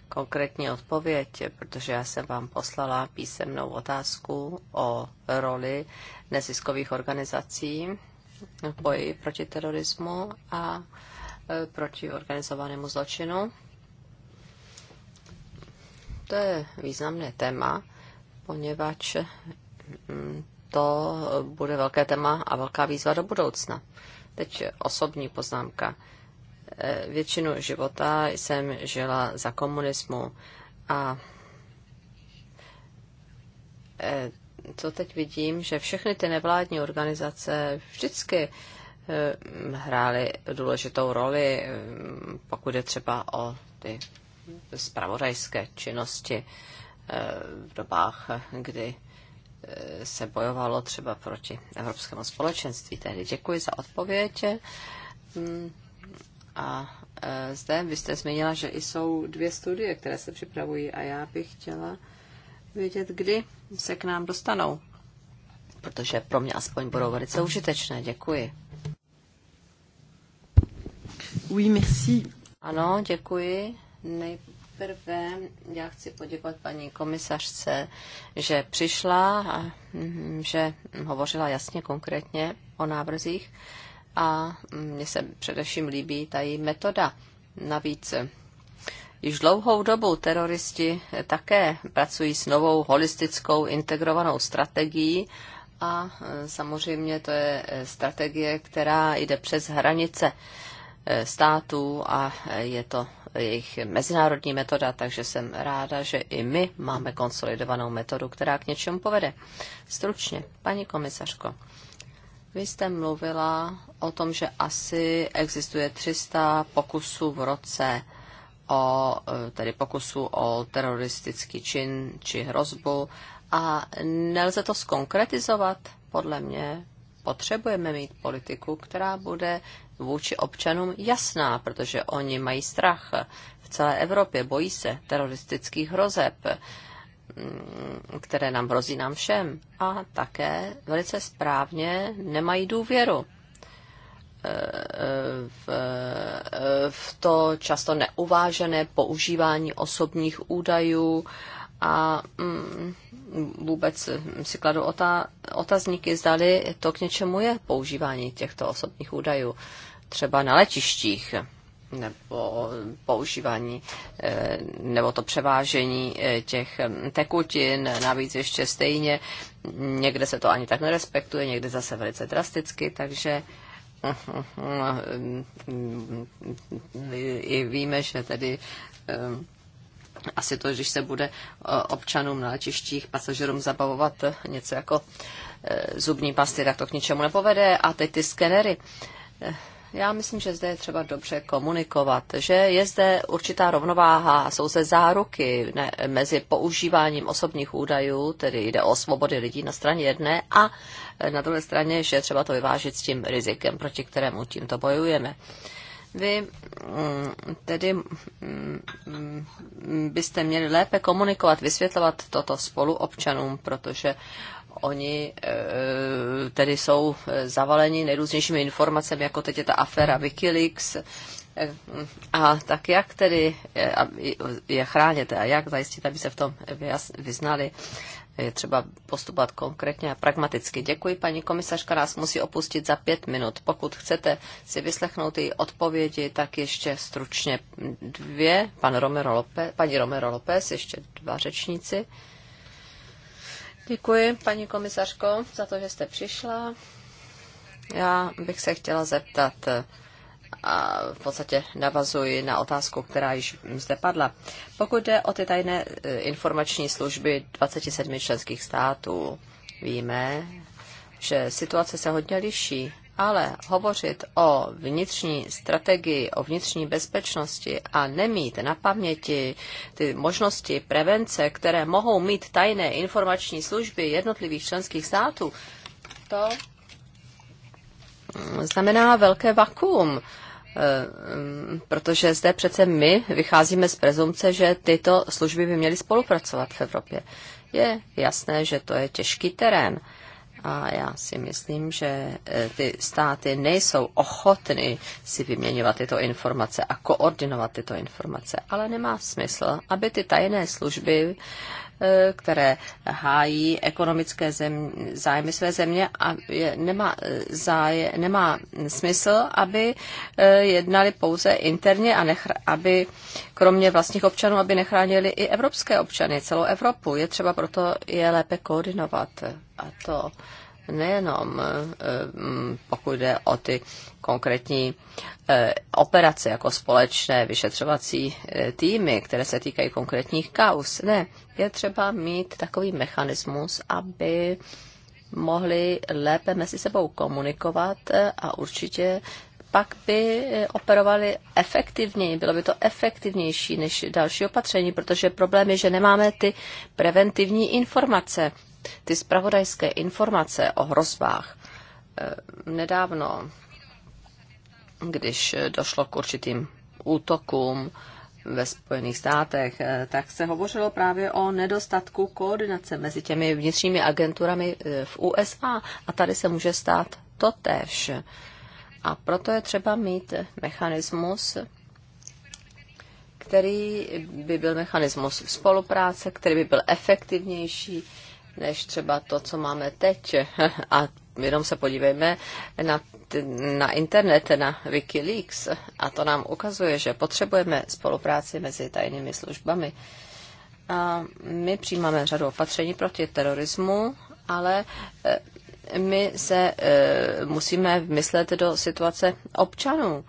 konkrétní odpověď, protože já jsem vám poslala písemnou otázku o roli neziskových organizací v boji proti terorismu a e, proti organizovanému zločinu. To je významné téma, poněvadž mm, to bude velké téma a velká výzva do budoucna. Teď osobní poznámka. Eh, většinu života jsem žila za komunismu a eh, co teď vidím, že všechny ty nevládní organizace vždycky eh, hrály důležitou roli, pokud je třeba o ty spravodajské činnosti v dobách, kdy se bojovalo třeba proti Evropskému společenství. Tehdy děkuji za odpověď. Mm. A e, zde vy jste zmínila, že jsou dvě studie, které se připravují a já bych chtěla vědět, kdy se k nám dostanou, protože pro mě aspoň budou velice užitečné. Děkuji. Oui, merci. Ano, děkuji. Nejprve já chci poděkovat paní komisařce, že přišla a mm, že hovořila jasně konkrétně o návrzích a mně se především líbí ta její metoda. Navíc Již dlouhou dobu teroristi také pracují s novou holistickou integrovanou strategií a samozřejmě to je strategie, která jde přes hranice států a je to jejich mezinárodní metoda, takže jsem ráda, že i my máme konsolidovanou metodu, která k něčemu povede. Stručně, paní komisařko, vy jste mluvila o tom, že asi existuje 300 pokusů v roce o, e, tedy pokusů o teroristický čin či hrozbu a nelze to skonkretizovat, podle mě potřebujeme mít politiku, která bude vůči občanům jasná, protože oni mají strach v celé Evropě, bojí se teroristických hrozeb. Mm, které nám hrozí nám všem. A také velice správně nemají důvěru. E, e, v, e, v to často neuvážené používání osobních údajů a mm, vůbec si kladu otá, otazníky, zdali to k něčemu je používání těchto osobních údajů, třeba na letištích nebo používání eh, nebo to převážení eh, těch eh, tekutin, navíc ještě stejně. Někde se to ani tak nerespektuje, někde zase velice drasticky, takže i víme, že tedy asi to, když se bude občanům na letištích pasažerům zabavovat něco jako zubní pasty, tak to k ničemu nepovede. A teď ty skenery já myslím, že zde je třeba dobře komunikovat, že je zde určitá rovnováha, jsou zde záruky ne, mezi používáním osobních údajů, tedy jde o svobody lidí na straně jedné a e, na druhé straně, že třeba to vyvážit s tím rizikem, proti kterému tímto bojujeme. Vy mm, tedy mm, mm, byste měli lépe komunikovat, vysvětlovat toto spoluobčanům, protože oni e, tedy jsou zavaleni nejrůznějšími informacemi, jako teď je ta aféra Wikileaks. E, a tak jak tedy e, je chráněte a jak zajistit, aby se v tom vyznali? Je třeba postupovat konkrétně a pragmaticky. Děkuji, paní komisařka nás musí opustit za pět minut. Pokud chcete si vyslechnout její odpovědi, tak ještě stručně dvě. Pan Romero Lope, paní Romero Lopez, ještě dva řečníci. Děkuji, paní komisařko, za to, že jste přišla. Já bych se chtěla zeptat, eh, a v podstatě navazuji na otázku, která již zde padla. Pokud jde o ty tajné eh, informační služby 27 členských států, víme, že situace se hodně liší ale hovořit o vnitřní strategii, o vnitřní bezpečnosti a nemít na paměti ty možnosti prevence, které mohou mít tajné informační služby jednotlivých členských států, to znamená velké vakuum eh, mm, protože zde přece my vycházíme z prezumce, že tyto služby by měly spolupracovat v Evropě. Je jasné, že to je těžký terén a já si myslím, že e, ty státy nejsou ochotny si vyměňovat tyto informace a koordinovat tyto informace, ale nemá smysl, aby ty tajné služby Eh, které hájí ekonomické země, zájmy své země a je, nemá, eh, záj, nemá smysl, aby eh, jednali pouze interně a nechr- aby kromě vlastních občanů, aby nechránili i evropské občany, celou Evropu. Je třeba proto je lépe koordinovat. A to nejenom eh, mm, pokud jde o ty konkrétní eh, operace jako společné vyšetřovací eh, týmy, které se týkají konkrétních kaus. Ne, je třeba mít takový mechanismus, aby mohli lépe mezi sebou komunikovat a určitě pak by operovali efektivněji, bylo by to efektivnější než další opatření, protože problém je, že nemáme ty preventivní informace ty spravodajské informace o hrozbách eh, nedávno, když došlo k určitým útokům ve Spojených státech, eh, tak se hovořilo právě o nedostatku koordinace mezi těmi vnitřními agenturami eh, v USA. A tady se může stát totéž. A proto je třeba mít mechanismus, který by byl mechanismus spolupráce, který by byl efektivnější, než třeba to, co máme teď. A jenom se podívejme na, na internet, na Wikileaks. A to nám ukazuje, že potřebujeme spolupráci mezi tajnými službami. A my přijímáme řadu opatření proti terorismu, ale e, my se e, musíme myslet do situace občanů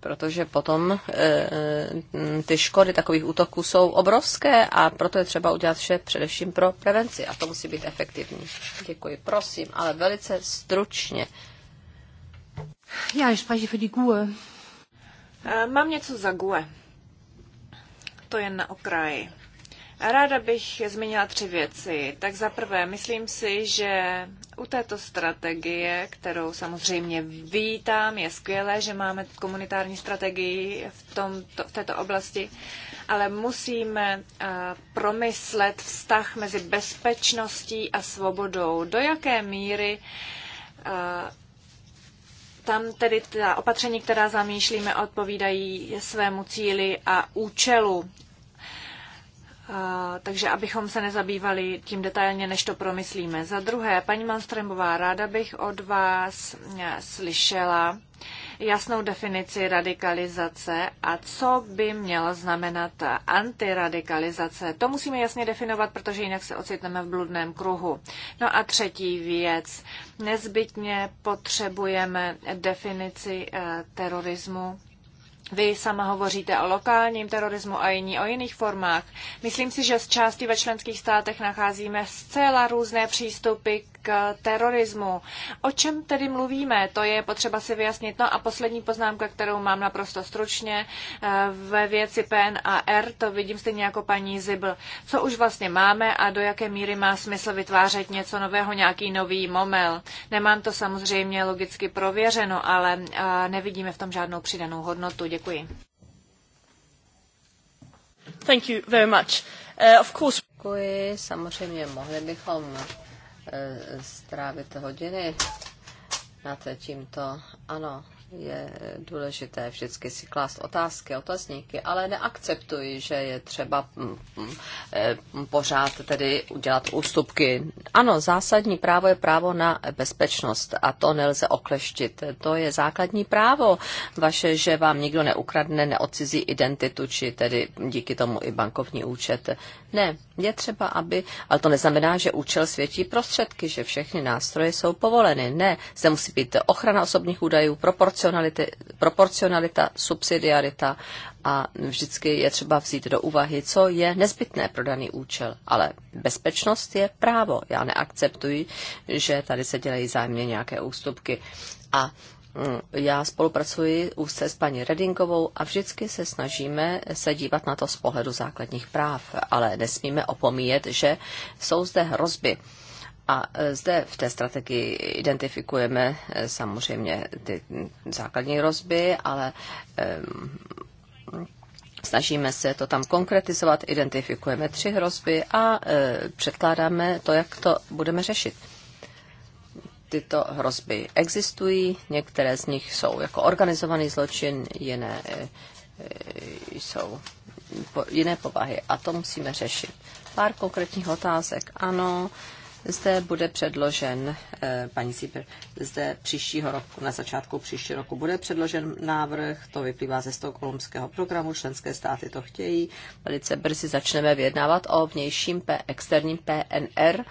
protože potom eh, eh, ty škody takových útoků jsou obrovské a proto je třeba udělat vše především pro prevenci a to musí být efektivní. Děkuji, prosím, ale velice stručně. Já ještě für die GUE. Eh, mám něco za GUE. To jen na okraji. Ráda bych zmínila tři věci. Tak za prvé, myslím si, že u této strategie, kterou samozřejmě vítám, je skvělé, že máme komunitární strategii v, tomto, v této oblasti, ale musíme eh, promyslet vztah mezi bezpečností a svobodou. Do jaké míry eh, tam tedy ta opatření, která zamýšlíme, odpovídají svému cíli a účelu takže abychom se nezabývali tím detailně, než to promyslíme. Za druhé, paní Manstrembová, ráda bych od vás eh, slyšela jasnou definici radikalizace a co by měla znamenat antiradikalizace. To musíme jasně definovat, protože jinak se ocitneme v bludném kruhu. No a třetí věc. Nezbytně potřebujeme definici eh, terorismu vy sama hovoříte o lokálním terorismu a jiní o jiných formách. Myslím si, že z části ve členských státech nacházíme zcela různé přístupy k terorismu. O čem tedy mluvíme? To je potřeba si vyjasnit. No a poslední poznámka, kterou mám naprosto stručně eh, ve věci PNAR, to vidím stejně jako paní Zibl. Co už vlastně máme a do jaké míry má smysl vytvářet něco nového, nějaký nový momel? Nemám to samozřejmě logicky prověřeno, ale eh, nevidíme v tom žádnou přidanou hodnotu. Děkuji. Thank you very much. Uh, of course... Děkuji. Samozřejmě mohli bychom E, strávit hodiny nad tímto. Ano, je důležité vždycky si klást otázky, otazníky, ale neakceptuji, že je třeba mm, mm, e, pořád tedy udělat ústupky. Ano, zásadní právo je právo na bezpečnost a to nelze okleštit. To je základní právo vaše, že vám nikdo neukradne, neodcizí identitu, či tedy díky tomu i bankovní účet. Ne, je třeba, aby, ale to neznamená, že účel světí prostředky, že všechny nástroje jsou povoleny. Ne, se musí být ochrana osobních údajů, proporcionalita, subsidiarita a vždycky je třeba vzít do úvahy, co je nezbytné pro daný účel. Ale bezpečnost je právo. Já neakceptuji, že tady se dělají zájemně nějaké ústupky. A já spolupracuji úzce s paní Redinkovou a vždycky se snažíme se dívat na to z pohledu základních práv, ale nesmíme opomíjet, že jsou zde hrozby. A e, zde v té strategii identifikujeme e, samozřejmě ty základní rozby, ale snažíme se to tam konkretizovat, identifikujeme tři hrozby a e, předkládáme to, jak to budeme řešit tyto hrozby existují, některé z nich jsou jako organizovaný zločin, jiné e, e, jsou jiné povahy a to musíme řešit. Pár konkrétních otázek. Ano, zde bude předložen, e, paní Zíber, zde příštího roku, na začátku příštího roku bude předložen návrh, to vyplývá ze stokholmského programu, členské státy to chtějí. Velice brzy začneme vyjednávat o vnějším P, externím PNR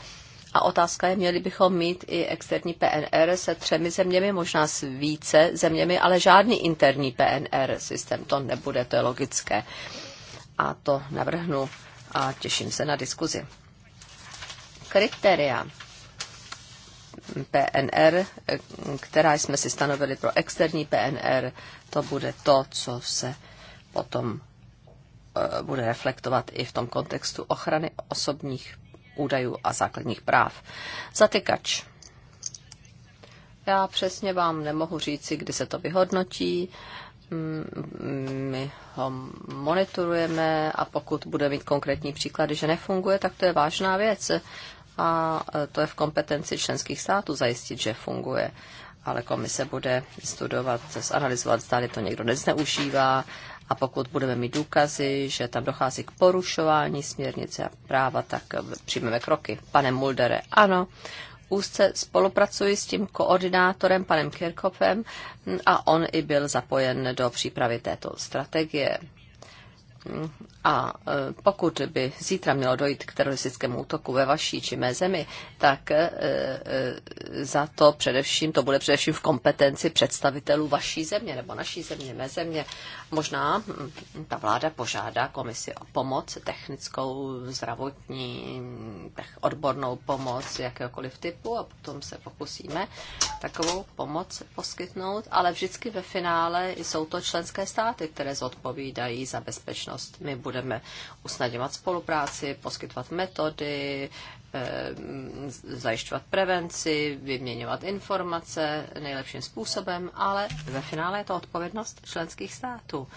a otázka je, měli bychom mít i externí PNR se třemi zeměmi, možná s více zeměmi, ale žádný interní PNR systém to nebude, to je logické. A to navrhnu a těším se na diskuzi. Kritéria PNR, která jsme si stanovili pro externí PNR, to bude to, co se potom eh, bude reflektovat i v tom kontextu ochrany osobních údajů a základních práv. Zatykač. Já přesně vám nemohu říci, kdy se to vyhodnotí. Mm, my ho monitorujeme a pokud bude mít konkrétní příklady, že nefunguje, tak to je vážná věc. A e, to je v kompetenci členských států zajistit, že funguje ale komise bude studovat, zanalizovat, zda to někdo nezneužívá a pokud budeme mít důkazy, že tam dochází k porušování směrnice a práva, tak přijmeme kroky. Pane Muldere, ano, úzce spolupracuji s tím koordinátorem, panem Kirchhoffem, a on i byl zapojen do přípravy této strategie. A e, pokud by zítra mělo dojít k teroristickému útoku ve vaší či mé zemi, tak e, e, za to především, to bude především v kompetenci představitelů vaší země nebo naší země, mé země. Možná mm, ta vláda požádá komisi o pomoc, technickou, zdravotní, odbornou pomoc jakéhokoliv typu a potom se pokusíme takovou pomoc poskytnout, ale vždycky ve finále jsou to členské státy, které zodpovídají za bezpečnost budoucnost. My budeme usnadňovat spolupráci, poskytovat metody, eh, zajišťovat prevenci, vyměňovat informace nejlepším způsobem, ale ve finále je to odpovědnost členských států.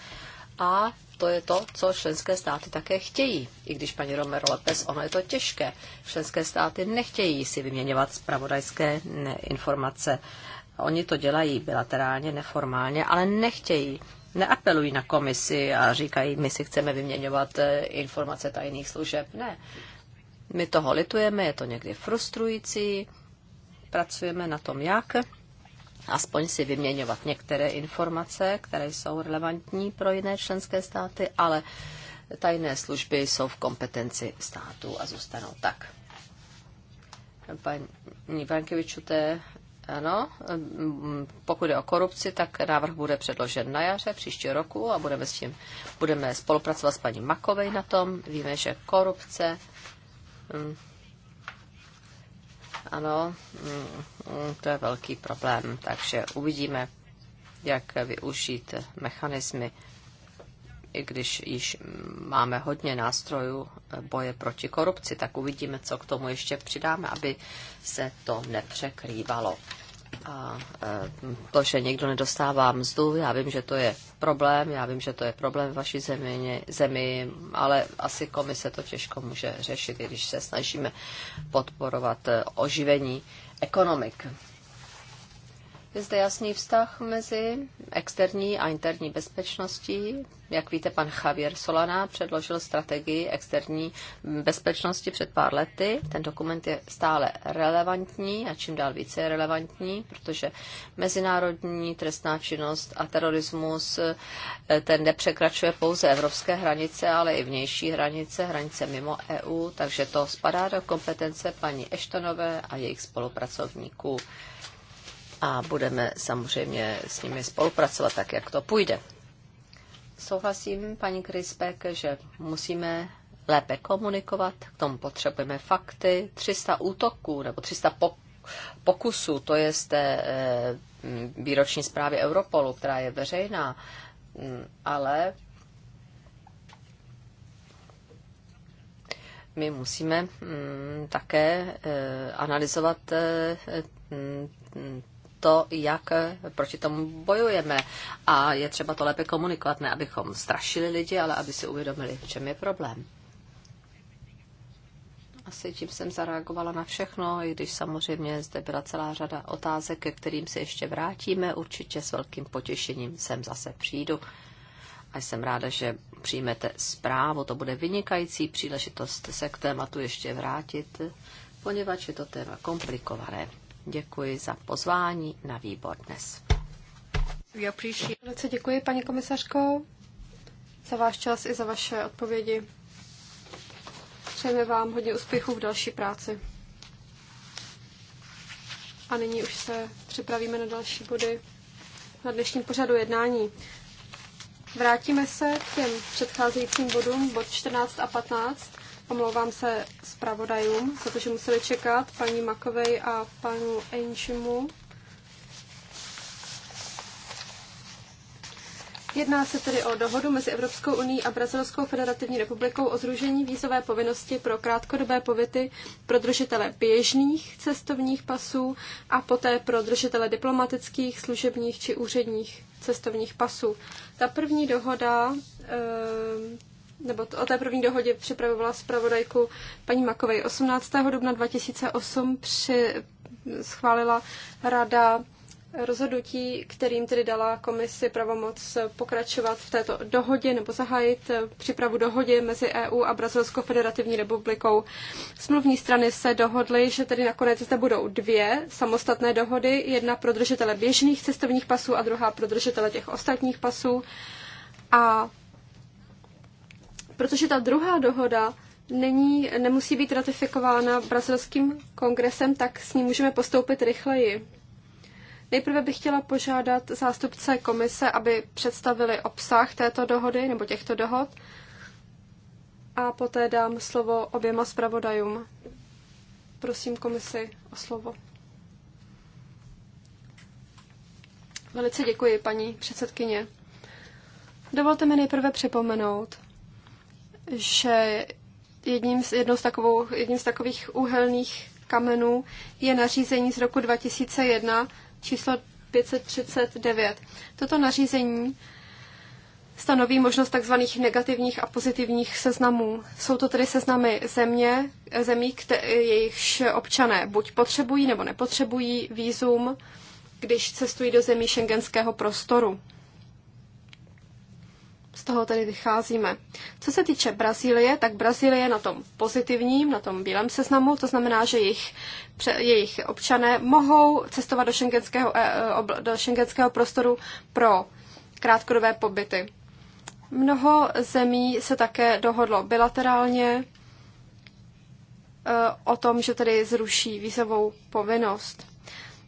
A to je to, co členské státy také chtějí. I když, paní Romero Lopez, ono je to těžké. Členské státy nechtějí si vyměňovat spravodajské informace. Oni to dělají bilaterálně, neformálně, ale nechtějí neapelují na komisi a říkají, my si chceme vyměňovat eh, informace tajných služeb. Ne. My toho litujeme, je to někdy frustrující, pracujeme na tom jak, aspoň si vyměňovat některé informace, které jsou relevantní pro jiné členské státy, ale tajné služby jsou v kompetenci státu a zůstanou tak. Paní Vankevičuté ano, pokud je o korupci, tak návrh bude předložen na jaře příštího roku a budeme, s tím, budeme spolupracovat s paní Makovej na tom. Víme, že korupce mm, ano, mm, to je velký problém, takže uvidíme, jak využít mechanismy i když již máme hodně nástrojů eh, boje proti korupci, tak uvidíme, co k tomu ještě přidáme, aby se to nepřekrývalo. A eh, to, že někdo nedostává mzdu, já vím, že to je problém, já vím, že to je problém v vaší zemi, zemi ale asi komise to těžko může řešit, i když se snažíme podporovat eh, oživení ekonomik. Je zde jasný vztah mezi externí a interní bezpečností. Jak víte, pan Javier Solana předložil strategii externí bezpečnosti před pár lety. Ten dokument je stále relevantní a čím dál více je relevantní, protože mezinárodní trestná činnost a terorismus eh, ten nepřekračuje pouze evropské hranice, ale i vnější hranice, hranice mimo EU, takže to spadá do kompetence paní Eštonové a jejich spolupracovníků a budeme samozřejmě s nimi spolupracovat tak, jak to půjde. Souhlasím, paní Krispek, že musíme lépe komunikovat, k tomu potřebujeme fakty. 300 útoků nebo 300 pokusů, to je z té výroční zprávy Europolu, která je veřejná, mm, ale my musíme mm, také eh, analyzovat eh, eh, mm, to, jak proti tomu bojujeme. A je třeba to lépe komunikovat, ne abychom strašili lidi, ale aby si uvědomili, v čem je problém. Asi tím jsem zareagovala na všechno, i když samozřejmě zde byla celá řada otázek, ke kterým se ještě vrátíme. Určitě s velkým potěšením sem zase přijdu. A jsem ráda, že přijmete zprávu. To bude vynikající příležitost se k tématu ještě vrátit, poněvadž je to téma komplikované děkuji za pozvání na výbor dnes. Velice děkuji, paní komisařko, za váš čas i za vaše odpovědi. Přejeme vám hodně úspěchů v další práci. A nyní už se připravíme na další body na dnešním pořadu jednání. Vrátíme se k těm předcházejícím bodům, bod 14 a 15. Omlouvám se zpravodajům, protože museli čekat paní Makovej a panu Enčimu. Jedná se tedy o dohodu mezi Evropskou unii a Brazilskou federativní republikou o zružení vízové povinnosti pro krátkodobé pobyty pro držitele běžných cestovních pasů a poté pro držitele diplomatických, služebních či úředních cestovních pasů. Ta první dohoda ehm, nebo o té první dohodě připravovala zpravodajku paní Makovej. 18. dubna 2008 při, schválila rada rozhodnutí, kterým tedy dala komisi pravomoc pokračovat v této dohodě nebo zahájit přípravu dohodě mezi EU a Brazilskou federativní republikou. Smluvní strany se dohodly, že tedy nakonec zde budou dvě samostatné dohody, jedna pro držitele běžných cestovních pasů a druhá pro držitele těch ostatních pasů. A protože ta druhá dohoda není, nemusí být ratifikována brazilským kongresem, tak s ní můžeme postoupit rychleji. Nejprve bych chtěla požádat zástupce komise, aby představili obsah této dohody nebo těchto dohod a poté dám slovo oběma zpravodajům. Prosím komisi o slovo. Velice děkuji, paní předsedkyně. Dovolte mi nejprve připomenout, že jedním z, jednou z takovou, jedním z takových úhelných kamenů je nařízení z roku 2001 číslo 539. Toto nařízení stanoví možnost takzvaných negativních a pozitivních seznamů. Jsou to tedy seznamy země, zemí, jejichž občané buď potřebují nebo nepotřebují výzum, když cestují do zemí šengenského prostoru z toho tedy vycházíme. Co se týče Brazílie, tak Brazílie na tom pozitivním, na tom bílém seznamu, to znamená, že jejich, pře, jejich občané mohou cestovat do šengenského, eh, do šengenského prostoru pro krátkodobé pobyty. Mnoho zemí se také dohodlo bilaterálně eh, o tom, že tedy zruší vízovou povinnost.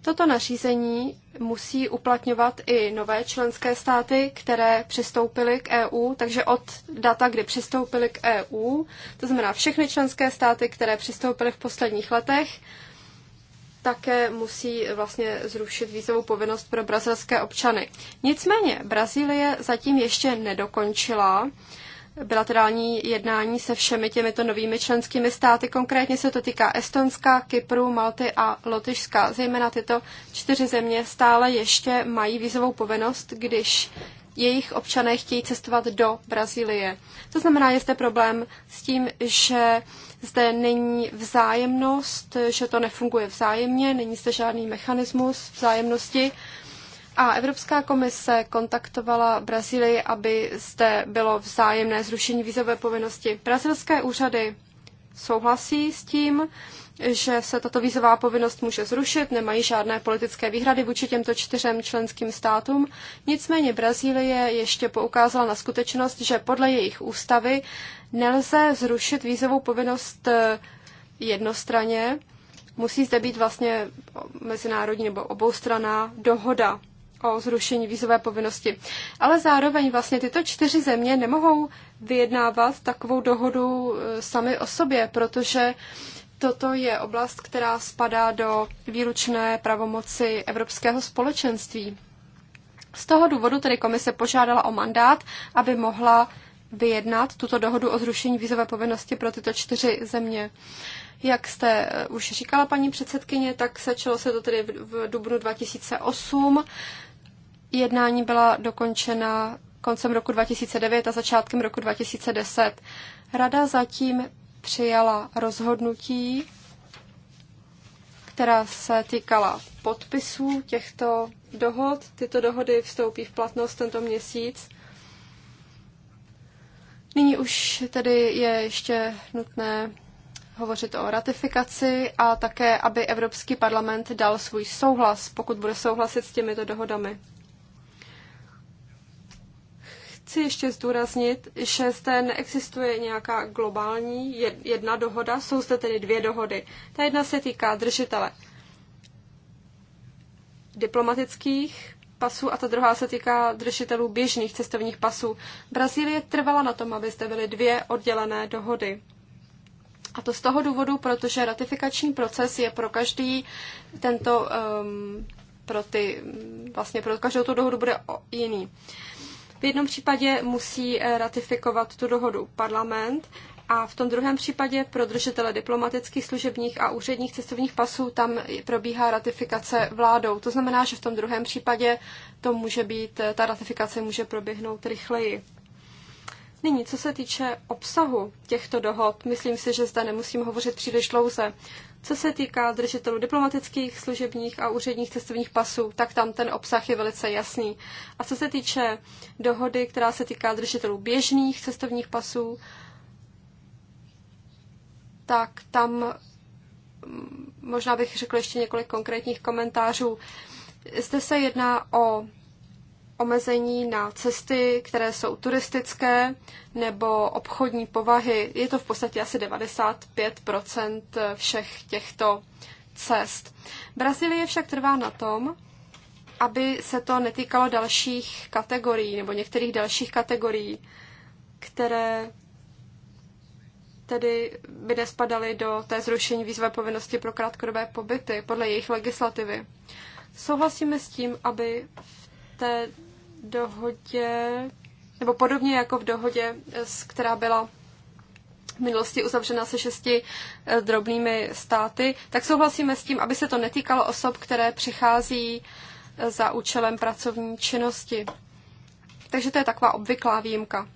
Toto nařízení musí uplatňovat i nové členské státy, které přistoupily k EU, takže od data, kdy přistoupily k EU, to znamená všechny členské státy, které přistoupily v posledních letech, také musí vlastně zrušit vízovou povinnost pro brazilské občany. Nicméně Brazílie zatím ještě nedokončila bilaterální jednání se všemi těmito novými členskými státy. Konkrétně se to týká Estonska, Kypru, Malty a Lotyšska. Zejména tyto čtyři země stále ještě mají vízovou povinnost, když jejich občané chtějí cestovat do Brazílie. To znamená, je zde problém s tím, že zde není vzájemnost, že to nefunguje vzájemně, není zde žádný mechanismus vzájemnosti. Uh, a Evropská komise kontaktovala Brazílii, aby zde bylo vzájemné zrušení vízové povinnosti. Brazilské úřady souhlasí s tím, že se tato vízová povinnost může zrušit, nemají žádné politické výhrady vůči těmto čtyřem členským státům. Nicméně Brazílie ještě poukázala na skutečnost, že podle jejich ústavy nelze zrušit vízovou povinnost eh, jednostranně. Musí zde být vlastně mezinárodní nebo oboustraná dohoda o zrušení vízové povinnosti. Ale zároveň vlastně tyto čtyři země nemohou vyjednávat takovou dohodu eh, sami o sobě, protože toto je oblast, která spadá do výlučné pravomoci Evropského společenství. Z toho důvodu tedy komise požádala o mandát, aby mohla vyjednat tuto dohodu o zrušení vízové povinnosti pro tyto čtyři země. Jak jste eh, už říkala, paní předsedkyně, tak začalo se to tedy v dubnu 2008 jednání byla dokončena koncem roku 2009 a začátkem roku 2010. Rada zatím přijala rozhodnutí, která se týkala podpisů těchto dohod. Tyto dohody vstoupí v platnost tento měsíc. Nyní už tedy je ještě nutné hovořit o ratifikaci a také, aby Evropský parlament dal svůj souhlas, pokud bude souhlasit s těmito dohodami. Chci ještě zdůraznit, že zde neexistuje nějaká globální jedna dohoda, jsou zde tedy dvě dohody. Ta jedna se týká držitele diplomatických pasů a ta druhá se týká držitelů běžných cestovních pasů. Brazílie trvala na tom, aby zde byly dvě oddělené dohody. A to z toho důvodu, protože ratifikační proces je pro každý tento, um, pro ty, vlastně pro každou tu dohodu bude jiný. Uh, v jednom případě musí eh, ratifikovat tu dohodu parlament a v tom druhém případě pro držitele diplomatických, služebních a úředních cestovních pasů tam probíhá ratifikace vládou. To znamená, že v tom druhém případě to může být, eh, ta ratifikace může proběhnout rychleji. Nyní, co se týče obsahu těchto dohod, myslím si, že zde nemusím hovořit příliš dlouze. Co se týká držitelů diplomatických, služebních a úředních cestovních pasů, tak tam ten obsah je velice jasný. A co se týče dohody, která se týká držitelů běžných cestovních pasů, tak tam mm, možná bych řekl ještě několik konkrétních komentářů. Zde se jedná o omezení na cesty, které jsou turistické nebo obchodní povahy. Je to v podstatě asi 95 všech těchto cest. Brazílie však trvá na tom, aby se to netýkalo dalších kategorií nebo některých dalších kategorií, které tedy by nespadaly do té zrušení výzvy povinnosti pro krátkodobé pobyty podle jejich legislativy. Souhlasíme s tím, aby v té dohodě, nebo podobně jako v dohodě, která byla v minulosti uzavřena se šesti eh, drobnými státy, tak souhlasíme s tím, aby se to netýkalo osob, které přichází eh, za účelem pracovní činnosti. Takže to je taková obvyklá výjimka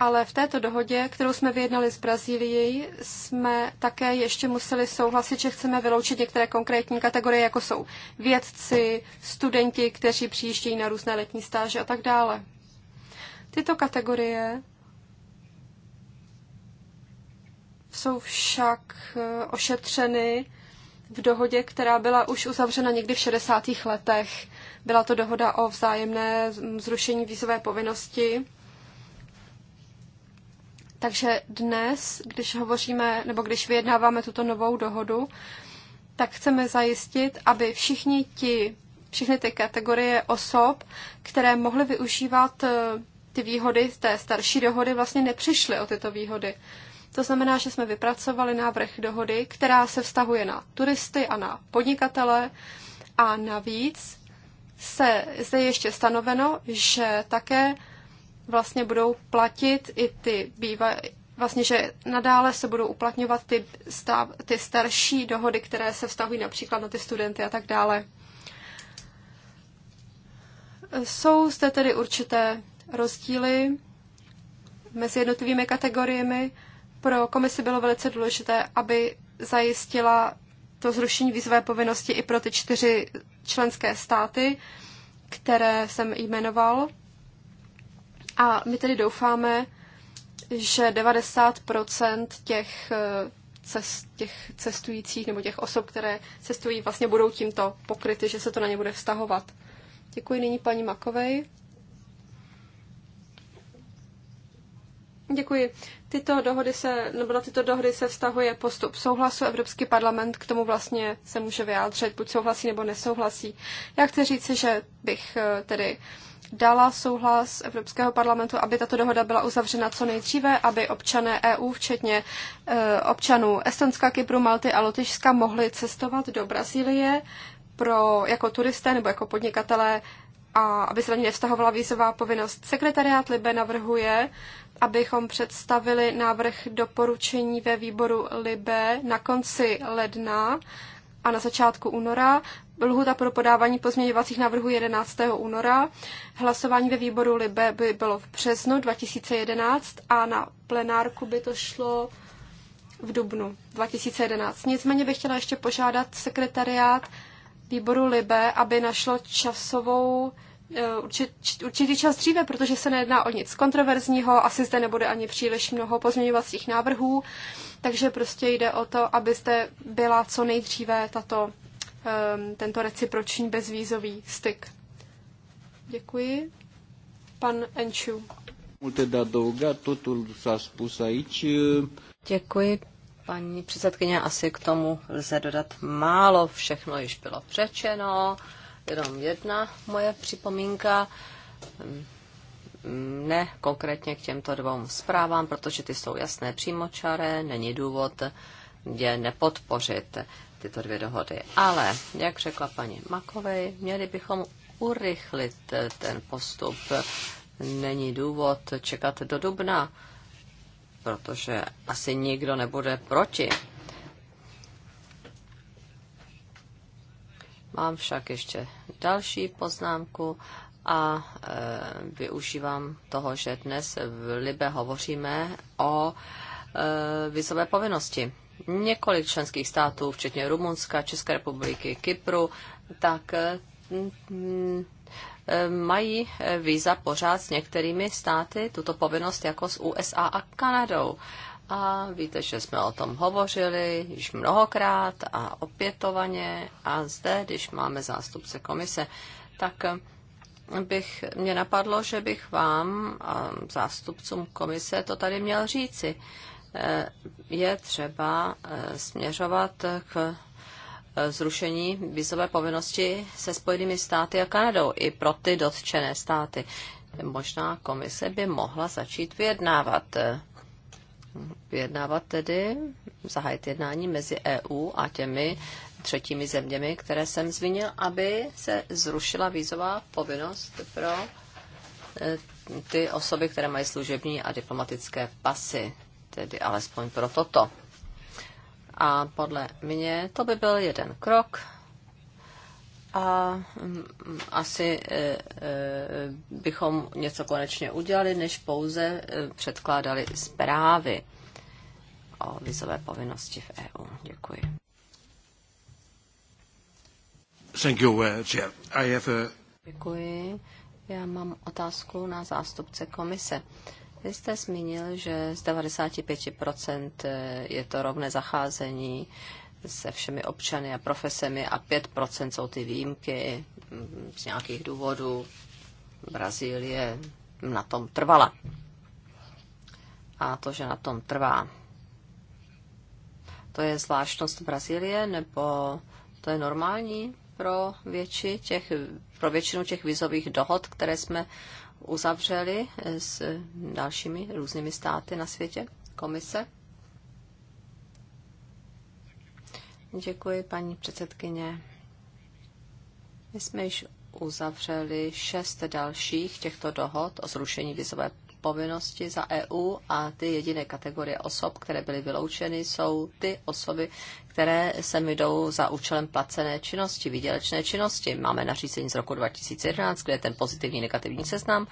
ale v této dohodě, kterou jsme vyjednali s Brazílií, jsme také ještě museli souhlasit, že chceme vyloučit některé konkrétní kategorie, jako jsou vědci, studenti, kteří přijíždějí na různé letní stáže a tak dále. Tyto kategorie jsou však eh, ošetřeny v dohodě, která byla už uzavřena někdy v 60. letech. Byla to dohoda o vzájemné zrušení vízové povinnosti takže dnes, když hovoříme nebo když vyjednáváme tuto novou dohodu, tak chceme zajistit, aby všichni ti, všechny ty kategorie osob, které mohly využívat eh, ty výhody té starší dohody, vlastně nepřišly o tyto výhody. To znamená, že jsme vypracovali návrh dohody, která se vztahuje na turisty a na podnikatele a navíc se zde ještě stanoveno, že také vlastně budou platit i ty bývají vlastně, že nadále se budou uplatňovat ty, stav, ty starší dohody, které se vztahují například na ty studenty a tak dále. Jsou zde tedy určité rozdíly mezi jednotlivými kategoriemi. Pro komisi bylo velice důležité, aby zajistila to zrušení výzvé povinnosti i pro ty čtyři členské státy, které jsem jmenoval. A my tedy doufáme, že 90% těch, eh, cest, těch cestujících nebo těch osob, které cestují, vlastně budou tímto pokryty, že se to na ně bude vztahovat. Děkuji nyní paní Makovej. Děkuji. Tyto dohody se, nebo na tyto dohody se vztahuje postup souhlasu. Evropský parlament k tomu vlastně se může vyjádřit, buď souhlasí nebo nesouhlasí. Já chci říct, že bych eh, tedy dala souhlas Evropského parlamentu, aby tato dohoda byla uzavřena co nejdříve, aby občané EU, včetně e, občanů Estonska, Kypru, Malty a Lotyšska, mohli cestovat do Brazílie pro, jako turisté nebo jako podnikatelé a aby se na ně nevztahovala vízová povinnost. Sekretariát Libe navrhuje, abychom představili návrh doporučení ve výboru Libe na konci ledna a na začátku února. Lhuta pro podávání pozměňovacích návrhů 11. února. Hlasování ve výboru Libe by bylo v březnu 2011 a na plenárku by to šlo v dubnu 2011. Nicméně bych chtěla ještě požádat sekretariát výboru Libe, aby našlo časovou Eh, určitý čas dříve, protože se nejedná o nic kontroverzního, asi zde nebude ani příliš mnoho pozměňovacích návrhů, takže prostě jde o to, aby zde byla co nejdříve tato, ehm, tento reciproční bezvízový styk. Děkuji. Pan Enchu. totul Děkuji, paní předsedkyně. Asi k tomu lze dodat málo. Všechno již bylo řečeno jenom jedna moje připomínka, ne konkrétně k těmto dvou zprávám, protože ty jsou jasné přímočaré, není důvod je nepodpořit tyto dvě dohody. Ale, jak řekla paní Makovej, měli bychom urychlit ten postup. Není důvod čekat do dubna, protože asi nikdo nebude proti Mám však ještě další poznámku a e, využívám toho, že dnes v Libe hovoříme o e, vizové povinnosti. Několik členských států, včetně Rumunska, České republiky, Kypru, tak e, e, mají víza pořád s některými státy tuto povinnost jako s USA a Kanadou. E, a víte, že jsme o tom hovořili již mnohokrát a opětovaně. A zde, když máme zástupce komise, tak bych, mě napadlo, že bych vám, zástupcům komise, to tady měl říci. Eh, je třeba eh, směřovat k eh, zrušení vizové povinnosti se Spojenými státy a Kanadou i pro ty dotčené státy. Možná komise by mohla začít vyjednávat vyjednávat tedy, zahájit jednání mezi EU a těmi třetími zeměmi, které jsem zmínil, aby se zrušila vízová povinnost pro eh, ty osoby, které mají služební a diplomatické pasy, tedy alespoň pro toto. A podle mě to by byl jeden krok a mm, mm, asi e, e, bychom něco konečně udělali, než pouze e, předkládali zprávy o vizové povinnosti v EU. Děkuji. Thank you, uh, Chair. I have a... Uh, Děkuji. Já mám otázku na zástupce komise. Vy jste zmínil, že z 95% je to rovné zacházení se všemi občany a profesemi a 5% jsou ty výjimky z nějakých důvodů. Brazílie na tom trvala. A to, že na tom trvá. To je zvláštnost Brazílie, nebo to je normální pro, větši těch, pro většinu těch vizových dohod, které jsme uzavřeli s dalšími různými státy na světě? Komise? Děkuji, paní předsedkyně. My jsme již uzavřeli šest dalších těchto dohod o zrušení vizové povinnosti za EU a ty jediné kategorie osob, které byly vyloučeny, jsou ty osoby, které se mi jdou za účelem placené činnosti, výdělečné činnosti. Máme nařízení z roku 2011, kde je ten pozitivní negativní seznam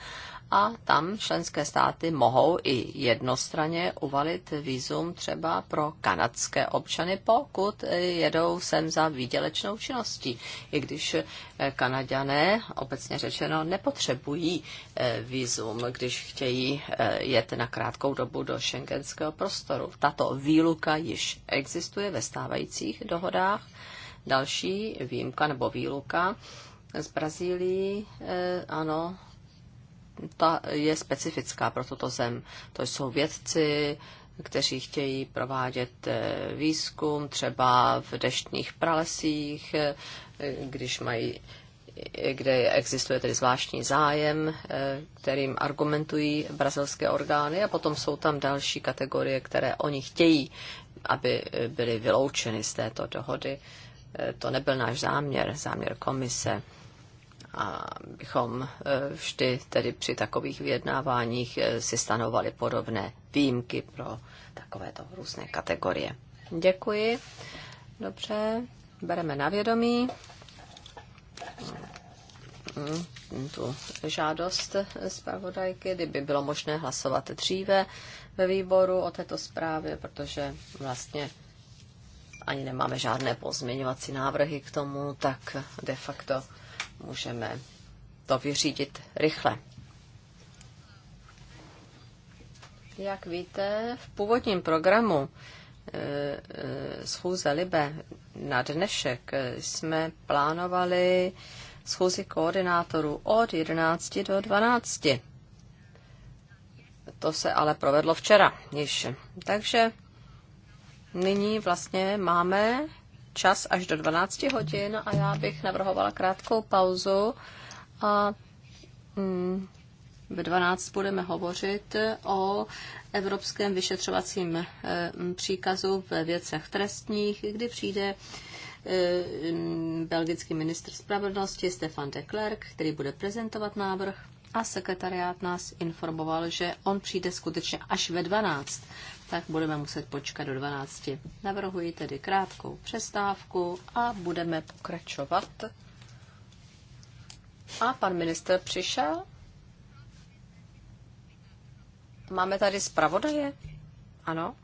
a tam členské státy mohou i jednostranně uvalit výzum třeba pro kanadské občany, pokud jedou sem za výdělečnou činností. I když eh, kanaděné, obecně řečeno, nepotřebují eh, výzum, když chtějí eh, jet na krátkou dobu do šengenského prostoru. Tato výluka již existuje ve stávajících dohodách. Další výjimka nebo výluka z Brazílii, ano, ta je specifická pro tuto zem. To jsou vědci, kteří chtějí provádět eh, výzkum třeba v deštných pralesích, eh, když mají eh, kde existuje tedy zvláštní zájem, kterým argumentují brazilské orgány a potom jsou tam další kategorie, které oni chtějí, aby byly vyloučeny z této dohody. To nebyl náš záměr, záměr komise a bychom e, vždy tedy při takových vyjednáváních e, si stanovali podobné výjimky pro takovéto různé kategorie. Děkuji. Dobře, bereme na vědomí mm, tu žádost zpravodajky, kdyby bylo možné hlasovat dříve ve výboru o této zprávě, protože vlastně ani nemáme žádné pozměňovací návrhy k tomu, tak de facto můžeme to vyřídit rychle. Jak víte, v původním programu e, e, schůze Libe na dnešek jsme plánovali schůzi koordinátorů od 11 do 12. To se ale provedlo včera již. Takže nyní vlastně máme čas až do 12 hodin a já bych navrhovala krátkou pauzu a mm, ve 12 budeme hovořit o evropském vyšetřovacím eh, příkazu ve věcech trestních, kdy přijde eh, belgický ministr spravedlnosti Stefan de Klerk, který bude prezentovat návrh a sekretariát nás informoval, že on přijde skutečně až ve 12 tak budeme muset počkat do 12. Navrhuji tedy krátkou přestávku a budeme pokračovat. A pan minister přišel. Máme tady zpravodaje? Ano.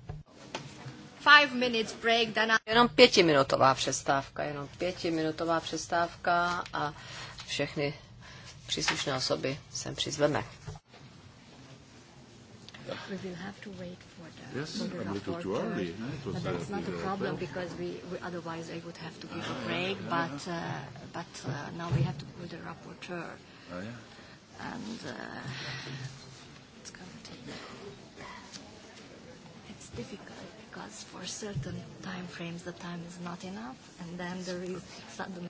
Five minutes break, Dana. Jenom pětiminutová přestávka, jenom pětiminutová přestávka a všechny příslušné osoby sem přizveme we will have to wait for the, yes, a little too early. No? but that's uh, not a problem because we, we otherwise I would have to give ah, a break. Yeah, yeah, but yeah. Uh, but uh, now we have to call the rapporteur. Oh yeah. And uh, it's going to take. It's difficult because for certain time frames the time is not enough, and then there is suddenly.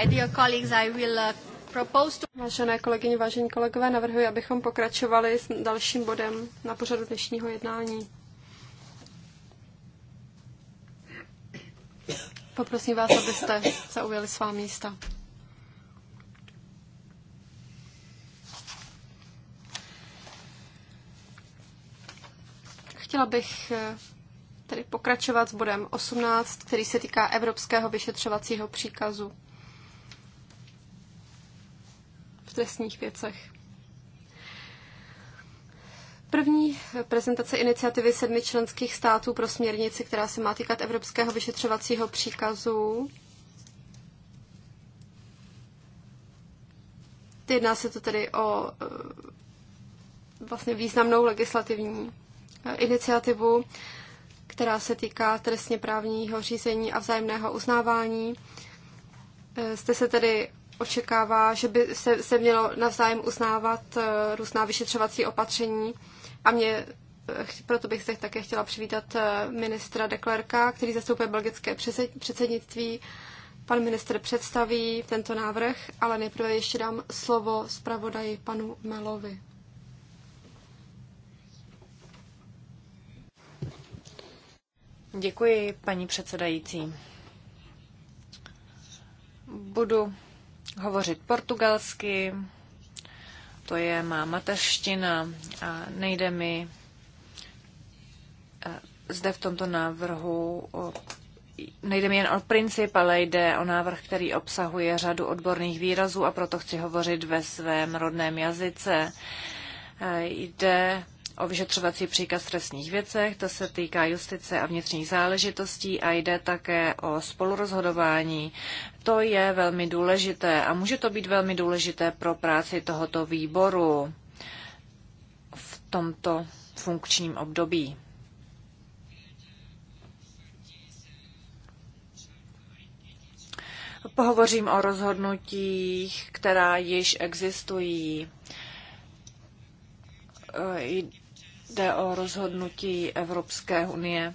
my dear colleagues, I will uh, propose to... Vážené kolegyně, vážení kolegové, navrhuji, abychom pokračovali s dalším bodem na pořadu dnešního jednání. Poprosím vás, abyste zaujali svá místa. Chtěla bych eh, tedy pokračovat s bodem 18, který se týká Evropského vyšetřovacího příkazu. trestních věcech. První prezentace iniciativy sedmi členských států pro směrnici, která se má týkat evropského vyšetřovacího příkazu. Jedná se to tedy o eh, vlastně významnou legislativní eh, iniciativu, která se týká trestně právního řízení a vzájemného uznávání. Jste eh, se tedy očekává, že by se, se mělo navzájem uznávat eh, různá vyšetřovací opatření. A mě eh, proto bych se také chtěla přivítat eh, ministra Deklerka, který zastupuje belgické předsednictví. Pan minister představí tento návrh, ale nejprve ještě dám slovo zpravodaji panu Melovi. Děkuji, paní předsedající. Budu hovořit portugalsky, to je má mateřština a nejde mi eh, zde v tomto návrhu nejde mi jen o princip, ale jde o návrh, který obsahuje řadu odborných výrazů a proto chci hovořit ve svém rodném jazyce. Eh, jde o vyšetřovací příkaz v trestních věcech, to se týká justice a vnitřních záležitostí a jde také o spolurozhodování. To je velmi důležité a může to být velmi důležité pro práci tohoto výboru v tomto funkčním období. Pohovořím o rozhodnutích, která již existují. Jde o rozhodnutí Evropské unie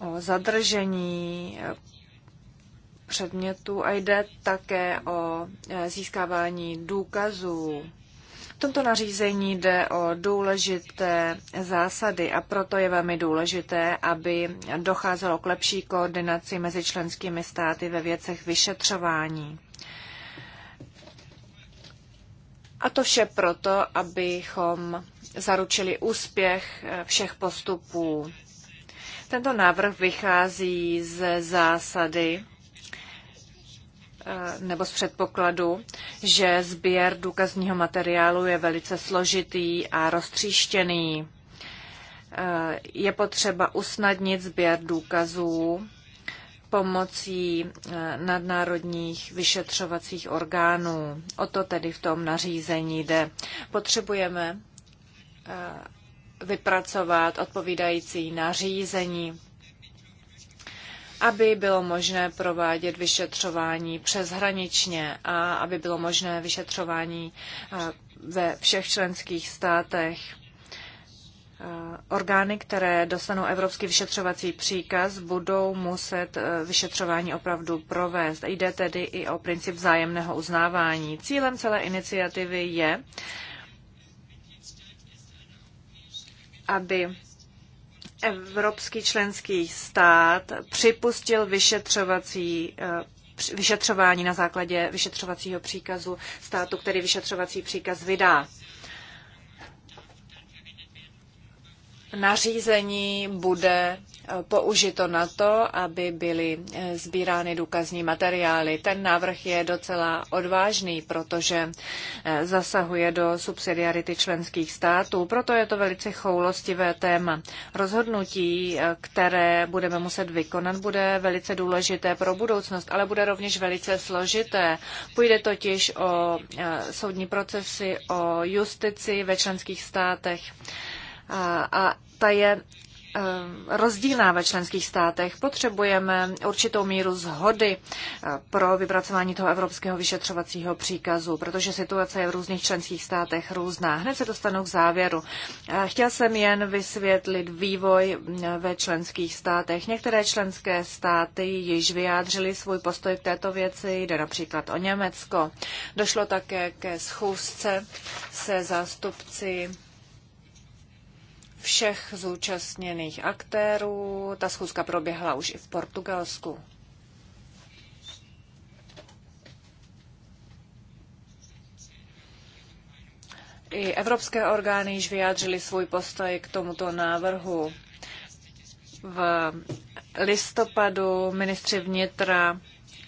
o zadržení předmětů a jde také o eh, získávání důkazů. V tomto nařízení jde o důležité zásady a proto je velmi důležité, aby docházelo k lepší koordinaci mezi členskými státy ve věcech vyšetřování. A to vše proto, abychom zaručili úspěch eh, všech postupů. Tento návrh vychází z zásady, Eh, nebo z předpokladu, že sběr důkazního materiálu je velice složitý a roztříštěný. Eh, je potřeba usnadnit sběr důkazů pomocí eh, nadnárodních vyšetřovacích orgánů. O to tedy v tom nařízení jde. Potřebujeme vypracovat odpovídající nařízení aby bylo možné provádět vyšetřování přeshraničně a aby bylo možné vyšetřování ve všech členských státech. Orgány, které dostanou evropský vyšetřovací příkaz, budou muset e, vyšetřování opravdu provést. Jde tedy i o princip vzájemného uznávání. Cílem celé iniciativy je, aby evropský členský stát připustil vyšetřovací eh, vyšetřování na základě vyšetřovacího příkazu státu, který vyšetřovací příkaz vydá. Nařízení bude použito na to, aby byly eh, sbírány důkazní materiály. Ten návrh je docela odvážný, protože eh, zasahuje do subsidiarity členských států. Proto je to velice choulostivé téma. Rozhodnutí, eh, které budeme muset vykonat, bude velice důležité pro budoucnost, ale bude rovněž velice složité. Půjde totiž o soudní procesy, o justici ve členských státech. A, a ta je Eh, rozdílná ve členských státech. Potřebujeme určitou míru zhody eh, pro vypracování toho evropského vyšetřovacího příkazu, protože situace je v různých členských státech různá. Hned se dostanu k závěru. Eh, chtěl jsem jen vysvětlit vývoj ve členských státech. Některé členské státy již vyjádřily svůj postoj k této věci, jde například o Německo. Došlo také ke schůzce se zástupci všech zúčastněných aktérů. Ta schůzka proběhla už i v Portugalsku. I evropské orgány již vyjádřily svůj postoj k tomuto návrhu. V listopadu ministři vnitra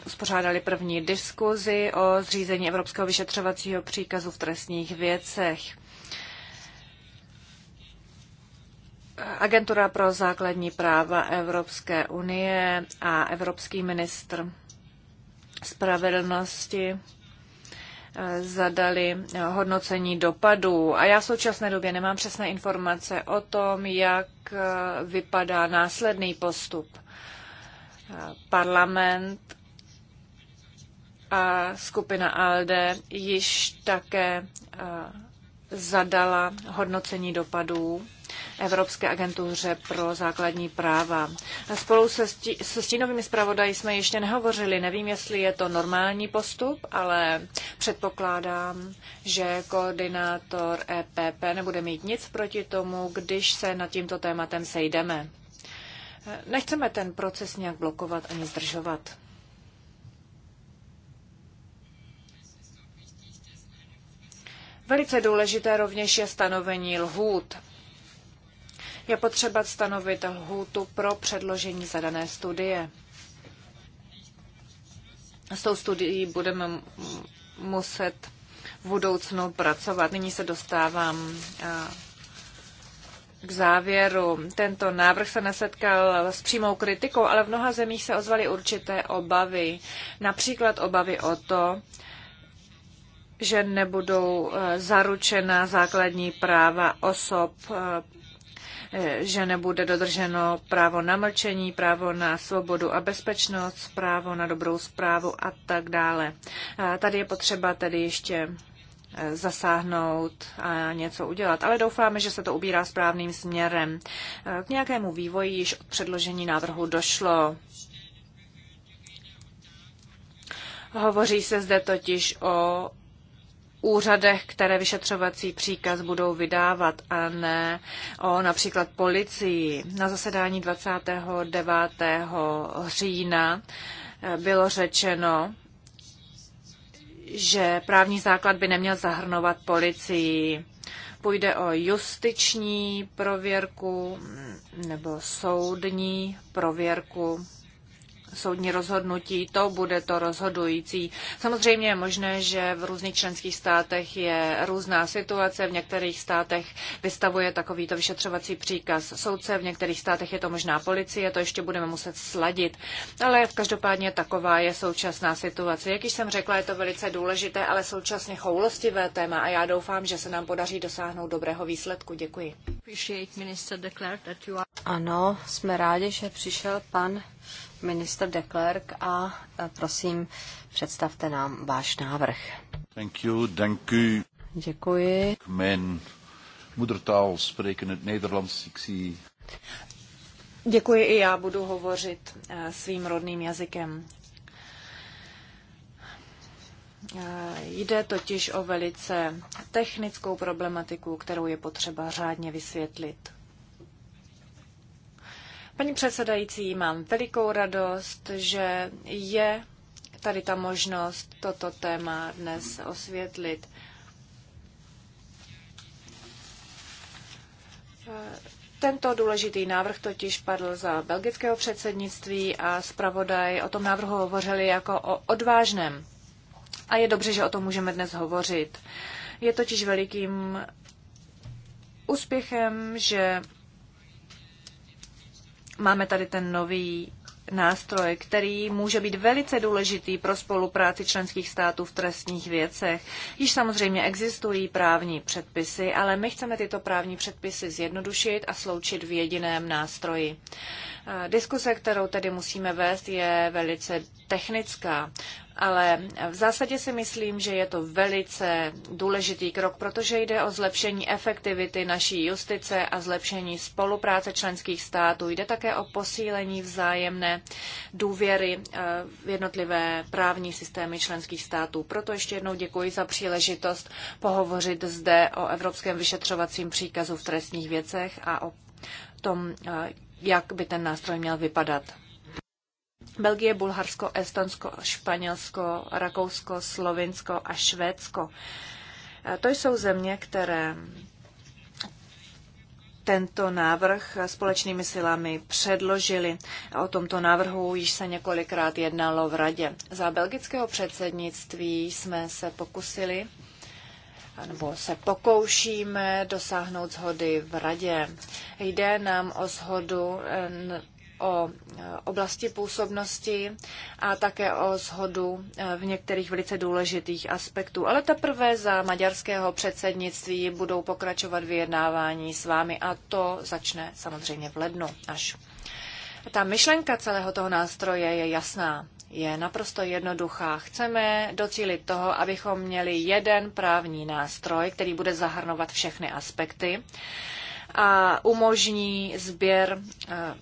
uspořádali první diskuzi o zřízení Evropského vyšetřovacího příkazu v trestních věcech. Agentura pro základní práva Evropské unie a Evropský ministr spravedlnosti eh, zadali eh, hodnocení dopadů. A já v současné době nemám přesné informace o tom, jak eh, vypadá následný postup. Parlament a skupina ALDE již také zadala hodnocení dopadů Evropské agentuře pro základní práva. Spolu se, stí, se stínovými zpravodaji jsme ještě nehovořili. Nevím, jestli je to normální postup, ale předpokládám, že koordinátor EPP nebude mít nic proti tomu, když se nad tímto tématem sejdeme. Nechceme ten proces nějak blokovat ani zdržovat. Velice důležité rovněž je stanovení lhůt je potřeba stanovit lhůtu pro předložení zadané studie. S tou studií budeme muset v budoucnu pracovat. Nyní se dostávám k závěru. Tento návrh se nesetkal s přímou kritikou, ale v mnoha zemích se ozvaly určité obavy. Například obavy o to, že nebudou e, zaručena základní práva osob e, že nebude dodrženo právo na mlčení, právo na svobodu a bezpečnost, právo na dobrou zprávu a tak dále. Tady je potřeba tedy ještě e, zasáhnout a něco udělat. Ale doufáme, že se to ubírá správným směrem. E, k nějakému vývoji již od předložení návrhu došlo. Hovoří se zde totiž o úřadech, které vyšetřovací příkaz budou vydávat a ne o například policii. Na zasedání 29. října eh, bylo řečeno, že právní základ by neměl zahrnovat policii. Půjde o justiční prověrku mm, nebo soudní prověrku soudní rozhodnutí, to bude to rozhodující. Samozřejmě je možné, že v různých členských státech je různá situace, v některých státech vystavuje takovýto vyšetřovací příkaz soudce, v některých státech je to možná policie, to ještě budeme muset sladit. Ale v každopádně taková je současná situace. Jak již jsem řekla, je to velice důležité, ale současně choulostivé téma a já doufám, že se nám podaří dosáhnout dobrého výsledku. Děkuji. Ano, jsme rádi, že přišel pan ministr Klerk a e, prosím, představte nám váš návrh. Thank you, thank you. Děkuji. Mijn moedertaal spreken het Nederlands. Ik zie... Děkuji i já budu hovořit e, svým rodným jazykem. E, jde totiž o velice technickou problematiku, kterou je potřeba řádně vysvětlit. Paní předsedající, mám velikou radost, že je tady ta možnost toto téma dnes osvětlit. Tento důležitý návrh totiž padl za belgického předsednictví a zpravodaj o tom návrhu hovořili jako o odvážném. A je dobře, že o tom můžeme dnes hovořit. Je totiž velikým úspěchem, že Máme tady ten nový nástroj, který může být velice důležitý pro spolupráci členských států v trestních věcech. Již samozřejmě existují právní předpisy, ale my chceme tyto právní předpisy zjednodušit a sloučit v jediném nástroji. Diskuse, kterou tedy musíme vést, je velice technická ale v zásadě si myslím, že je to velice důležitý krok, protože jde o zlepšení efektivity naší justice a zlepšení spolupráce členských států. Jde také o posílení vzájemné důvěry eh, v jednotlivé právní systémy členských států. Proto ještě jednou děkuji za příležitost pohovořit zde o evropském vyšetřovacím příkazu v trestních věcech a o tom, eh, jak by ten nástroj měl vypadat. Belgie, Bulharsko, Estonsko, Španělsko, Rakousko, Slovinsko a Švédsko. E, to jsou země, které tento návrh společnými silami předložili. O tomto návrhu již se několikrát jednalo v Radě. Za belgického předsednictví jsme se pokusili nebo se pokoušíme dosáhnout shody v radě. Jde nám o shodu e, o oblasti působnosti a také o shodu e, v některých velice důležitých aspektů. Ale teprve za maďarského předsednictví budou pokračovat vyjednávání s vámi a to začne samozřejmě v lednu až. Ta myšlenka celého toho nástroje je jasná je naprosto jednoduchá. Chceme docílit toho, abychom měli jeden právní nástroj, který bude zahrnovat všechny aspekty a umožní sběr e,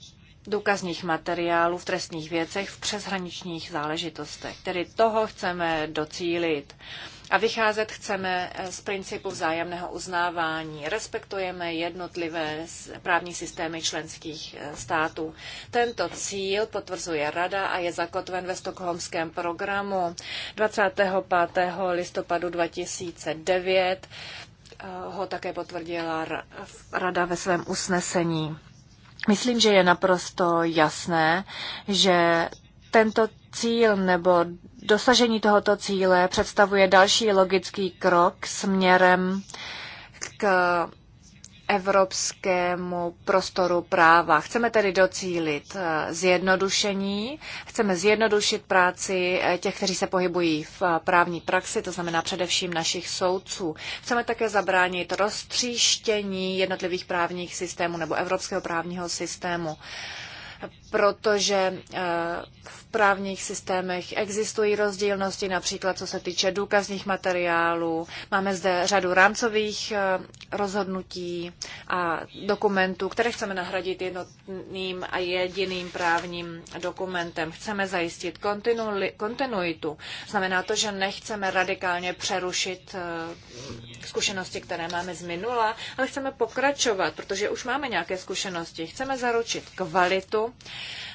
důkazních materiálů v trestních věcech v přeshraničních záležitostech. Tedy toho chceme docílit. A vycházet chceme eh, z principu vzájemného uznávání. Respektujeme jednotlivé právní systémy členských eh, států. Tento cíl potvrzuje Rada a je zakotven ve stokholmském programu 25. listopadu 2009 eh, ho také potvrdila Rada ve svém usnesení. Myslím, že je naprosto jasné, že tento cíl nebo dosažení tohoto cíle představuje další logický krok směrem k evropskému prostoru práva. Chceme tedy docílit eh, zjednodušení, chceme zjednodušit práci eh, těch, kteří se pohybují v eh, právní praxi, to znamená především našich soudců. Chceme také zabránit roztříštění jednotlivých právních systémů nebo evropského právního systému protože eh, v právních systémech existují rozdílnosti, například co se týče důkazních materiálů. Máme zde řadu rámcových eh, rozhodnutí a dokumentů, které chceme nahradit jednotným a jediným právním dokumentem. Chceme zajistit kontinuitu. Znamená to, že nechceme radikálně přerušit eh, zkušenosti, které máme z minula, ale chceme pokračovat, protože už máme nějaké zkušenosti. Chceme zaručit kvalitu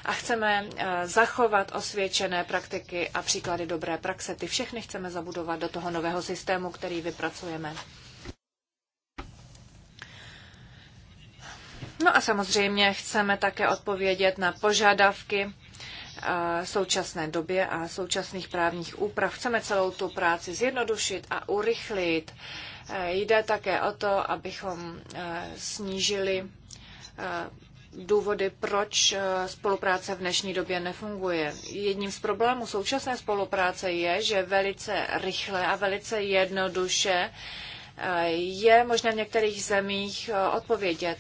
a chceme eh, zachovat osvědčené praktiky a příklady dobré praxe. Ty všechny chceme zabudovat do toho nového systému, který vypracujeme. No a samozřejmě chceme také odpovědět na požadavky eh, současné době a současných právních úprav. Chceme celou tu práci zjednodušit a urychlit. Eh, jde také o to, abychom snížili důvody, proč eh, spolupráce v dnešní době nefunguje. Jedním z problémů současné spolupráce je, že velice rychle a velice jednoduše eh, je možné v některých zemích eh, odpovědět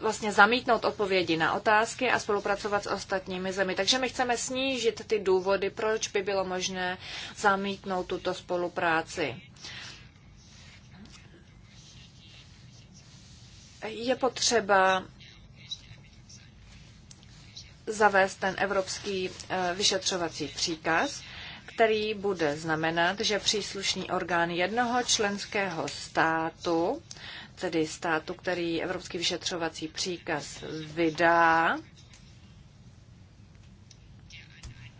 vlastně zamítnout odpovědi na otázky a spolupracovat s ostatními zemi. Takže my chceme snížit ty důvody, proč by bylo možné zamítnout tuto spolupráci. Je potřeba zavést ten evropský eh, vyšetřovací příkaz, který bude znamenat, že příslušný orgán jednoho členského státu, tedy státu, který evropský vyšetřovací příkaz vydá,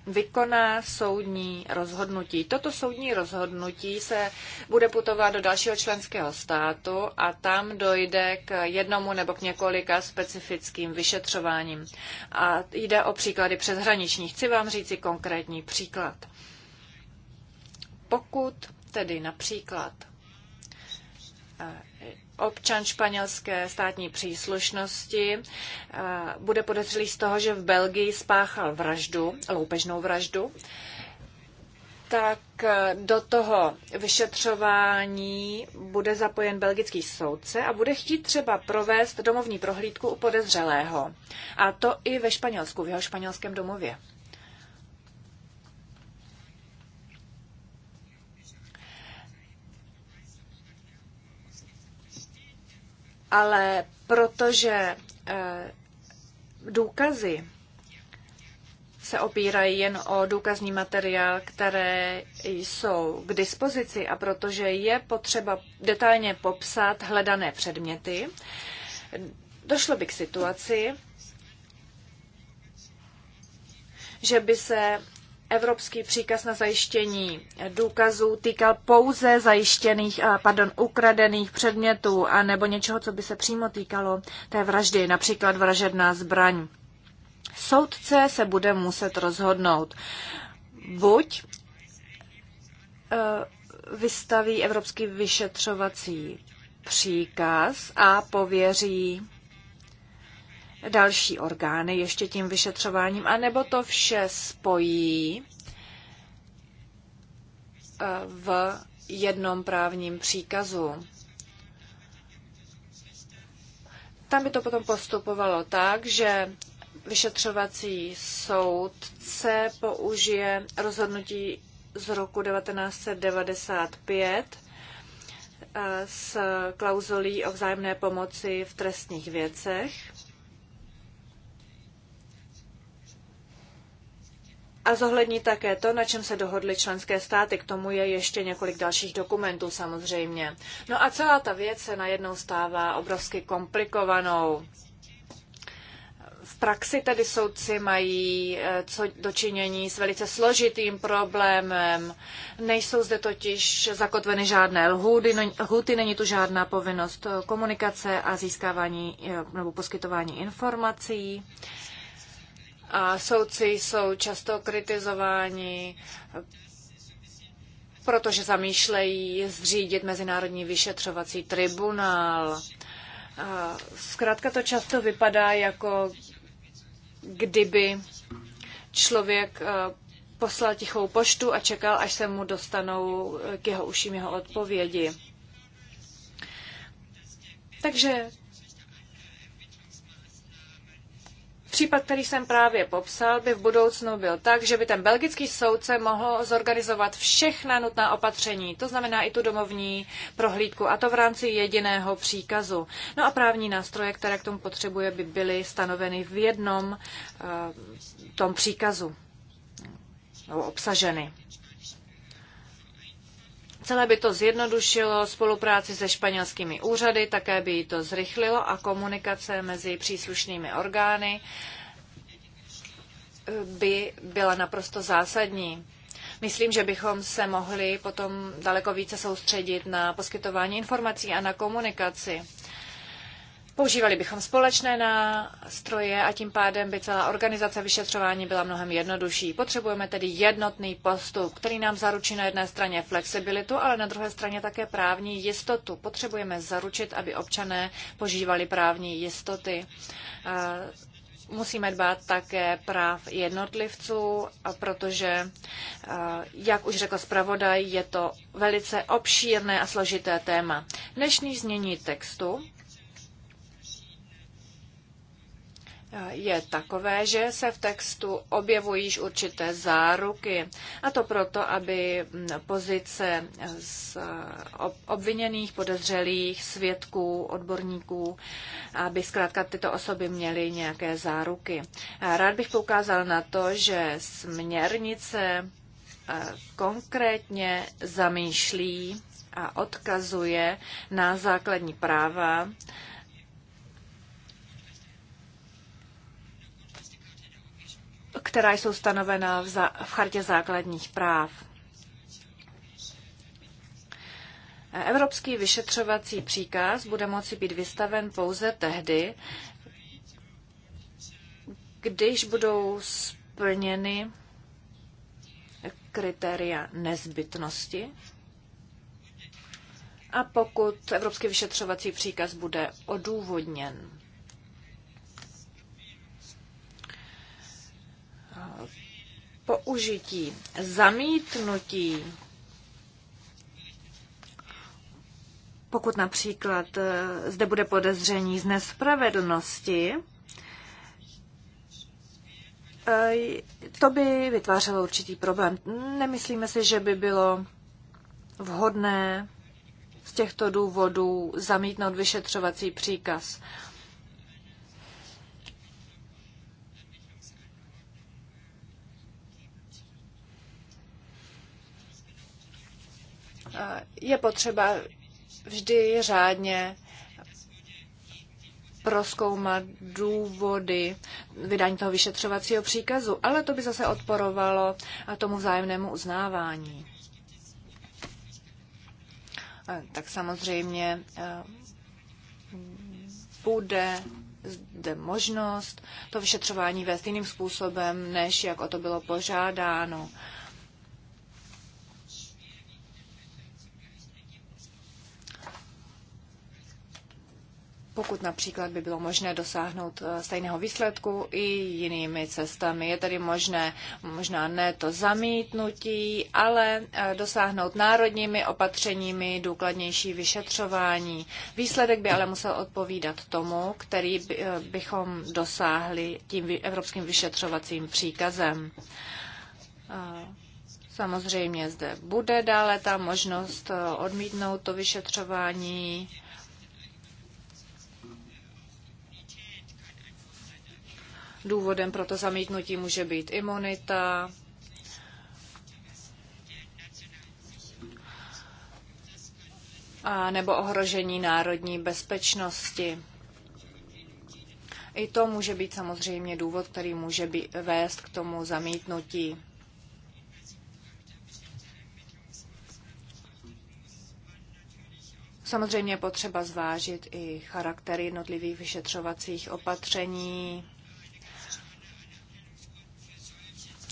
vykoná soudní rozhodnutí. Toto soudní rozhodnutí se bude putovat do dalšího členského státu a tam dojde k jednomu nebo k několika specifickým vyšetřováním. A jde o příklady přeshraničních. Chci vám říci konkrétní příklad. Pokud tedy například eh, občan španělské státní příslušnosti eh, bude podezřelý z toho, že v Belgii spáchal vraždu, loupežnou vraždu, tak eh, do toho vyšetřování bude zapojen belgický soudce a bude chtít třeba provést domovní prohlídku u podezřelého. A to i ve Španělsku, v jeho španělském domově. ale protože eh, důkazy se opírají jen o důkazní materiál, které jsou k dispozici a protože je potřeba detailně popsat hledané předměty, došlo by k situaci, že by se evropský příkaz na zajištění důkazů týkal pouze zajištěných, eh, pardon, ukradených předmětů a nebo něčeho, co by se přímo týkalo té vraždy, například vražedná zbraň. Soudce se bude muset rozhodnout. Buď eh, vystaví evropský vyšetřovací příkaz a pověří další orgány ještě tím vyšetřováním, anebo to vše spojí eh, v jednom právním příkazu. Tam by to potom postupovalo tak, že vyšetřovací soudce použije rozhodnutí z roku 1995 eh, s klauzolí o vzájemné pomoci v trestních věcech a zohlední také to, na čem se dohodly členské státy. K tomu je ještě několik dalších dokumentů samozřejmě. No a celá ta věc se najednou stává obrovsky komplikovanou. V praxi tedy soudci mají eh, co dočinění s velice složitým problémem. Nejsou zde totiž zakotveny žádné lhůty, lhůty není tu žádná povinnost komunikace a získávání eh, nebo poskytování informací a soudci jsou často kritizováni, protože zamýšlejí zřídit mezinárodní vyšetřovací tribunál. A zkrátka to často vypadá jako kdyby člověk eh, poslal tichou poštu a čekal, až se mu dostanou eh, k jeho uším jeho odpovědi. Takže Případ, který jsem právě popsal, by v budoucnu byl tak, že by ten belgický soudce mohl zorganizovat všechna nutná opatření, to znamená i tu domovní prohlídku, a to v rámci jediného příkazu. No a právní nástroje, které k tomu potřebuje, by byly stanoveny v jednom uh, tom příkazu, nebo obsaženy celé by to zjednodušilo spolupráci se španělskými úřady, také by to zrychlilo a komunikace mezi příslušnými orgány by byla naprosto zásadní. Myslím, že bychom se mohli potom daleko více soustředit na poskytování informací a na komunikaci. Používali bychom společné nástroje a tím pádem by celá organizace vyšetřování byla mnohem jednodušší. Potřebujeme tedy jednotný postup, který nám zaručí na jedné straně flexibilitu, ale na druhé straně také právní jistotu. Potřebujeme zaručit, aby občané požívali právní jistoty. Musíme dbát také práv jednotlivců, protože, jak už řekl zpravodaj, je to velice obšírné a složité téma. Dnešní znění textu je takové, že se v textu objevují již určité záruky. A to proto, aby pozice z obviněných, podezřelých, svědků, odborníků, aby zkrátka tyto osoby měly nějaké záruky. Rád bych poukázal na to, že směrnice e, konkrétně zamýšlí a odkazuje na základní práva, která jsou stanovena v, za, v Chartě základních práv. Evropský vyšetřovací příkaz bude moci být vystaven pouze tehdy, když budou splněny kritéria nezbytnosti a pokud evropský vyšetřovací příkaz bude odůvodněn. použití, zamítnutí, pokud například eh, zde bude podezření z nespravedlnosti, eh, to by vytvářelo určitý problém. Nemyslíme si, že by bylo vhodné z těchto důvodů zamítnout vyšetřovací příkaz. je potřeba vždy řádně proskoumat důvody vydání toho vyšetřovacího příkazu, ale to by zase odporovalo tomu vzájemnému uznávání. Tak samozřejmě eh, bude zde možnost to vyšetřování vést jiným způsobem, než jak o to bylo požádáno. pokud například by bylo možné dosáhnout eh, stejného výsledku i jinými cestami. Je tedy možné, možná ne to zamítnutí, ale eh, dosáhnout národními opatřeními důkladnější vyšetřování. Výsledek by ale musel odpovídat tomu, který eh, bychom dosáhli tím evropským vyšetřovacím příkazem. Samozřejmě zde bude dále ta možnost odmítnout to vyšetřování Důvodem pro to zamítnutí může být imunita, a nebo ohrožení národní bezpečnosti. I to může být samozřejmě důvod, který může být, vést k tomu zamítnutí. Samozřejmě potřeba zvážit i charakter jednotlivých vyšetřovacích opatření,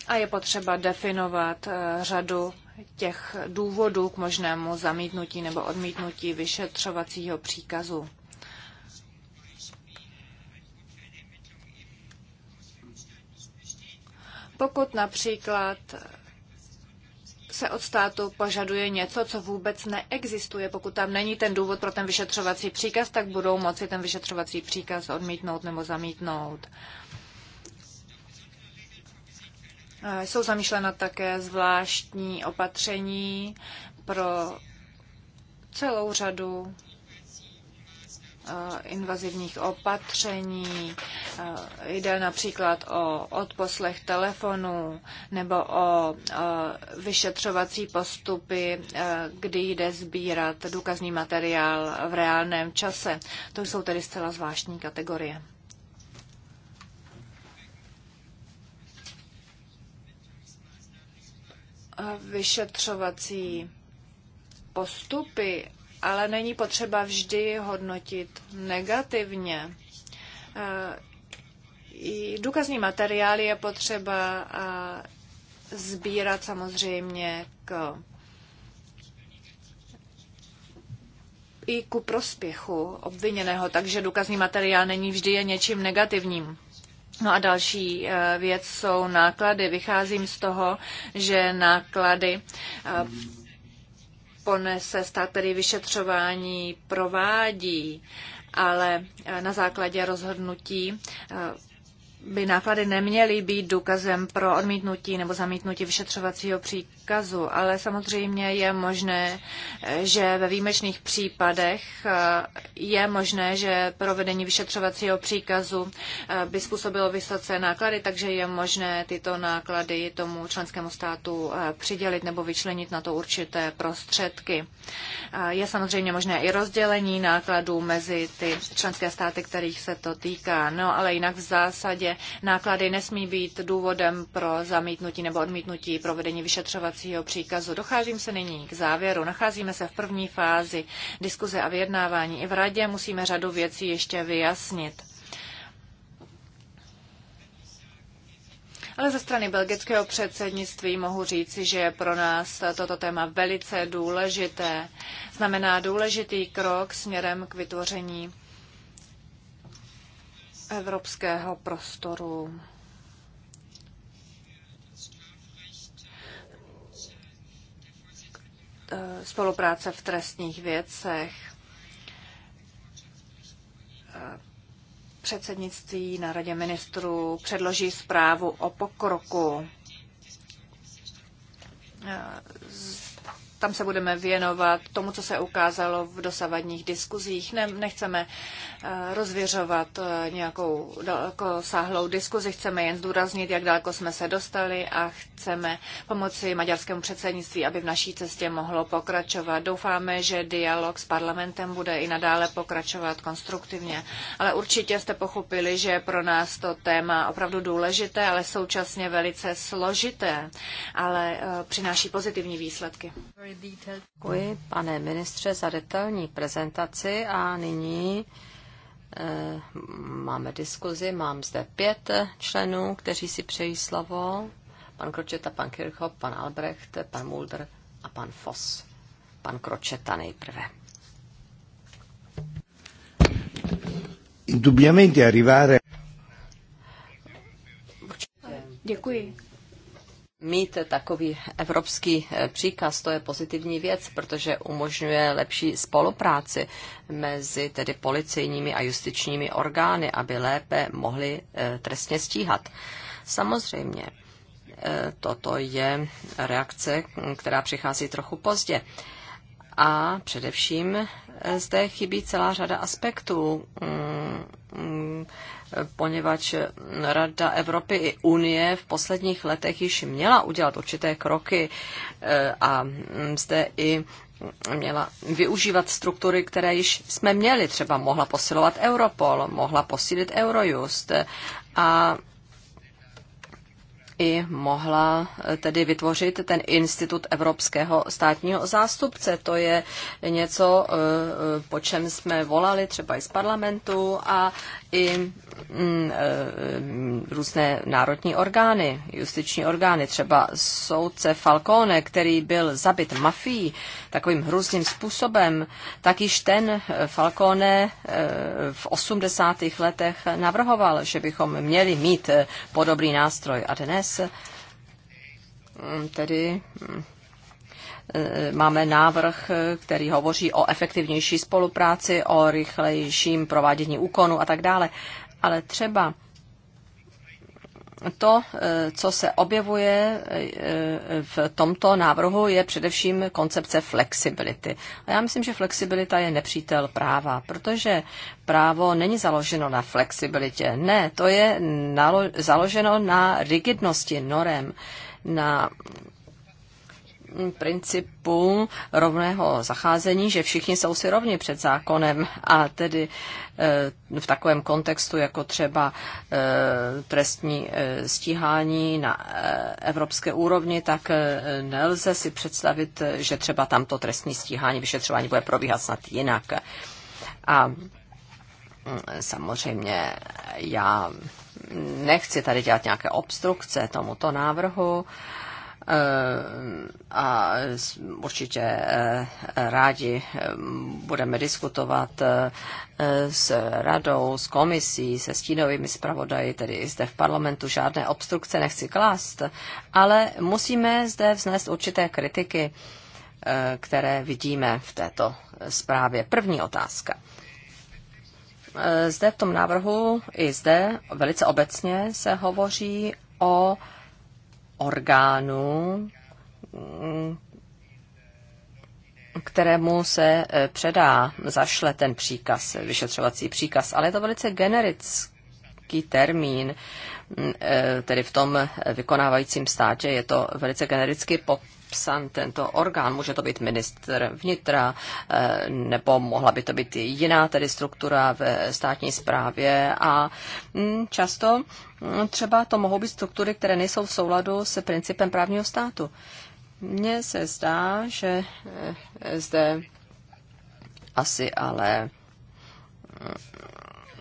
a je potřeba definovat eh, řadu těch důvodů k možnému zamítnutí nebo odmítnutí vyšetřovacího příkazu. Pokud například se od státu požaduje něco, co vůbec neexistuje. Pokud tam není ten důvod pro ten vyšetřovací příkaz, tak budou moci ten vyšetřovací příkaz odmítnout nebo zamítnout. Jsou zamýšlena také zvláštní opatření pro celou řadu invazivních opatření. Jde například o odposlech telefonů nebo o vyšetřovací postupy, kdy jde sbírat důkazní materiál v reálném čase. To jsou tedy zcela zvláštní kategorie. vyšetřovací postupy, ale není potřeba vždy hodnotit negativně. E, I důkazní materiály je potřeba sbírat samozřejmě k i ku prospěchu obviněného, takže důkazní materiál není vždy je něčím negativním. No a další eh, věc jsou náklady. Vycházím z toho, že náklady eh, ponese stát, který vyšetřování provádí, ale eh, na základě rozhodnutí by náklady neměly být důkazem pro odmítnutí nebo zamítnutí vyšetřovacího příkazu, ale samozřejmě je možné, že ve výjimečných případech eh, je možné, že provedení vyšetřovacího příkazu eh, by způsobilo vysoce náklady, takže je možné tyto náklady tomu členskému státu eh, přidělit nebo vyčlenit na to určité prostředky. Je samozřejmě možné i rozdělení nákladů mezi ty členské státy, kterých se to týká. No ale jinak v zásadě případě náklady nesmí být důvodem pro zamítnutí nebo odmítnutí provedení vyšetřovacího příkazu. Docházím se nyní k závěru. Nacházíme se v první fázi diskuze a vyjednávání. I v radě musíme řadu věcí ještě vyjasnit. Ale ze strany belgického předsednictví mohu říci, že je pro nás toto téma velice důležité. Znamená důležitý krok směrem k vytvoření evropského prostoru. Spolupráce v trestních věcech, předsednictví na Radě ministrů předloží zprávu o pokroku tam se budeme věnovat tomu, co se ukázalo v dosavadních diskuzích. Ne, nechceme eh, rozvěřovat eh, nějakou daleko sáhlou diskuzi, chceme jen zdůraznit, jak daleko jsme se dostali a chceme pomoci maďarskému předsednictví, aby v naší cestě mohlo pokračovat. Doufáme, že dialog s parlamentem bude i nadále pokračovat konstruktivně. Ale určitě jste pochopili, že je pro nás to téma opravdu důležité, ale současně velice složité, ale eh, přináší pozitivní výsledky. Děkuji, pane ministře, za detailní prezentaci a nyní e, máme diskuzi. Mám zde pět členů, kteří si přejí slovo. Pan Kročeta, pan Kirchhoff, pan Albrecht, pan Mulder a pan Foss. Pan Kročeta nejprve. Indubbiamente arrivare Děkuji mít takový evropský eh, příkaz, to je pozitivní věc, protože umožňuje lepší spolupráci mezi tedy policejními a justičními orgány, aby lépe mohli eh, trestně stíhat. Samozřejmě, eh, toto je reakce, která přichází trochu pozdě. A především zde chybí celá řada aspektů, mm, poněvadž Rada Evropy i Unie v posledních letech již měla udělat určité kroky eh, a zde i měla využívat struktury, které již jsme měli. Třeba mohla posilovat Europol, mohla posílit Eurojust a i mohla eh, tedy vytvořit ten institut evropského státního zástupce. To je něco, eh, eh, po čem jsme volali třeba i z parlamentu a i mm, e, e, různé národní orgány, justiční orgány, třeba soudce Falcone, který byl zabit mafií takovým hrůzným způsobem, tak již ten Falcone e, v 80. letech navrhoval, že bychom měli mít podobný nástroj. A dnes mm, tedy mm, Eh, máme návrh, eh, který hovoří o efektivnější spolupráci, o rychlejším provádění úkonu a tak dále. Ale třeba to, eh, co se objevuje v tomto návrhu, je především koncepce flexibility. A já myslím, že flexibilita je nepřítel práva, protože právo není založeno na flexibilitě. Ne, to je založeno na rigidnosti norem, na principu rovného zacházení, že všichni jsou si rovni před zákonem a tedy eh, v takovém kontextu jako třeba eh, trestní eh, stíhání na evropské úrovni, tak nelze si představit, že třeba tamto trestní stíhání, vyšetřování bude probíhat snad jinak. A mm, samozřejmě já nechci tady dělat nějaké obstrukce tomuto návrhu, Eh, a určitě eh, rádi eh, budeme diskutovat s radou, s komisí, se stínovými zpravodaji, tedy i zde v parlamentu žádné obstrukce nechci klást, ale musíme zde vznést určité kritiky, které vidíme v této zprávě. První otázka. Zde v tom návrhu i zde velice obecně se hovoří o orgánu, kterému se eh, předá, zašle ten příkaz, vyšetřovací příkaz, ale je to velice generický termín, mm, eh, tedy v tom eh, vykonávajícím státě je to velice genericky Psan tento orgán? Může to být ministr vnitra, eh, nebo mohla by to být jiná tedy struktura ve státní správě a mm, často mm, třeba to mohou být struktury, které nejsou v souladu s principem právního státu. Mně se zdá, že eh, zde asi ale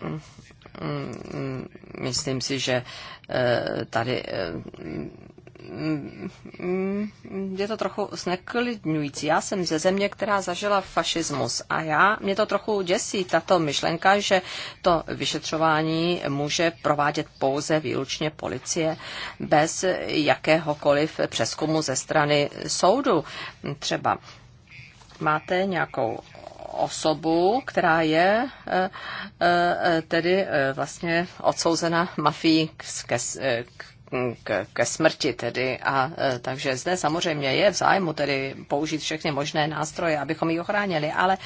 mm, myslím si, že eh, tady je to trochu zneklidňující. Já jsem ze země, která zažila fašismus a já, mě to trochu děsí tato myšlenka, že to vyšetřování může provádět pouze výlučně policie bez jakéhokoliv přeskumu ze strany soudu. Třeba máte nějakou osobu, která je eh, eh, tedy eh, vlastně odsouzena mafii k, k, k, ke smrti tedy. A e, takže zde samozřejmě je v zájmu tedy použít všechny možné nástroje, abychom ji ochránili, ale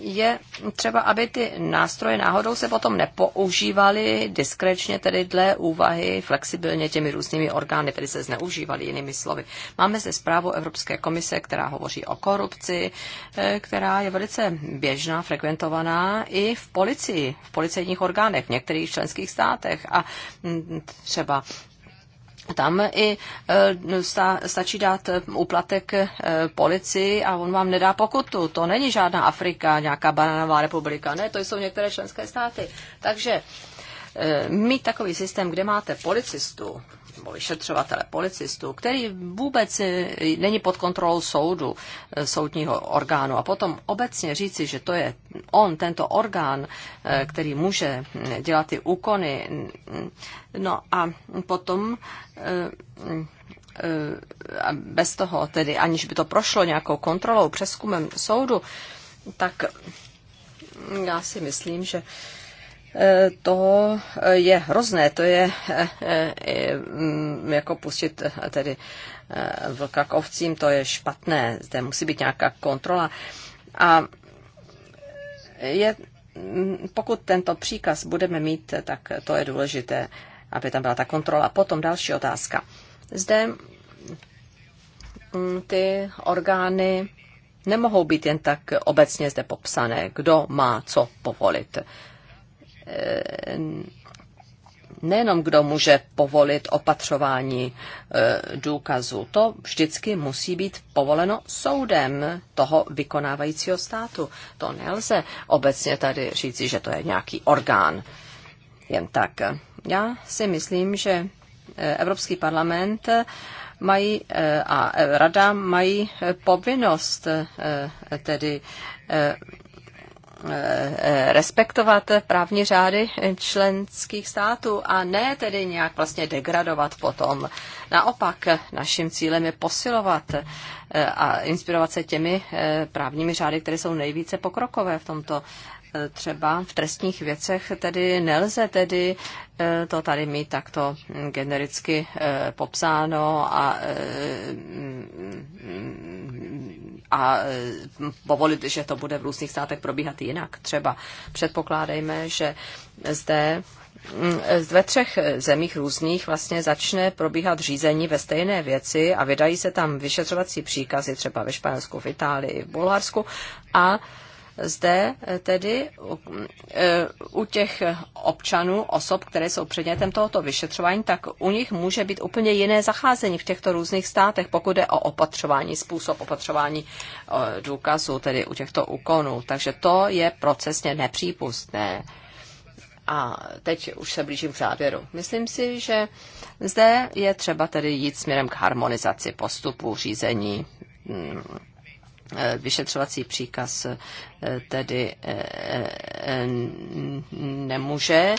je třeba, aby ty nástroje náhodou se potom nepoužívaly diskrečně, tedy dle úvahy, flexibilně těmi různými orgány, tedy se zneužívaly jinými slovy. Máme zde zprávu Evropské komise, která hovoří o korupci, e, která je velice běžná, frekventovaná i v policii, v policejních orgánech v některých členských státech a třeba tam i e, sta, stačí dát uplatek e, e, policii a on vám nedá pokutu. To není žádná Afrika, nějaká bananová republika. Ne, to jsou některé členské státy. Takže mít takový systém, kde máte policistu, nebo vyšetřovatele policistů, který vůbec eh, není pod kontrolou soudu, eh, soudního orgánu. A potom obecně říci, že to je on, tento orgán, eh, který může hm, dělat ty úkony. No a potom bez toho, tedy aniž by to prošlo nějakou kontrolou, přeskumem soudu, tak já si myslím, že to je hrozné, to je eh, eh, jako pustit eh, tedy vlka k ovcím, to je špatné, zde musí být nějaká kontrola. A je, pokud tento příkaz budeme mít, tak to je důležité, aby tam byla ta kontrola. Potom další otázka. Zde mm, ty orgány nemohou být jen tak obecně zde popsané, kdo má co povolit. Eh, nejenom kdo může povolit opatřování důkazů, eh, důkazu. To vždycky musí být povoleno soudem toho vykonávajícího státu. To nelze obecně tady říci, že to je nějaký orgán. Jen tak. Já si myslím, že eh, Evropský parlament mají a rada mají povinnost tedy respektovat právní řády členských států a ne tedy nějak vlastně degradovat potom. Naopak naším cílem je posilovat eh, a inspirovat se těmi eh, právními řády, které jsou nejvíce pokrokové v tomto eh, třeba v trestních věcech tedy nelze tedy to tady mít takto genericky popsáno a a eh, povolit, že to bude v různých státech probíhat jinak. Třeba předpokládejme, že zde mm, eh, ve třech zemích různých vlastně začne probíhat řízení ve stejné věci a vydají se tam vyšetřovací příkazy třeba ve Španělsku, v Itálii, v Bulharsku a zde eh, tedy eh, u těch občanů, osob, které jsou předmětem tohoto vyšetřování, tak u nich může být úplně jiné zacházení v těchto různých státech, pokud je o opatřování, způsob opatřování eh, důkazů, tedy u těchto úkonů. Takže to je procesně nepřípustné. A teď už se blížím k závěru. Myslím si, že zde je třeba tedy jít směrem k harmonizaci postupu řízení mm, Eh, vyšetřovací příkaz eh, tedy eh, nemůže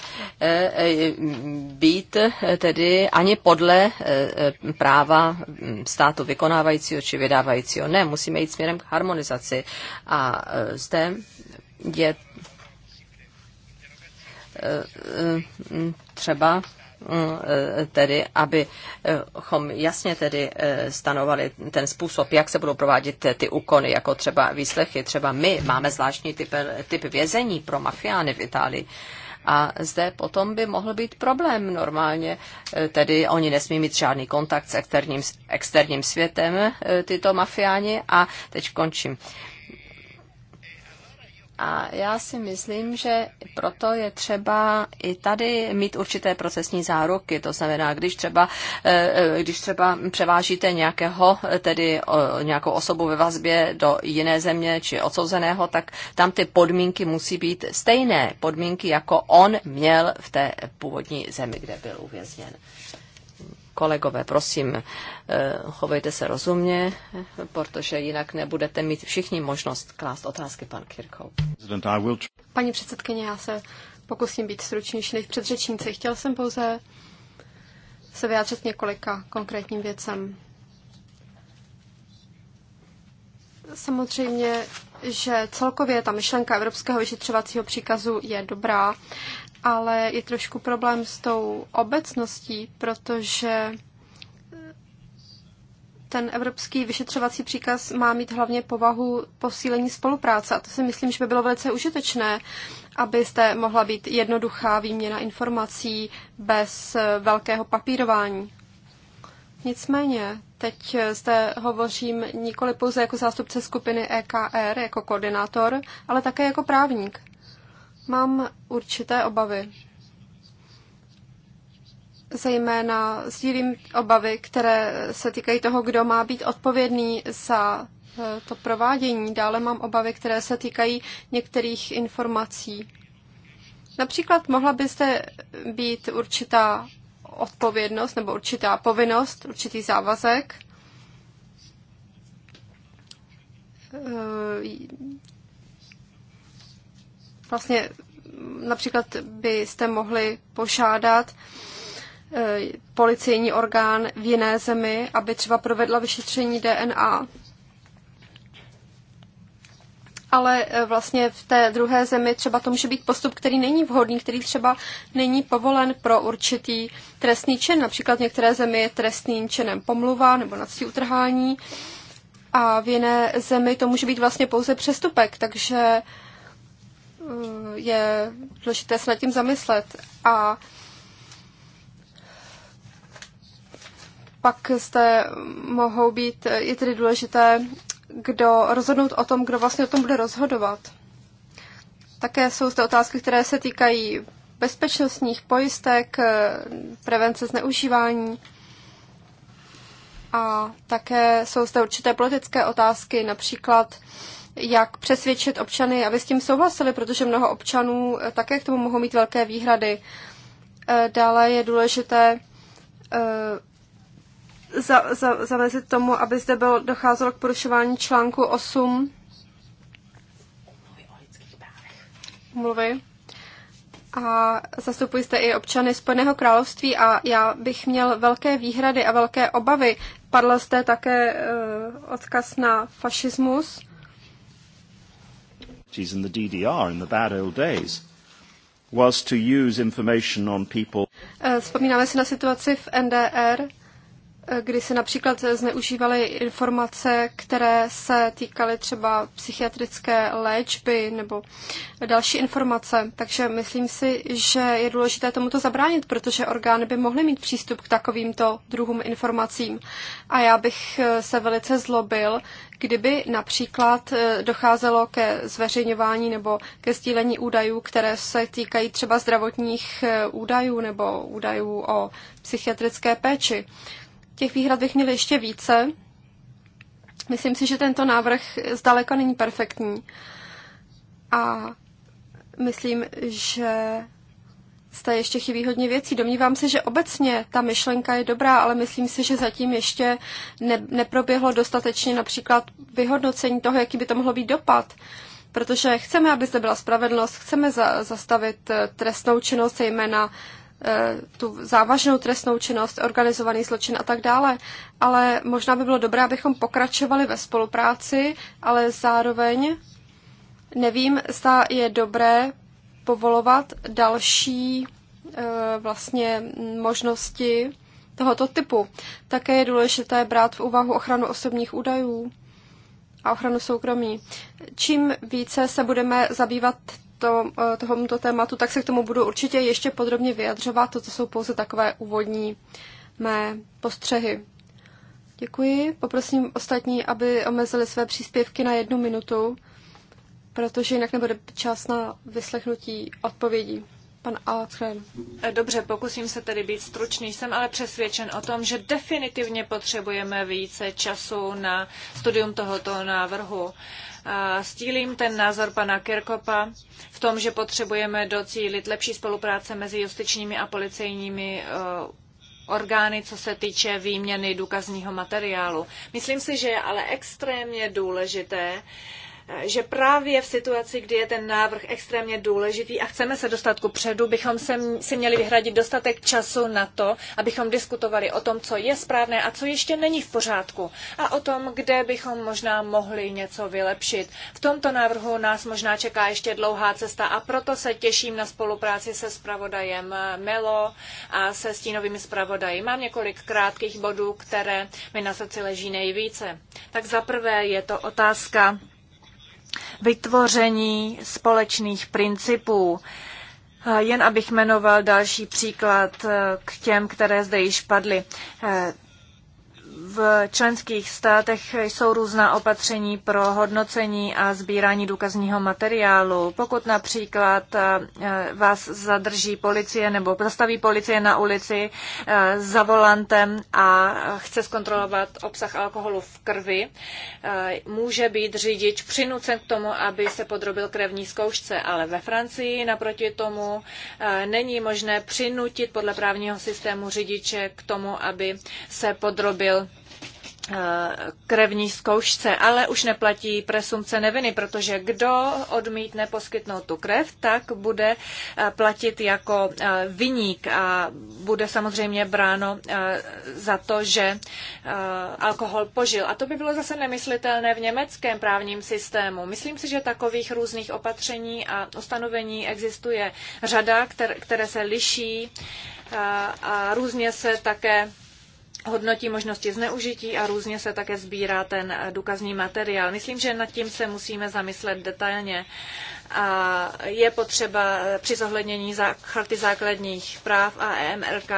být tedy ani podle práva hm, státu vykonávajícího či vydávajícího. Ne, musíme jít směrem k harmonizaci. A zde je hm, třeba Eh, tedy, abychom jasně tedy eh, stanovali ten způsob, jak se budou provádět ty úkony, jako třeba výslechy. Třeba my máme zvláštní typ, typ vězení pro mafiány v Itálii. A zde potom by mohl být problém normálně, eh, tedy oni nesmí mít žádný kontakt s externím, externím světem, tyto mafiáni. A teď končím. A já si myslím, že proto je třeba i tady mít určité procesní záruky. To znamená, když třeba, eh, eh, když třeba převážíte nějakého, eh, tedy nějakou osobu ve vazbě do jiné země či odsouzeného, tak tam ty podmínky musí být stejné. Podmínky, jako on měl v té původní zemi, kde byl uvězněn. Kolegové, prosím, eh, chovejte se rozumně, protože jinak nebudete mít všichni možnost klást otázky, pan Kirkou. Paní předsedkyně, já se pokusím být stručnější než předřečníci. Chtěl jsem pouze se vyjádřit několika konkrétním věcem. Samozřejmě, že celkově ta myšlenka evropského vyšetřovacího příkazu je dobrá ale je trošku problém s tou obecností, protože ten evropský vyšetřovací příkaz má mít hlavně povahu posílení spolupráce a to si myslím, že by bylo velice užitečné, abyste mohla být jednoduchá výměna informací bez velkého papírování. Nicméně, teď zde hovořím nikoli pouze jako zástupce skupiny EKR, jako koordinátor, ale také jako právník. Mám určité obavy. Zejména sdílím obavy, které se týkají toho, kdo má být odpovědný za eh, to provádění. Dále mám obavy, které se týkají některých informací. Například mohla byste být určitá odpovědnost nebo určitá povinnost, určitý závazek eh, vlastně například byste mohli pošádat eh, policejní orgán v jiné zemi, aby třeba provedla vyšetření DNA. Ale eh, vlastně v té druhé zemi třeba to může být postup, který není vhodný, který třeba není povolen pro určitý trestný čin. Například v některé zemi je trestným činem pomluva nebo nadstí utrhání a v jiné zemi to může být vlastně pouze přestupek, takže uh, je důležité se nad tím zamyslet. A pak zde mohou být, je tedy důležité, kdo rozhodnout o tom, kdo vlastně o tom bude rozhodovat. Také jsou zde otázky, které se týkají bezpečnostních pojistek, prevence zneužívání a také jsou zde určité politické otázky, například jak přesvědčit občany, aby s tím souhlasili, protože mnoho občanů eh, také k tomu mohou mít velké výhrady. Eh, dále je důležité eh, za, za, zamezit tomu, aby zde bylo, docházelo k porušování článku 8 Mluvy. A zastupuji zde i občany Spojeného království a já bych měl velké výhrady a velké obavy. Padl zde také uh, odkaz na fašismus. 1950s in the DDR, in the bad old days, was to use information on people. Uh, Vzpomínáme si na situaci v NDR, Eh, kdy se například zneužívaly informace, které se týkaly třeba psychiatrické léčby nebo další informace. Takže myslím si, že je důležité tomuto zabránit, protože orgány by mohly mít přístup k takovýmto druhům informacím. A já bych eh, se velice zlobil, kdyby například eh, docházelo ke zveřejňování nebo ke sdílení údajů, které se týkají třeba zdravotních údajů nebo údajů o psychiatrické péči. Těch výhrad bych měl ještě více. Myslím si, že tento návrh zdaleka není perfektní. A myslím, že zde ještě chybí hodně věcí. Domnívám se, že obecně ta myšlenka je dobrá, ale myslím si, že zatím ještě ne, neproběhlo dostatečně například vyhodnocení toho, jaký by to mohlo být dopad. Protože chceme, aby zde byla spravedlnost, chceme za, zastavit eh, trestnou činnost, zejména Eh, tu závažnou trestnou činnost, organizovaný zločin a tak dále. Ale možná by bylo dobré, abychom pokračovali ve spolupráci, ale zároveň nevím, zda je dobré povolovat další eh, vlastně možnosti tohoto typu. Také je důležité brát v úvahu ochranu osobních údajů a ochranu soukromí. Čím více se budeme zabývat to, eh, tohoto tématu, tak se k tomu budu určitě ještě podrobně vyjadřovat. Toto jsou pouze takové úvodní mé postřehy. Děkuji. Poprosím ostatní, aby omezili své příspěvky na jednu minutu, protože jinak nebude čas na vyslechnutí odpovědí. Pan Alatren. Eh, dobře, pokusím se tedy být stručný. Jsem ale přesvědčen o tom, že definitivně potřebujeme více času na studium tohoto návrhu. Stílím ten názor pana Kirkopa v tom, že potřebujeme docílit lepší spolupráce mezi justičními a policejními eh, orgány, co se týče výměny důkazního materiálu. Myslím si, že je ale extrémně důležité, uh, že právě v situaci, kdy je ten návrh extrémně důležitý a chceme se dostat ku předu, bychom se, si měli vyhradit dostatek času na to, abychom diskutovali o tom, co je správné a co ještě není v pořádku a o tom, kde bychom možná mohli něco vylepšit. V tomto návrhu nás možná čeká ještě dlouhá cesta a proto se těším na spolupráci se spravodajem Melo a se stínovými spravodaji. Mám několik krátkých bodů, které mi na srdci leží nejvíce. Tak za prvé je to otázka vytvoření společných principů. Jen abych jmenoval další příklad eh, k těm, které zde již padly. Eh, v členských státech jsou různá opatření pro hodnocení a sbírání důkazního materiálu. Pokud například eh, vás zadrží policie nebo zastaví policie na ulici eh, za volantem a chce zkontrolovat obsah alkoholu v krvi, eh, může být řidič přinucen k tomu, aby se podrobil krevní zkoušce, ale ve Francii naproti tomu není možné přinutit podle právního systému řidiče k tomu, aby se podrobil Eh, krevní zkoušce, ale už neplatí presumce neviny, protože kdo odmítne poskytnout tu krev, tak bude eh, platit jako eh, vyník a bude samozřejmě bráno za to, že alkohol požil. A to by bylo zase nemyslitelné v německém právním systému. Myslím si, že takových různých opatření a ustanovení existuje řada, které se liší a různě se také hodnotí možnosti zneužití a různě se také sbírá ten důkazní materiál. Myslím, že nad tím se musíme zamyslet detailně. A je potřeba při zohlednění charty základních práv a EMRK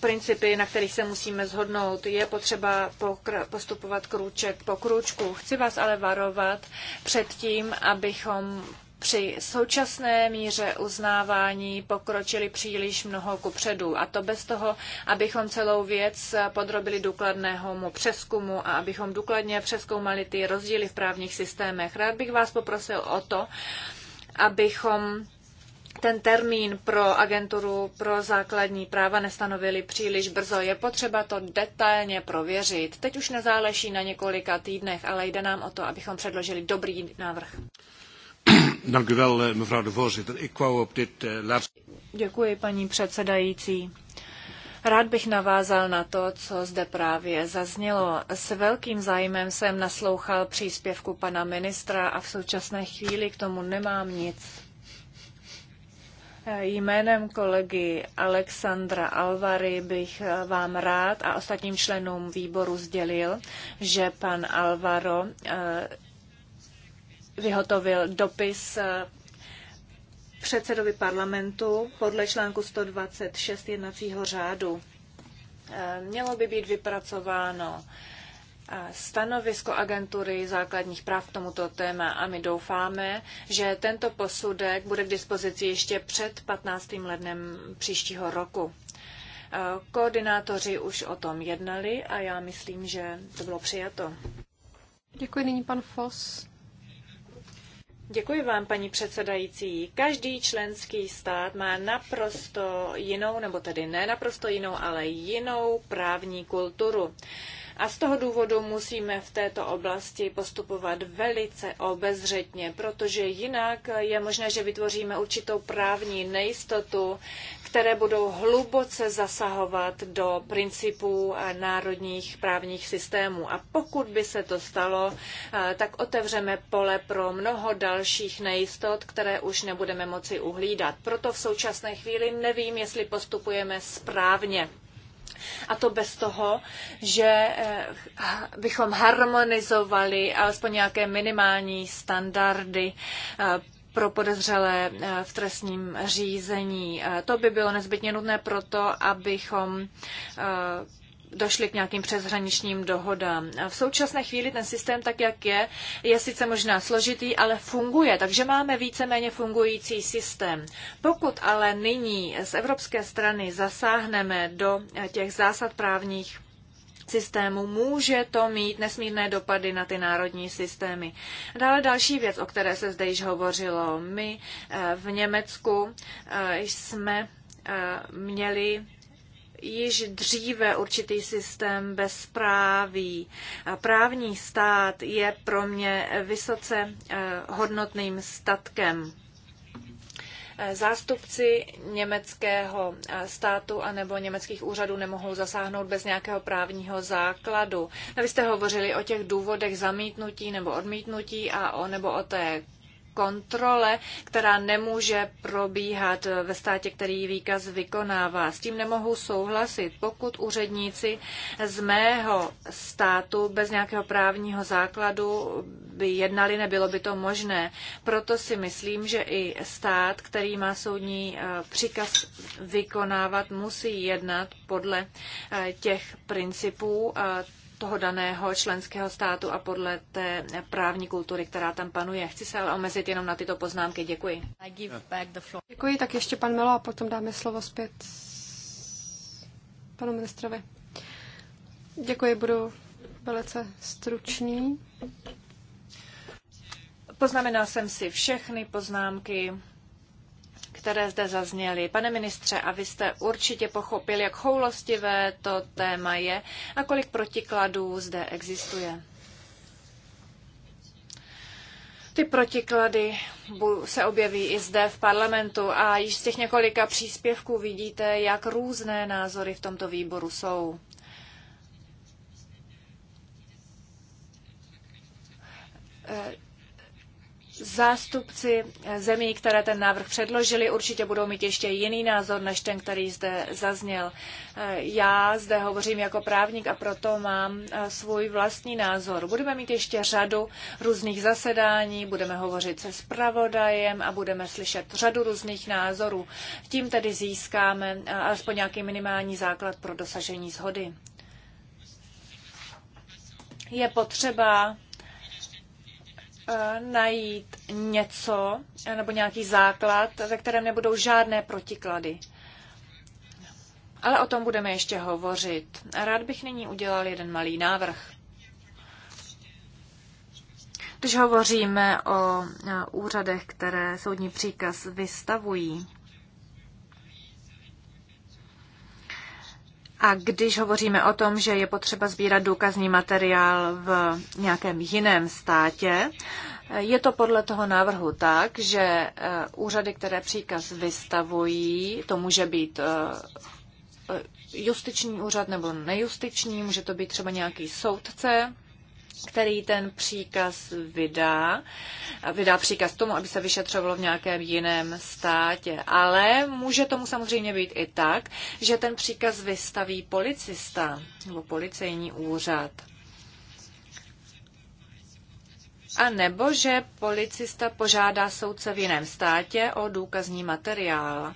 principy, na kterých se musíme zhodnout. Je potřeba postupovat krůček po krůčku. Chci vás ale varovat před tím, abychom při současné míře uznávání pokročili příliš mnoho kupředu. A to bez toho, abychom celou věc podrobili důkladnému přeskumu a abychom důkladně přeskoumali ty rozdíly v právních systémech. Rád bych vás poprosil o to, abychom ten termín pro agenturu pro základní práva nestanovili příliš brzo. Je potřeba to detailně prověřit. Teď už nezáleží na několika týdnech, ale jde nám o to, abychom předložili dobrý návrh. Eh, eh, Děkuji, paní předsedající. Rád bych navázal na to, co zde právě zaznělo. S velkým zájmem jsem naslouchal příspěvku pana ministra a v současné chvíli k tomu nemám nic. Eh, jménem kolegy Alexandra Alvary bych vám rád a ostatním členům výboru sdělil, že pan Alvaro vyhotovil dopis eh, předsedovi parlamentu podle článku 126 jednacího řádu. Eh, mělo by být vypracováno eh, stanovisko agentury základních práv k tomuto téma a my doufáme, že tento posudek bude k dispozici ještě před 15. lednem příštího roku. Koordinátoři už o tom jednali a já myslím, že to bylo přijato. Děkuji nyní pan Foss. Děkuji vám, paní předsedající. Každý členský stát má naprosto jinou, nebo tedy ne naprosto jinou, ale jinou právní kulturu. A z toho důvodu musíme v této oblasti postupovat velice obezřetně, protože jinak je možné, že vytvoříme určitou právní nejistotu, které budou hluboce zasahovat do principů eh, národních právních systémů. A pokud by se to stalo, eh, tak otevřeme pole pro mnoho dalších nejistot, které už nebudeme moci uhlídat. Proto v současné chvíli nevím, jestli postupujeme správně. A to bez toho, že eh, bychom harmonizovali alespoň nějaké minimální standardy pro podezřelé eh, v trestním řízení. Eh, to by bylo nezbytně nutné proto, abychom eh, došli k nějakým přeshraničním dohodám. V současné chvíli ten systém, tak jak je, je sice možná složitý, ale funguje, takže máme víceméně fungující systém. Pokud ale nyní z evropské strany zasáhneme do těch zásad právních systému, může to mít nesmírné dopady na ty národní systémy. Dále další věc, o které se zde již hovořilo. My eh, v Německu eh, jsme eh, měli již dříve určitý systém bezpráví. Právní stát je pro mě vysoce hodnotným statkem. Eh, zástupci německého eh, státu anebo německých úřadů nemohou zasáhnout bez nějakého právního základu. Vy jste hovořili o těch důvodech zamítnutí nebo odmítnutí a o, nebo o té kontrole, která nemůže probíhat ve státě, který výkaz vykonává. S tím nemohu souhlasit. Pokud úředníci z mého státu bez nějakého právního základu by jednali, nebylo by to možné. Proto si myslím, že i stát, který má soudní eh, příkaz vykonávat, musí jednat podle eh, těch principů, toho daného členského státu a podle té právní kultury, která tam panuje. Chci se ale omezit jenom na tyto poznámky. Děkuji. Děkuji, tak ještě pan Melo a potom dáme slovo zpět panu ministrovi. Děkuji, budu velice stručný. Poznamenal jsem si všechny poznámky které zde zazněly. Pane ministře, a vy jste určitě pochopil, jak choulostivé to téma je a kolik protikladů zde existuje. Ty protiklady se objeví i zde v parlamentu a již z těch několika příspěvků vidíte, jak různé názory v tomto výboru jsou. Zástupci eh, zemí, které ten návrh předložili, určitě budou mít ještě jiný názor než ten, který zde zazněl. Eh, já zde hovořím jako právník a proto mám eh, svůj vlastní názor. Budeme mít ještě řadu různých zasedání, budeme hovořit se spravodajem a budeme slyšet řadu různých názorů. Tím tedy získáme alespoň nějaký minimální základ pro dosažení shody. Je potřeba Eh, najít něco eh, nebo nějaký základ, ve kterém nebudou žádné protiklady. Ale o tom budeme ještě hovořit. Rád bych nyní udělal jeden malý návrh. Když hovoříme o eh, úřadech, které soudní příkaz vystavují, A když hovoříme o tom, že je potřeba sbírat důkazní materiál v nějakém jiném státě, je to podle toho návrhu tak, že eh, úřady, které příkaz vystavují, to může být eh, eh, justiční úřad nebo nejustiční, může to být třeba nějaký soudce, který ten příkaz vydá, vydá příkaz tomu, aby se vyšetřovalo v nějakém jiném státě. Ale může tomu samozřejmě být i tak, že ten příkaz vystaví policista nebo policejní úřad. A nebo že policista požádá soudce v jiném státě o důkazní materiál.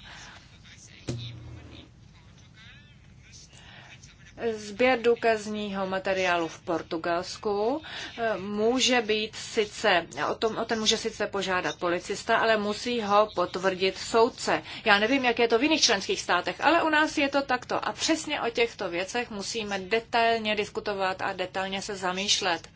Sběr důkazního materiálu v Portugalsku e, může být sice, o, tom, o ten může sice požádat policista, ale musí ho potvrdit soudce. Já nevím, jak je to v jiných členských státech, ale u nás je to takto. A přesně o těchto věcech musíme detailně diskutovat a detailně se zamýšlet.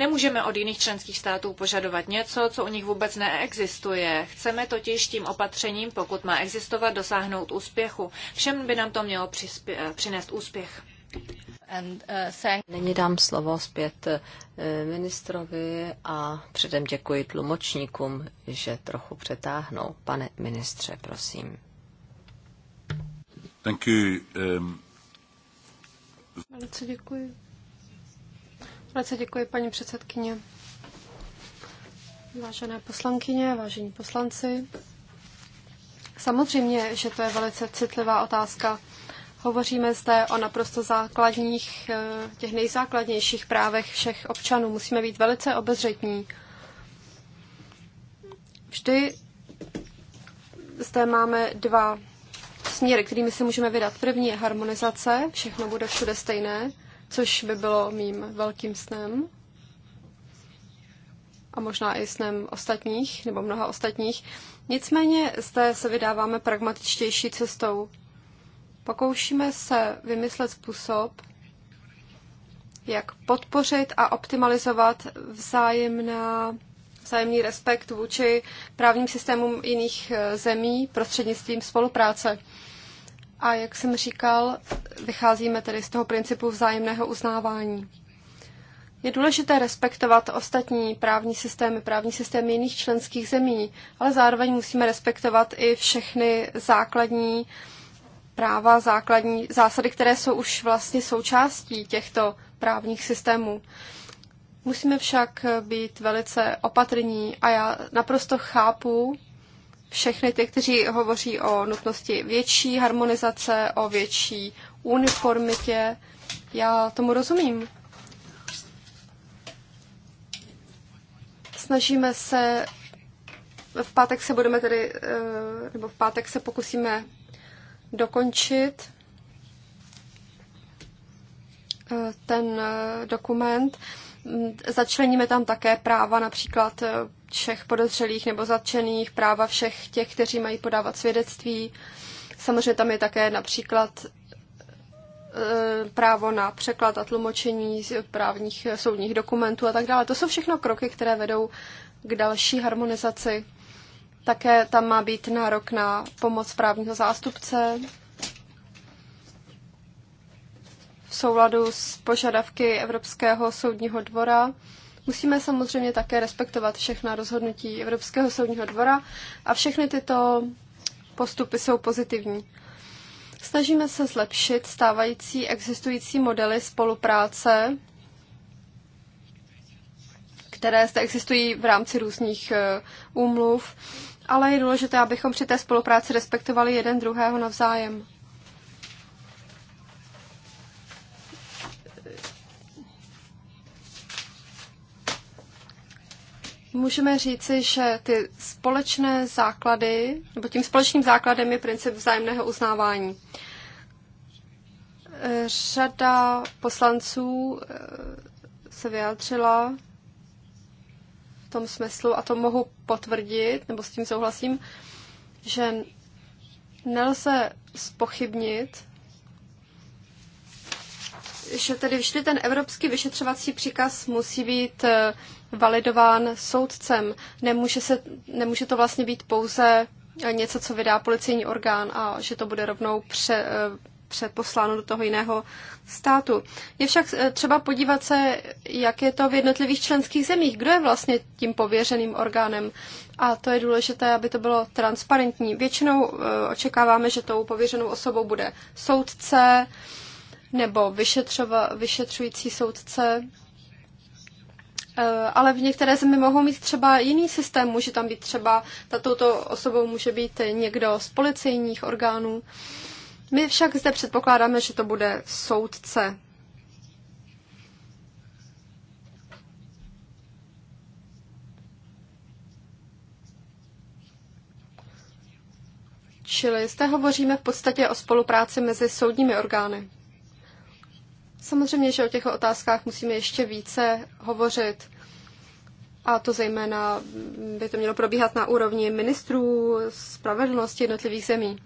Nemůžeme od jiných členských států požadovat něco, co u nich vůbec neexistuje. Chceme totiž tím opatřením, pokud má existovat, dosáhnout úspěchu. Všem by nám to mělo přispě- eh, přinést úspěch. Eh, Nyní dám slovo zpět eh, ministrovi a předem děkuji tlumočníkům, že trochu přetáhnou. Pane ministře, prosím. Thank you. Um... Velice děkuji. Velice děkuji, paní předsedkyně. Vážené poslankyně, vážení poslanci, samozřejmě, že to je velice citlivá otázka. Hovoříme zde o naprosto základních, eh, těch nejzákladnějších právech všech občanů. Musíme být velice obezřetní. Vždy zde máme dva směry, kterými se můžeme vydat. První je harmonizace, všechno bude všude stejné což by bylo mým velkým snem a možná i snem ostatních, nebo mnoha ostatních. Nicméně zde se vydáváme pragmatičtější cestou. Pokoušíme se vymyslet způsob, jak podpořit a optimalizovat vzájemná, vzájemný respekt vůči právním systémům jiných eh, zemí prostřednictvím spolupráce. A jak jsem říkal, vycházíme tedy z toho principu vzájemného uznávání. Je důležité respektovat ostatní právní systémy, právní systémy jiných členských zemí, ale zároveň musíme respektovat i všechny základní práva, základní zásady, které jsou už vlastně součástí těchto právních systémů. Musíme však být velice opatrní a já naprosto chápu všechny ty, kteří hovoří o nutnosti větší harmonizace, o větší uniformitě. Já tomu rozumím. Snažíme se, v pátek se budeme tedy, eh, nebo v pátek se pokusíme dokončit eh, ten eh, dokument. Začleníme tam také práva například eh, všech podezřelých nebo zatčených, práva všech těch, kteří mají podávat svědectví. Samozřejmě tam je také například eh, právo na překlad a tlumočení právních soudních dokumentů a tak dále. To jsou všechno kroky, které vedou k další harmonizaci. Také tam má být nárok na pomoc právního zástupce, v souladu s požadavky Evropského soudního dvora. Musíme samozřejmě také respektovat všechna rozhodnutí Evropského soudního dvora a všechny tyto postupy jsou pozitivní. Snažíme se zlepšit stávající existující modely spolupráce, které zde existují v rámci různých eh, úmluv, ale je důležité, abychom při té spolupráci respektovali jeden druhého navzájem. Můžeme říci, že ty společné základy, nebo tím společným základem je princip vzájemného uznávání. Řada poslanců eh, se vyjádřila v tom smyslu, a to mohu potvrdit, nebo s tím souhlasím, že nelze spochybnit, že tedy vždy ten evropský vyšetřovací příkaz musí být eh, validován soudcem. Nemůže, se, nemůže to vlastně být pouze eh, něco, co vydá policejní orgán a že to bude rovnou pře, eh, předposláno do toho jiného státu. Je však eh, třeba podívat se, jak je to v jednotlivých členských zemích, kdo je vlastně tím pověřeným orgánem. A to je důležité, aby to bylo transparentní. Většinou očekáváme, že tou pověřenou osobou bude soudce nebo vyšetřova, vyšetřující soudce Eh, ale v některé zemi mohou mít třeba jiný systém, může tam být třeba, tato osobou může být někdo z policejních orgánů. My však zde předpokládáme, že to bude soudce. Čili zde hovoříme v podstatě o spolupráci mezi soudními orgány. Samozřejmě, že o těch otázkách musíme ještě více hovořit. A to zejména by to mělo probíhat na úrovni ministrů spravedlnosti jednotlivých zemí.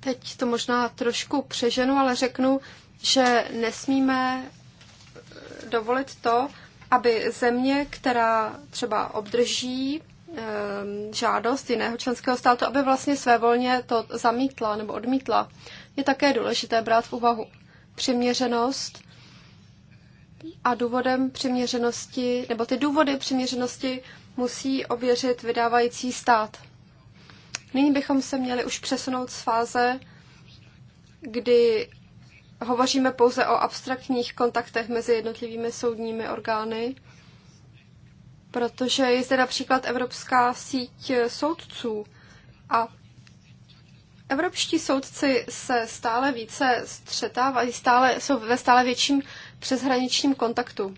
Teď to možná trošku přeženu, ale řeknu, že nesmíme eh, dovolit to, aby země, která třeba obdrží Ehm, žádost jiného členského státu, aby vlastně svévolně to zamítla nebo odmítla. Je také důležité brát v úvahu přiměřenost a důvodem přiměřenosti, nebo ty důvody přiměřenosti musí ověřit vydávající stát. Nyní bychom se měli už přesunout z fáze, kdy hovoříme pouze o abstraktních kontaktech mezi jednotlivými soudními orgány protože je zde například Evropská síť soudců a Evropští soudci se stále více střetávají, stále, jsou ve stále větším přeshraničním kontaktu.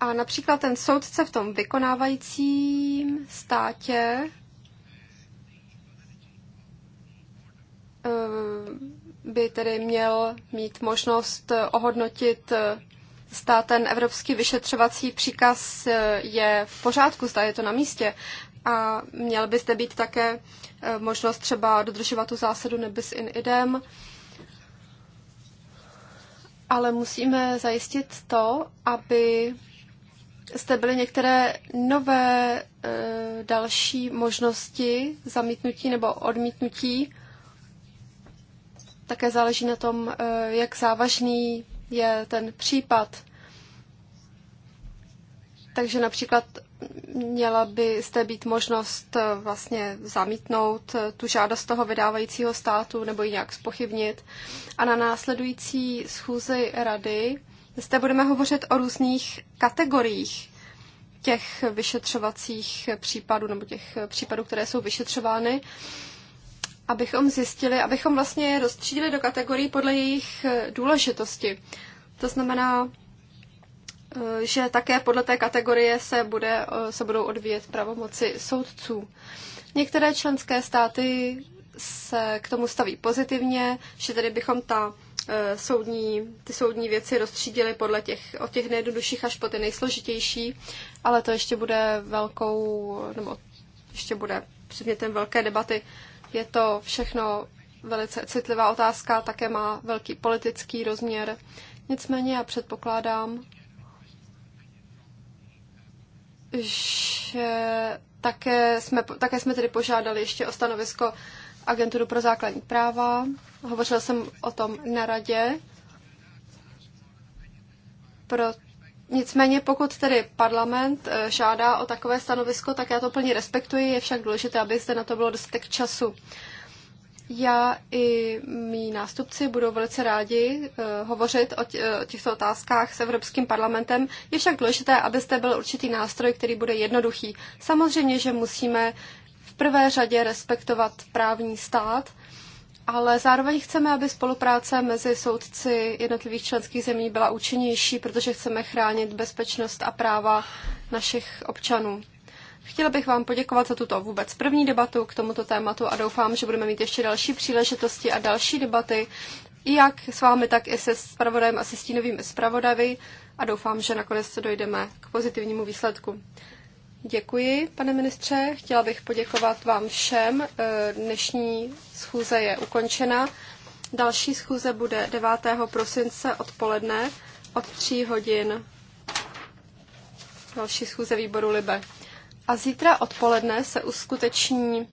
A například ten soudce v tom vykonávajícím státě eh, by tedy měl mít možnost ohodnotit eh, zda ten evropský vyšetřovací příkaz eh, je v pořádku, zda je to na místě. A měl by zde být také eh, možnost třeba dodržovat tu zásadu nebys in idem. Ale musíme zajistit to, aby zde byly některé nové e, další možnosti zamítnutí nebo odmítnutí. Také záleží na tom, e, jak závažný je ten případ. Takže například měla by zde být možnost eh, vlastně zamítnout eh, tu žádost toho vydávajícího státu nebo ji nějak spochybnit. A na následující schůzi rady zde budeme hovořit o různých kategoriích těch vyšetřovacích případů nebo těch eh, případů, které jsou vyšetřovány abychom zjistili, abychom vlastně je rozstřídili do kategorií podle jejich eh, důležitosti. To znamená, eh, že také podle té kategorie se, bude, eh, se budou odvíjet pravomoci soudců. Některé členské státy se k tomu staví pozitivně, že tedy bychom ta soudní, ty soudní věci rozstřídili podle těch, od těch nejjednodušších až po ty nejsložitější, ale to ještě bude velkou, nebo ještě bude předmětem velké debaty. Je to všechno velice citlivá otázka, také má velký politický rozměr. Nicméně já předpokládám, že také jsme, také jsme tedy požádali ještě o stanovisko Agenturu pro základní práva. Hovořil jsem o tom na radě, proto Nicméně pokud tedy parlament eh, žádá o takové stanovisko, tak já to plně respektuji, je však důležité, aby zde na to bylo dostatek času. Já i mý nástupci budou velice rádi uh, hovořit o, tě, eh, o těchto otázkách s Evropským parlamentem. Je však důležité, abyste byl určitý nástroj, který bude jednoduchý. Samozřejmě, že musíme v prvé řadě respektovat právní stát, ale zároveň chceme, aby spolupráce mezi soudci jednotlivých členských zemí byla účinnější, protože chceme chránit bezpečnost a práva našich občanů. Chtěla bych vám poděkovat za tuto vůbec první debatu k tomuto tématu a doufám, že budeme mít ještě další příležitosti a další debaty, jak s vámi, tak i se spravodajem a se stínovými spravodavy a doufám, že nakonec se dojdeme k pozitivnímu výsledku. Děkuji, pane ministře. Chtěla bych poděkovat vám všem. Eh, dnešní schůze je ukončena. Další schůze bude 9. prosince odpoledne od 3 hodin. Další schůze výboru Libe. A zítra odpoledne se uskuteční